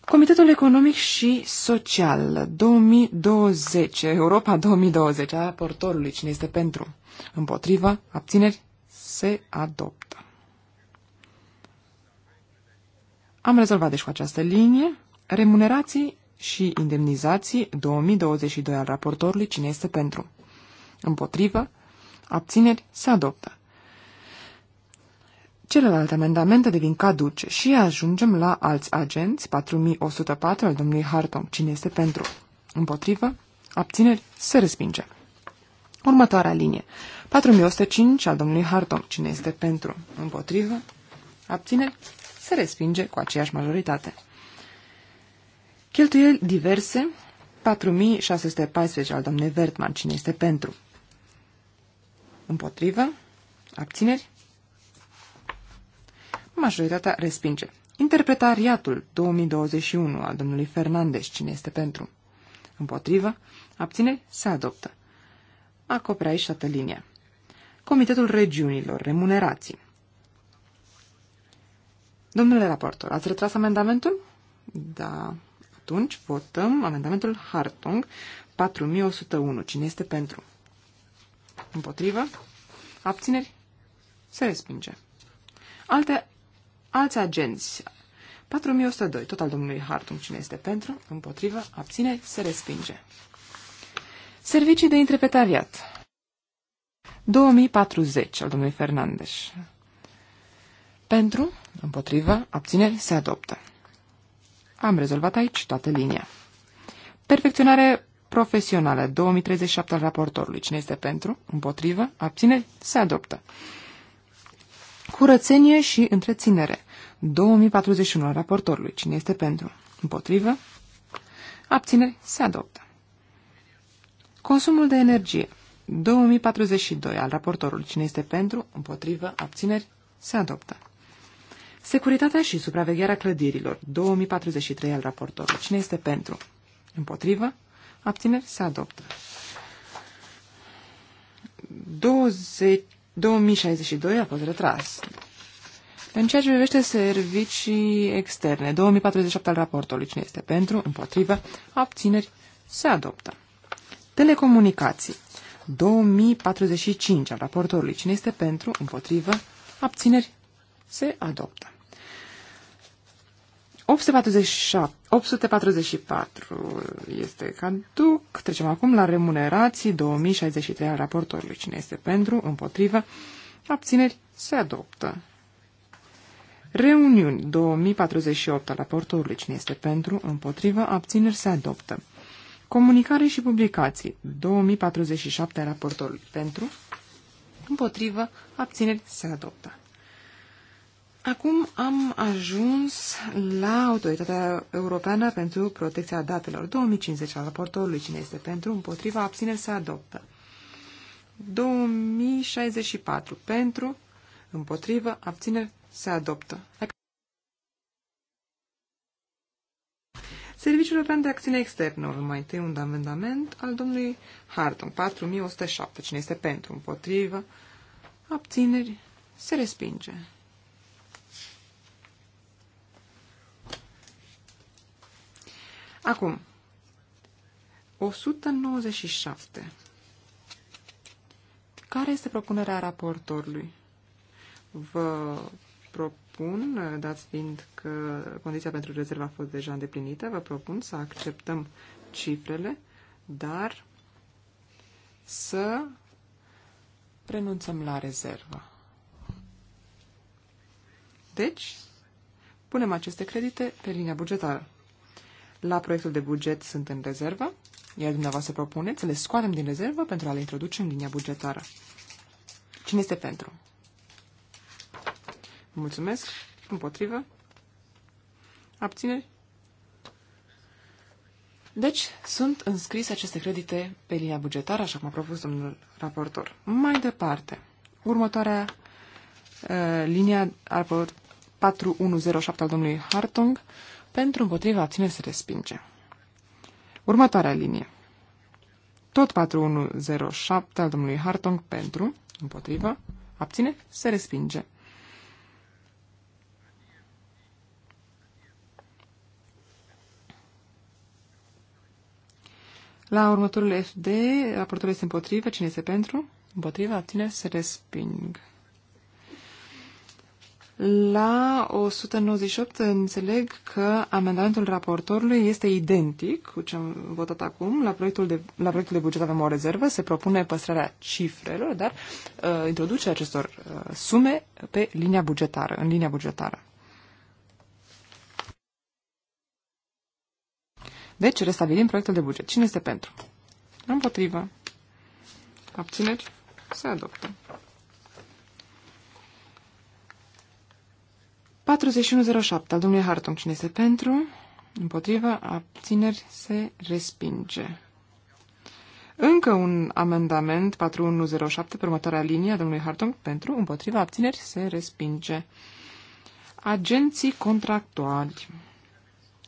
Comitetul Economic și Social 2020, Europa 2020, a raportorului, cine este pentru, împotrivă, abțineri, se adoptă. Am rezolvat deci cu această linie remunerații și indemnizații 2022 al raportorului, cine este pentru, împotrivă, abțineri, se adoptă. Celelalte amendamente devin caduce și ajungem la alți agenți, 4104 al domnului Hartong. Cine este pentru? Împotrivă? Abțineri? Se respinge. Următoarea linie. 4105 al domnului Hartong. Cine este pentru? Împotrivă? Abțineri? Se respinge cu aceeași majoritate. Cheltuieli diverse. 4614 al domnului Vertman. Cine este pentru? Împotrivă? Abțineri? majoritatea respinge. Interpretariatul 2021 al domnului Fernandez, cine este pentru? Împotrivă, abține, se adoptă. Acopere aici toată linia. Comitetul Regiunilor, remunerații. Domnule raportor, ați retras amendamentul? Da. Atunci votăm amendamentul Hartung 4101. Cine este pentru? Împotrivă? Abțineri? Se respinge. Alte alți agenți. 4102, tot al domnului Hartung. Cine este pentru? Împotrivă? Abține? Se respinge. Servicii de interpretariat. 2040, al domnului Fernandes. Pentru? Împotrivă? Abține? Se adoptă. Am rezolvat aici toată linia. Perfecționare profesională, 2037 al raportorului. Cine este pentru? Împotrivă? Abține? Se adoptă. Curățenie și întreținere. 2041 al raportorului. Cine este pentru? Împotrivă? Abțineri? Se adoptă. Consumul de energie. 2042 al raportorului. Cine este pentru? Împotrivă? Abțineri? Se adoptă. Securitatea și supravegherea clădirilor. 2043 al raportorului. Cine este pentru? Împotrivă? Abțineri? Se adoptă. 20 2062 a fost retras. În ceea ce privește servicii externe, 2047 al raportului, cine este pentru, împotrivă, abțineri, se adoptă. Telecomunicații, 2045 al raportului, cine este pentru, împotrivă, abțineri, se adoptă. 847, 844 este caduc. Trecem acum la remunerații 2063 al raportorului. Cine este pentru, împotrivă, abțineri, se adoptă. Reuniuni 2048 al raportorului. Cine este pentru, împotrivă, abțineri, se adoptă. Comunicare și publicații 2047 al raportorului. Pentru, împotrivă, abțineri, se adoptă. Acum am ajuns la Autoritatea Europeană pentru Protecția Datelor 2050 al raportorului. Cine este pentru, împotriva, abțineri se adoptă. 2064 pentru, împotrivă, abțineri se adoptă. Serviciul European de Acțiune Externă. Urmă mai întâi un amendament al domnului Harton, 4107. Cine este pentru, împotrivă, abțineri se respinge. Acum, 197. Care este propunerea raportorului? Vă propun, dați fiind că condiția pentru rezervă a fost deja îndeplinită, vă propun să acceptăm cifrele, dar să renunțăm la rezervă. Deci, punem aceste credite pe linia bugetară la proiectul de buget sunt în rezervă, iar dumneavoastră propuneți să le scoatem din rezervă pentru a le introduce în linia bugetară. Cine este pentru? Mulțumesc. Împotrivă. Abțineri. Deci, sunt înscrise aceste credite pe linia bugetară, așa cum a propus domnul raportor. Mai departe, următoarea uh, linia al 4107 al domnului Hartung, uh, pentru împotriva ține se respinge. Următoarea linie. Tot 4107 al domnului Hartong pentru, împotriva, abține, se respinge. La următorul FD, raportul este împotrivă, cine este pentru? Împotriva, abține, se resping. La 198 înțeleg că amendamentul raportorului este identic cu ce am votat acum. La proiectul de, la proiectul de buget avem o rezervă, se propune păstrarea cifrelor, dar uh, introduce acestor uh, sume pe linia bugetară, în linia bugetară. Deci restabilim proiectul de buget. Cine este pentru? Împotrivă. Abțineri? Se adoptă. 4107 al domnului Hartung. Cine este pentru? împotriva, abțineri, se respinge. Încă un amendament, 4107, pe următoarea linie a domnului Hartung, pentru, împotriva, abțineri, se respinge. Agenții contractuali.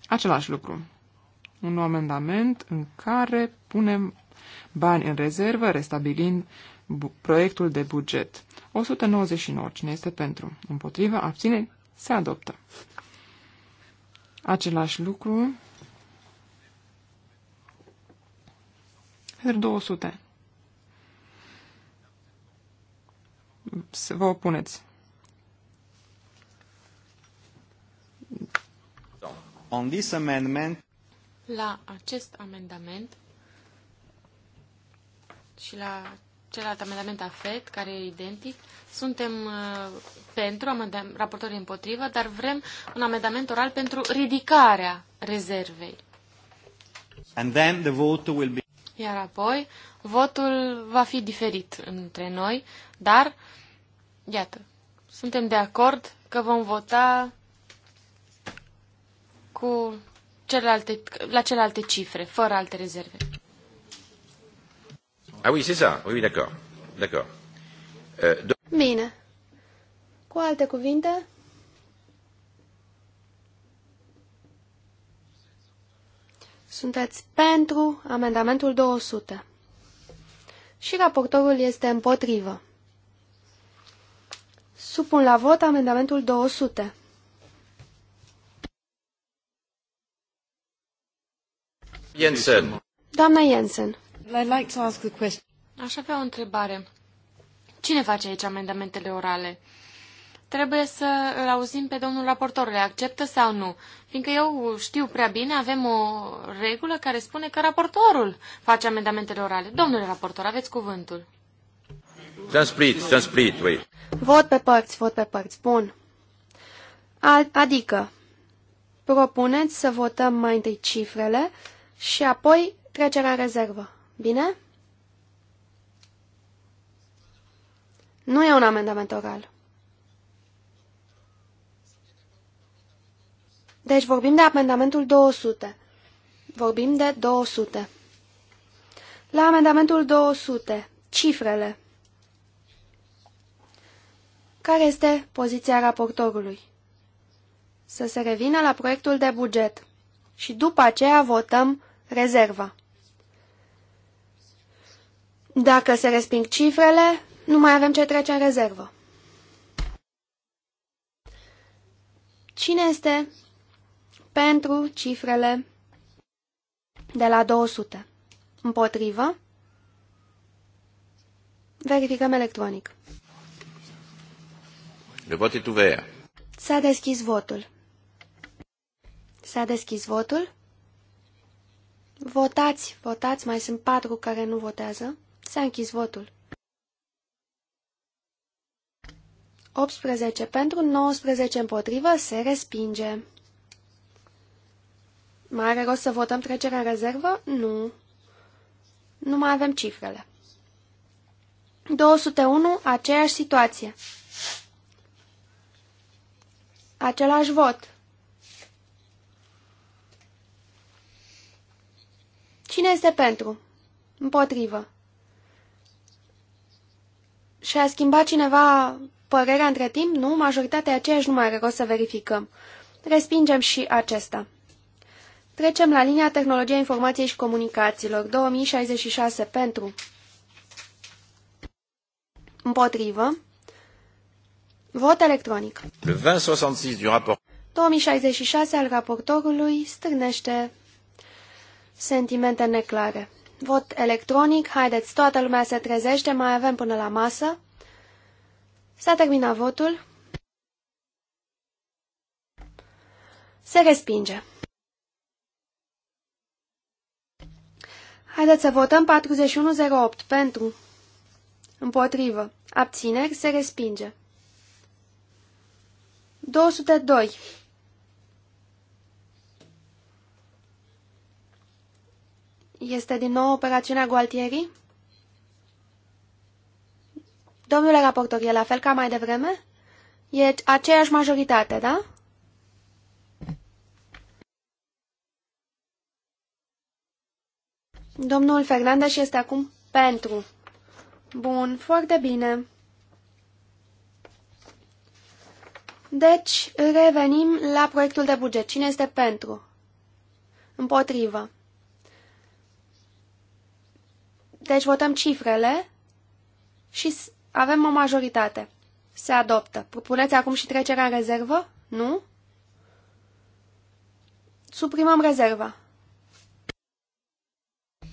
Același lucru. Un nou amendament în care punem bani în rezervă, restabilind proiectul de buget. 199. Cine este pentru? Împotriva, abțineri, se adoptă. Același lucru r 200. Să vă opuneți. On this amendment... La acest amendament și la celălalt amendament a Fed, care e identic. Suntem uh, pentru, raportorii împotrivă, dar vrem un amendament oral pentru ridicarea rezervei. And then the vote will be... Iar apoi, votul va fi diferit între noi, dar, iată, suntem de acord că vom vota cu celelalte, la celelalte cifre, fără alte rezerve. Ah oui, c'est ça. Oui, d'accord. D'accord. Uh, do Bine. Cu alte cuvinte, sunteți pentru amendamentul 200 și raportorul este împotrivă. Supun la vot amendamentul 200. Jensen. Doamna Jensen. Aș avea o întrebare. Cine face aici amendamentele orale? Trebuie să îl auzim pe domnul raportor, le acceptă sau nu? Fiindcă eu știu prea bine, avem o regulă care spune că raportorul face amendamentele orale. Domnule raportor, aveți cuvântul. Sunt sunt Vot pe părți, vot pe părți. Bun. adică, propuneți să votăm mai întâi cifrele și apoi trecerea în rezervă. Bine? Nu e un amendament oral. Deci vorbim de amendamentul 200. Vorbim de 200. La amendamentul 200, cifrele. Care este poziția raportorului? Să se revină la proiectul de buget și după aceea votăm rezerva. Dacă se resping cifrele, nu mai avem ce trece în rezervă. Cine este pentru cifrele de la 200? Împotrivă? Verificăm electronic. Le vote tu vei. S-a deschis votul. S-a deschis votul. Votați, votați, mai sunt patru care nu votează. S-a închis votul. 18 pentru, 19 împotrivă, se respinge. Mai are rost să votăm trecerea în rezervă? Nu. Nu mai avem cifrele. 201, aceeași situație. Același vot. Cine este pentru? Împotrivă. Și-a schimbat cineva părerea între timp? Nu, majoritatea aceeași nu mai are rost să verificăm. Respingem și acesta. Trecem la linia Tehnologia Informației și Comunicațiilor, 2066 pentru. Împotrivă. Vot electronic. 2066 2066 al raportorului stârnește sentimente neclare. Vot electronic. Haideți, toată lumea se trezește, mai avem până la masă. S-a terminat votul. Se respinge. Haideți să votăm 4108 pentru. Împotrivă. Abțineri se respinge. 202 Este din nou operațiunea Gualtieri? Domnule raportor, e la fel ca mai devreme? E aceeași majoritate, da? Domnul Fernandes este acum pentru. Bun, foarte bine. Deci, revenim la proiectul de buget. Cine este pentru? Împotrivă. Deci votăm cifrele și avem o majoritate. Se adoptă. Propuneți acum și trecerea în rezervă? Nu? Suprimăm rezerva.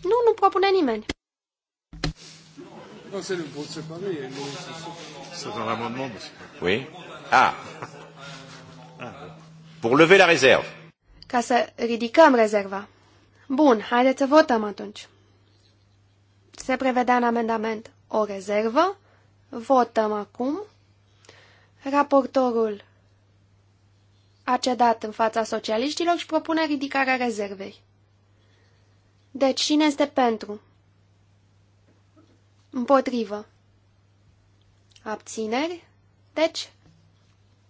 Nu, nu propune nimeni. Oui. Ah. Pour lever la réserve. Ca să ridicăm rezerva. Bun, haideți să votăm atunci. Se prevedea în amendament o rezervă. Votăm acum. Raportorul a cedat în fața socialiștilor și propune ridicarea rezervei. Deci cine este pentru? Împotrivă. Abțineri. Deci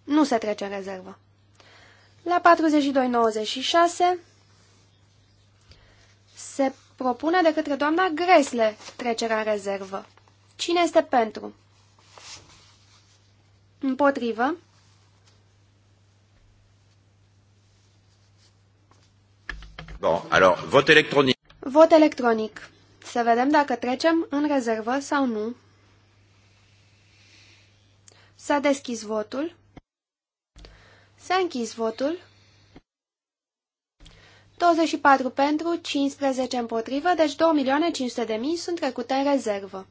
nu se trece în rezervă. La 42.96 se propune de către doamna Gresle trecerea în rezervă. Cine este pentru? Împotrivă? Bon, alors, vot electronic. Vot electronic. Să vedem dacă trecem în rezervă sau nu. S-a deschis votul. S-a închis votul. 24 pentru, 15 împotrivă, deci 2.500.000 sunt trecute în rezervă.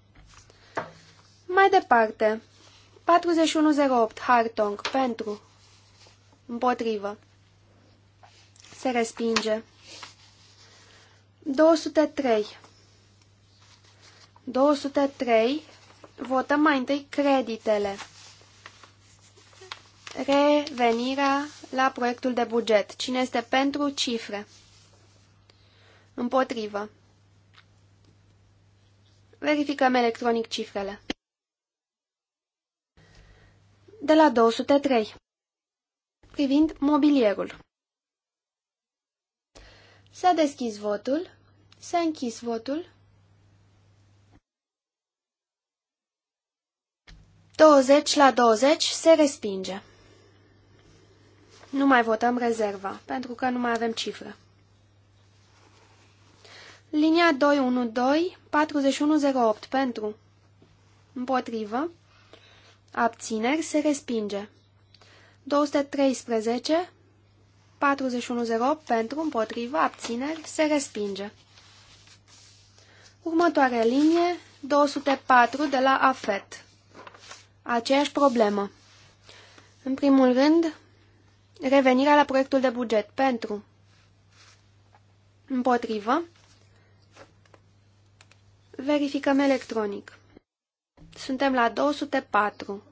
Mai departe, 4108 Hartong pentru, împotrivă, se respinge. 203 203 votăm mai întâi creditele. Revenirea la proiectul de buget. Cine este pentru cifre? Împotrivă. Verificăm electronic cifrele. De la 203. Privind mobilierul. S-a deschis votul. S-a închis votul. 20 la 20 se respinge. Nu mai votăm rezerva, pentru că nu mai avem cifră. Linia 212, 4108 pentru. Împotrivă. Abțineri se respinge. 213, 4108 pentru, împotrivă, abțineri se respinge. Următoarea linie, 204 de la AFET. Aceeași problemă. În primul rând, revenirea la proiectul de buget pentru, împotrivă, Verificăm electronic. Suntem la 204.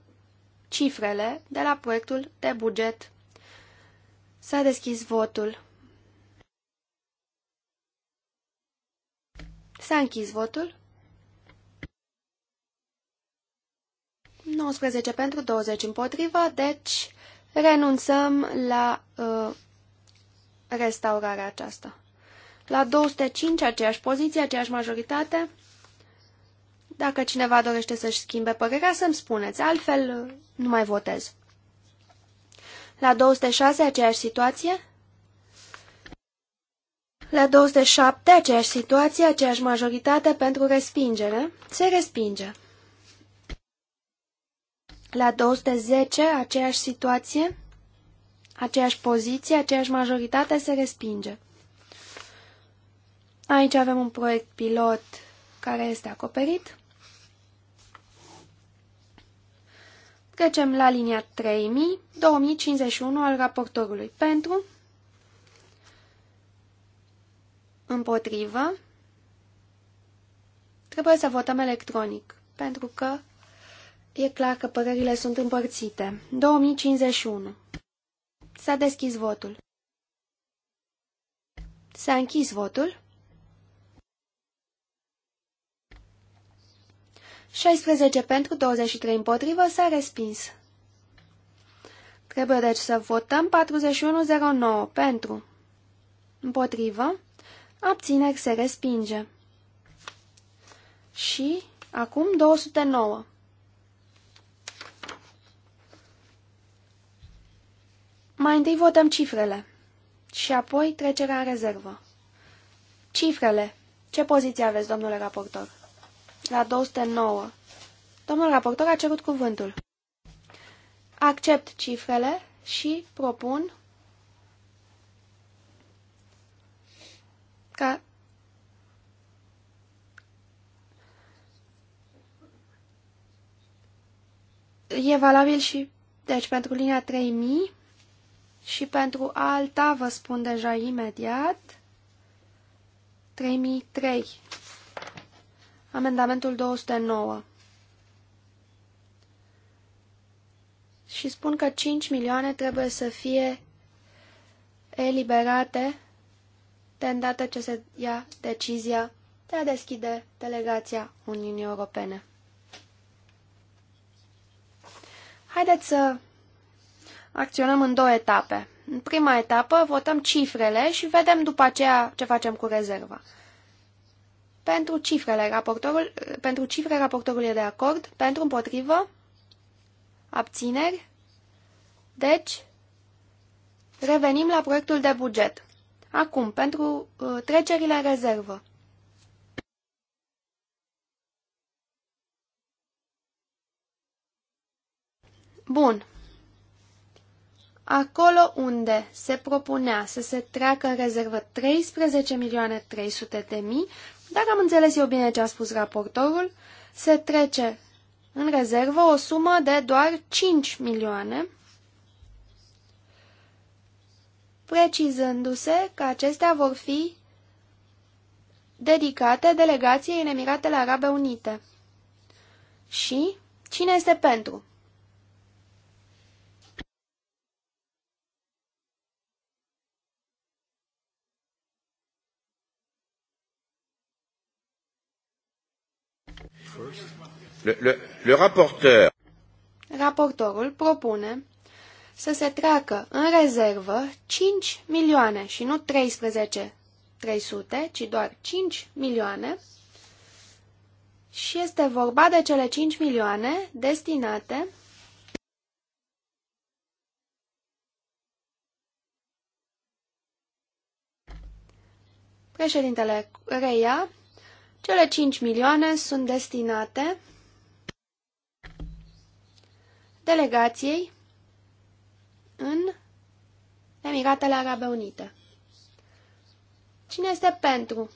Cifrele de la proiectul de buget. S-a deschis votul. S-a închis votul. 19 pentru 20 împotriva, deci renunțăm la uh, restaurarea aceasta. La 205, aceeași poziție, aceeași majoritate. Dacă cineva dorește să-și schimbe părerea, să-mi spuneți, altfel uh, nu mai votez. La 206 aceeași situație? La 207 aceeași situație, aceeași majoritate pentru respingere. Se respinge. La 210 aceeași situație, aceeași poziție, aceeași majoritate se respinge. Aici avem un proiect pilot care este acoperit. Trecem la linia 3000, 2051 al raportorului pentru, împotrivă, trebuie să votăm electronic, pentru că e clar că părerile sunt împărțite. 2051. S-a deschis votul. S-a închis votul. 16 pentru, 23 împotrivă, s-a respins. Trebuie deci să votăm 4109 pentru, împotrivă, abțineri se respinge. Și acum 209. Mai întâi votăm cifrele și apoi trecerea în rezervă. Cifrele. Ce poziție aveți, domnule raportor? la 209. Domnul raportor a cerut cuvântul. Accept cifrele și propun ca e valabil și deci pentru linia 3000 și pentru alta vă spun deja imediat 3003 amendamentul 209. Și spun că 5 milioane trebuie să fie eliberate de îndată ce se ia decizia de a deschide delegația Uniunii Europene. Haideți să acționăm în două etape. În prima etapă votăm cifrele și vedem după aceea ce facem cu rezerva. Pentru cifrele, raportorul, pentru cifre, raportorul e de acord. Pentru împotrivă, abțineri. Deci, revenim la proiectul de buget. Acum, pentru uh, trecerile în rezervă. Bun. Acolo unde se propunea să se treacă în rezervă 13 milioane 300 de mii, dacă am înțeles eu bine ce a spus raportorul, se trece în rezervă o sumă de doar 5 milioane, precizându-se că acestea vor fi dedicate delegației în Emiratele Arabe Unite. Și cine este pentru? Le, le, le raporteur. Raportorul propune să se treacă în rezervă 5 milioane și nu 13 300, ci doar 5 milioane și este vorba de cele 5 milioane destinate Președintele reia, cele 5 milioane sunt destinate delegației în Emiratele Arabe Unite. Cine este pentru?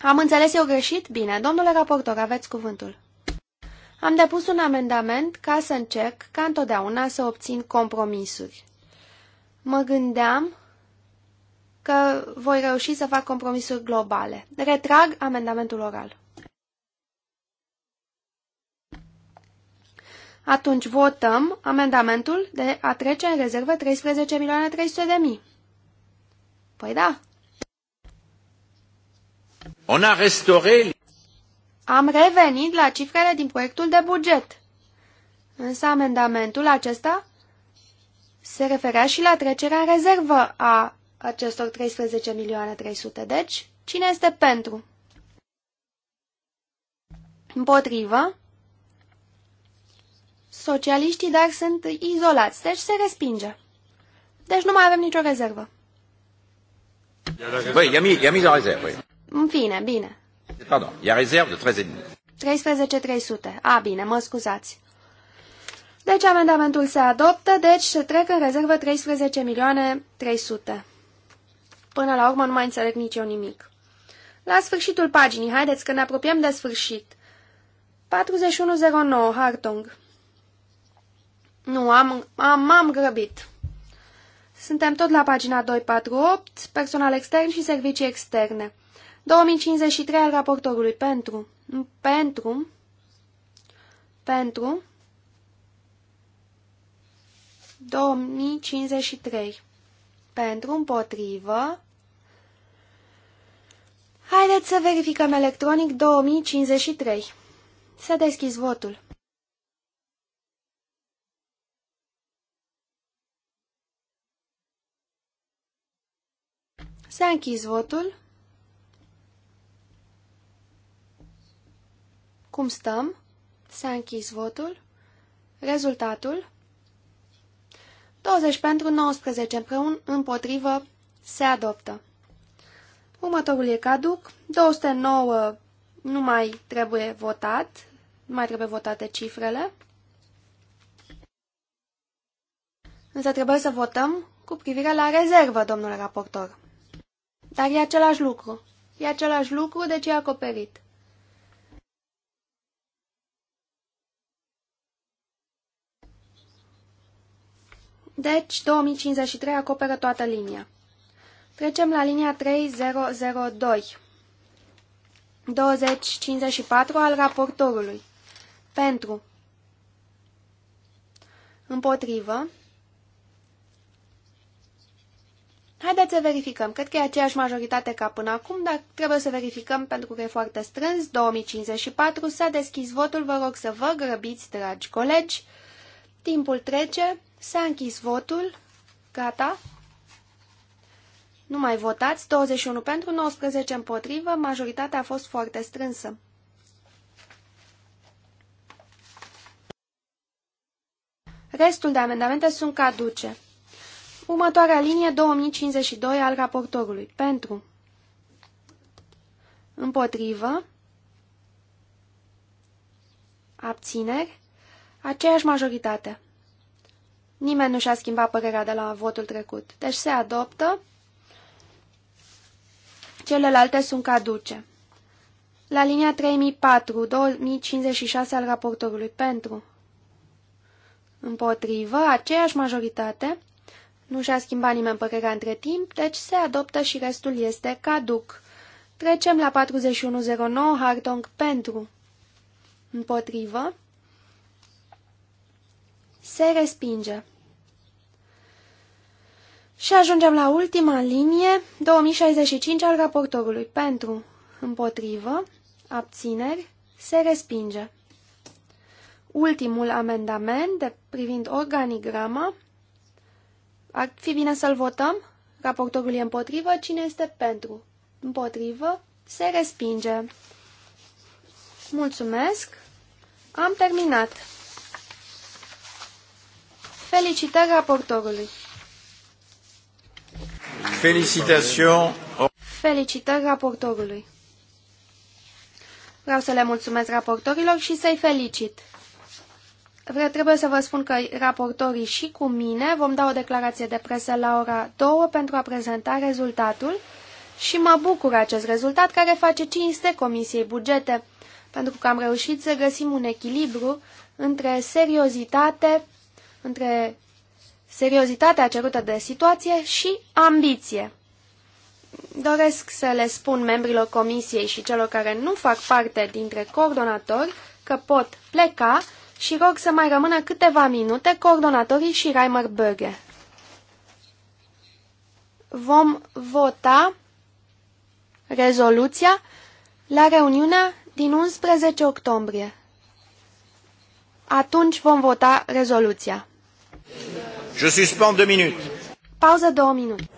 Am înțeles eu greșit? Bine, domnule raportor, aveți cuvântul. Am depus un amendament ca să încerc, ca întotdeauna, să obțin compromisuri. Mă gândeam că voi reuși să fac compromisuri globale. Retrag amendamentul oral. Atunci votăm amendamentul de a trece în rezervă 13 milioane 300 de mii. Păi da. On a restauré... Am revenit la cifrele din proiectul de buget. Însă amendamentul acesta se referea și la trecerea în rezervă a acestor 13 milioane 300. Deci, cine este pentru? Împotrivă. Socialiștii, dar sunt izolați, deci se respinge. Deci nu mai avem nicio rezervă. Băi, i-am mis, mis la rezervă. În fine, bine. Pardon, i-a rezervă de 13.300. A, bine, mă scuzați. Deci amendamentul se adoptă, deci se trec în rezervă 13 milioane 300. Până la urmă nu mai înțeleg nici eu nimic. La sfârșitul paginii, haideți că ne apropiem de sfârșit. 4109, Hartung. Nu, am, am, am grăbit. Suntem tot la pagina 248, personal extern și servicii externe. 2053 al raportorului pentru, pentru, pentru, 2053 pentru, împotrivă. Haideți să verificăm electronic 2053. Să deschizi votul. Să închizi votul. Cum stăm? Să închizi votul. Rezultatul 20 pentru, 19 împreună, împotrivă, se adoptă. Următorul e caduc. 209 nu mai trebuie votat, nu mai trebuie votate cifrele. Însă trebuie să votăm cu privire la rezervă, domnule raportor. Dar e același lucru. E același lucru, deci e acoperit. Deci, 2053 acoperă toată linia. Trecem la linia 3002. 2054 al raportorului. Pentru. Împotrivă. Haideți să verificăm. Cred că e aceeași majoritate ca până acum, dar trebuie să verificăm pentru că e foarte strâns. 2054 s-a deschis votul. Vă rog să vă grăbiți, dragi colegi. Timpul trece. S-a închis votul. Gata. Nu mai votați. 21 pentru, 19 împotrivă. Majoritatea a fost foarte strânsă. Restul de amendamente sunt caduce. Următoarea linie 2052 al raportorului. Pentru. Împotrivă. Abțineri. Aceeași majoritate. Nimeni nu și-a schimbat părerea de la votul trecut. Deci se adoptă. Celelalte sunt caduce. La linia 3004, 2056 al raportorului pentru. Împotrivă, aceeași majoritate. Nu și-a schimbat nimeni părerea între timp, deci se adoptă și restul este caduc. Trecem la 4109, Hartong pentru. Împotrivă. Se respinge. Și ajungem la ultima linie, 2065 al raportorului. Pentru, împotrivă, abțineri, se respinge. Ultimul amendament de privind organigrama. Ar fi bine să-l votăm? Raportorul e împotrivă. Cine este pentru? Împotrivă, se respinge. Mulțumesc! Am terminat. Felicitări raportorului! Felicitări! Felicitări raportorului! Vreau să le mulțumesc raportorilor și să-i felicit. Vre, trebuie să vă spun că raportorii și cu mine vom da o declarație de presă la ora 2 pentru a prezenta rezultatul și mă bucur acest rezultat care face cinste Comisiei Bugete, pentru că am reușit să găsim un echilibru între seriozitate, între seriozitatea cerută de situație și ambiție. Doresc să le spun membrilor comisiei și celor care nu fac parte dintre coordonatori că pot pleca și rog să mai rămână câteva minute coordonatorii și Reimer Böge. Vom vota rezoluția la reuniunea din 11 octombrie. Atunci vom vota rezoluția. Je suspends deux minutes. Pauză două minute.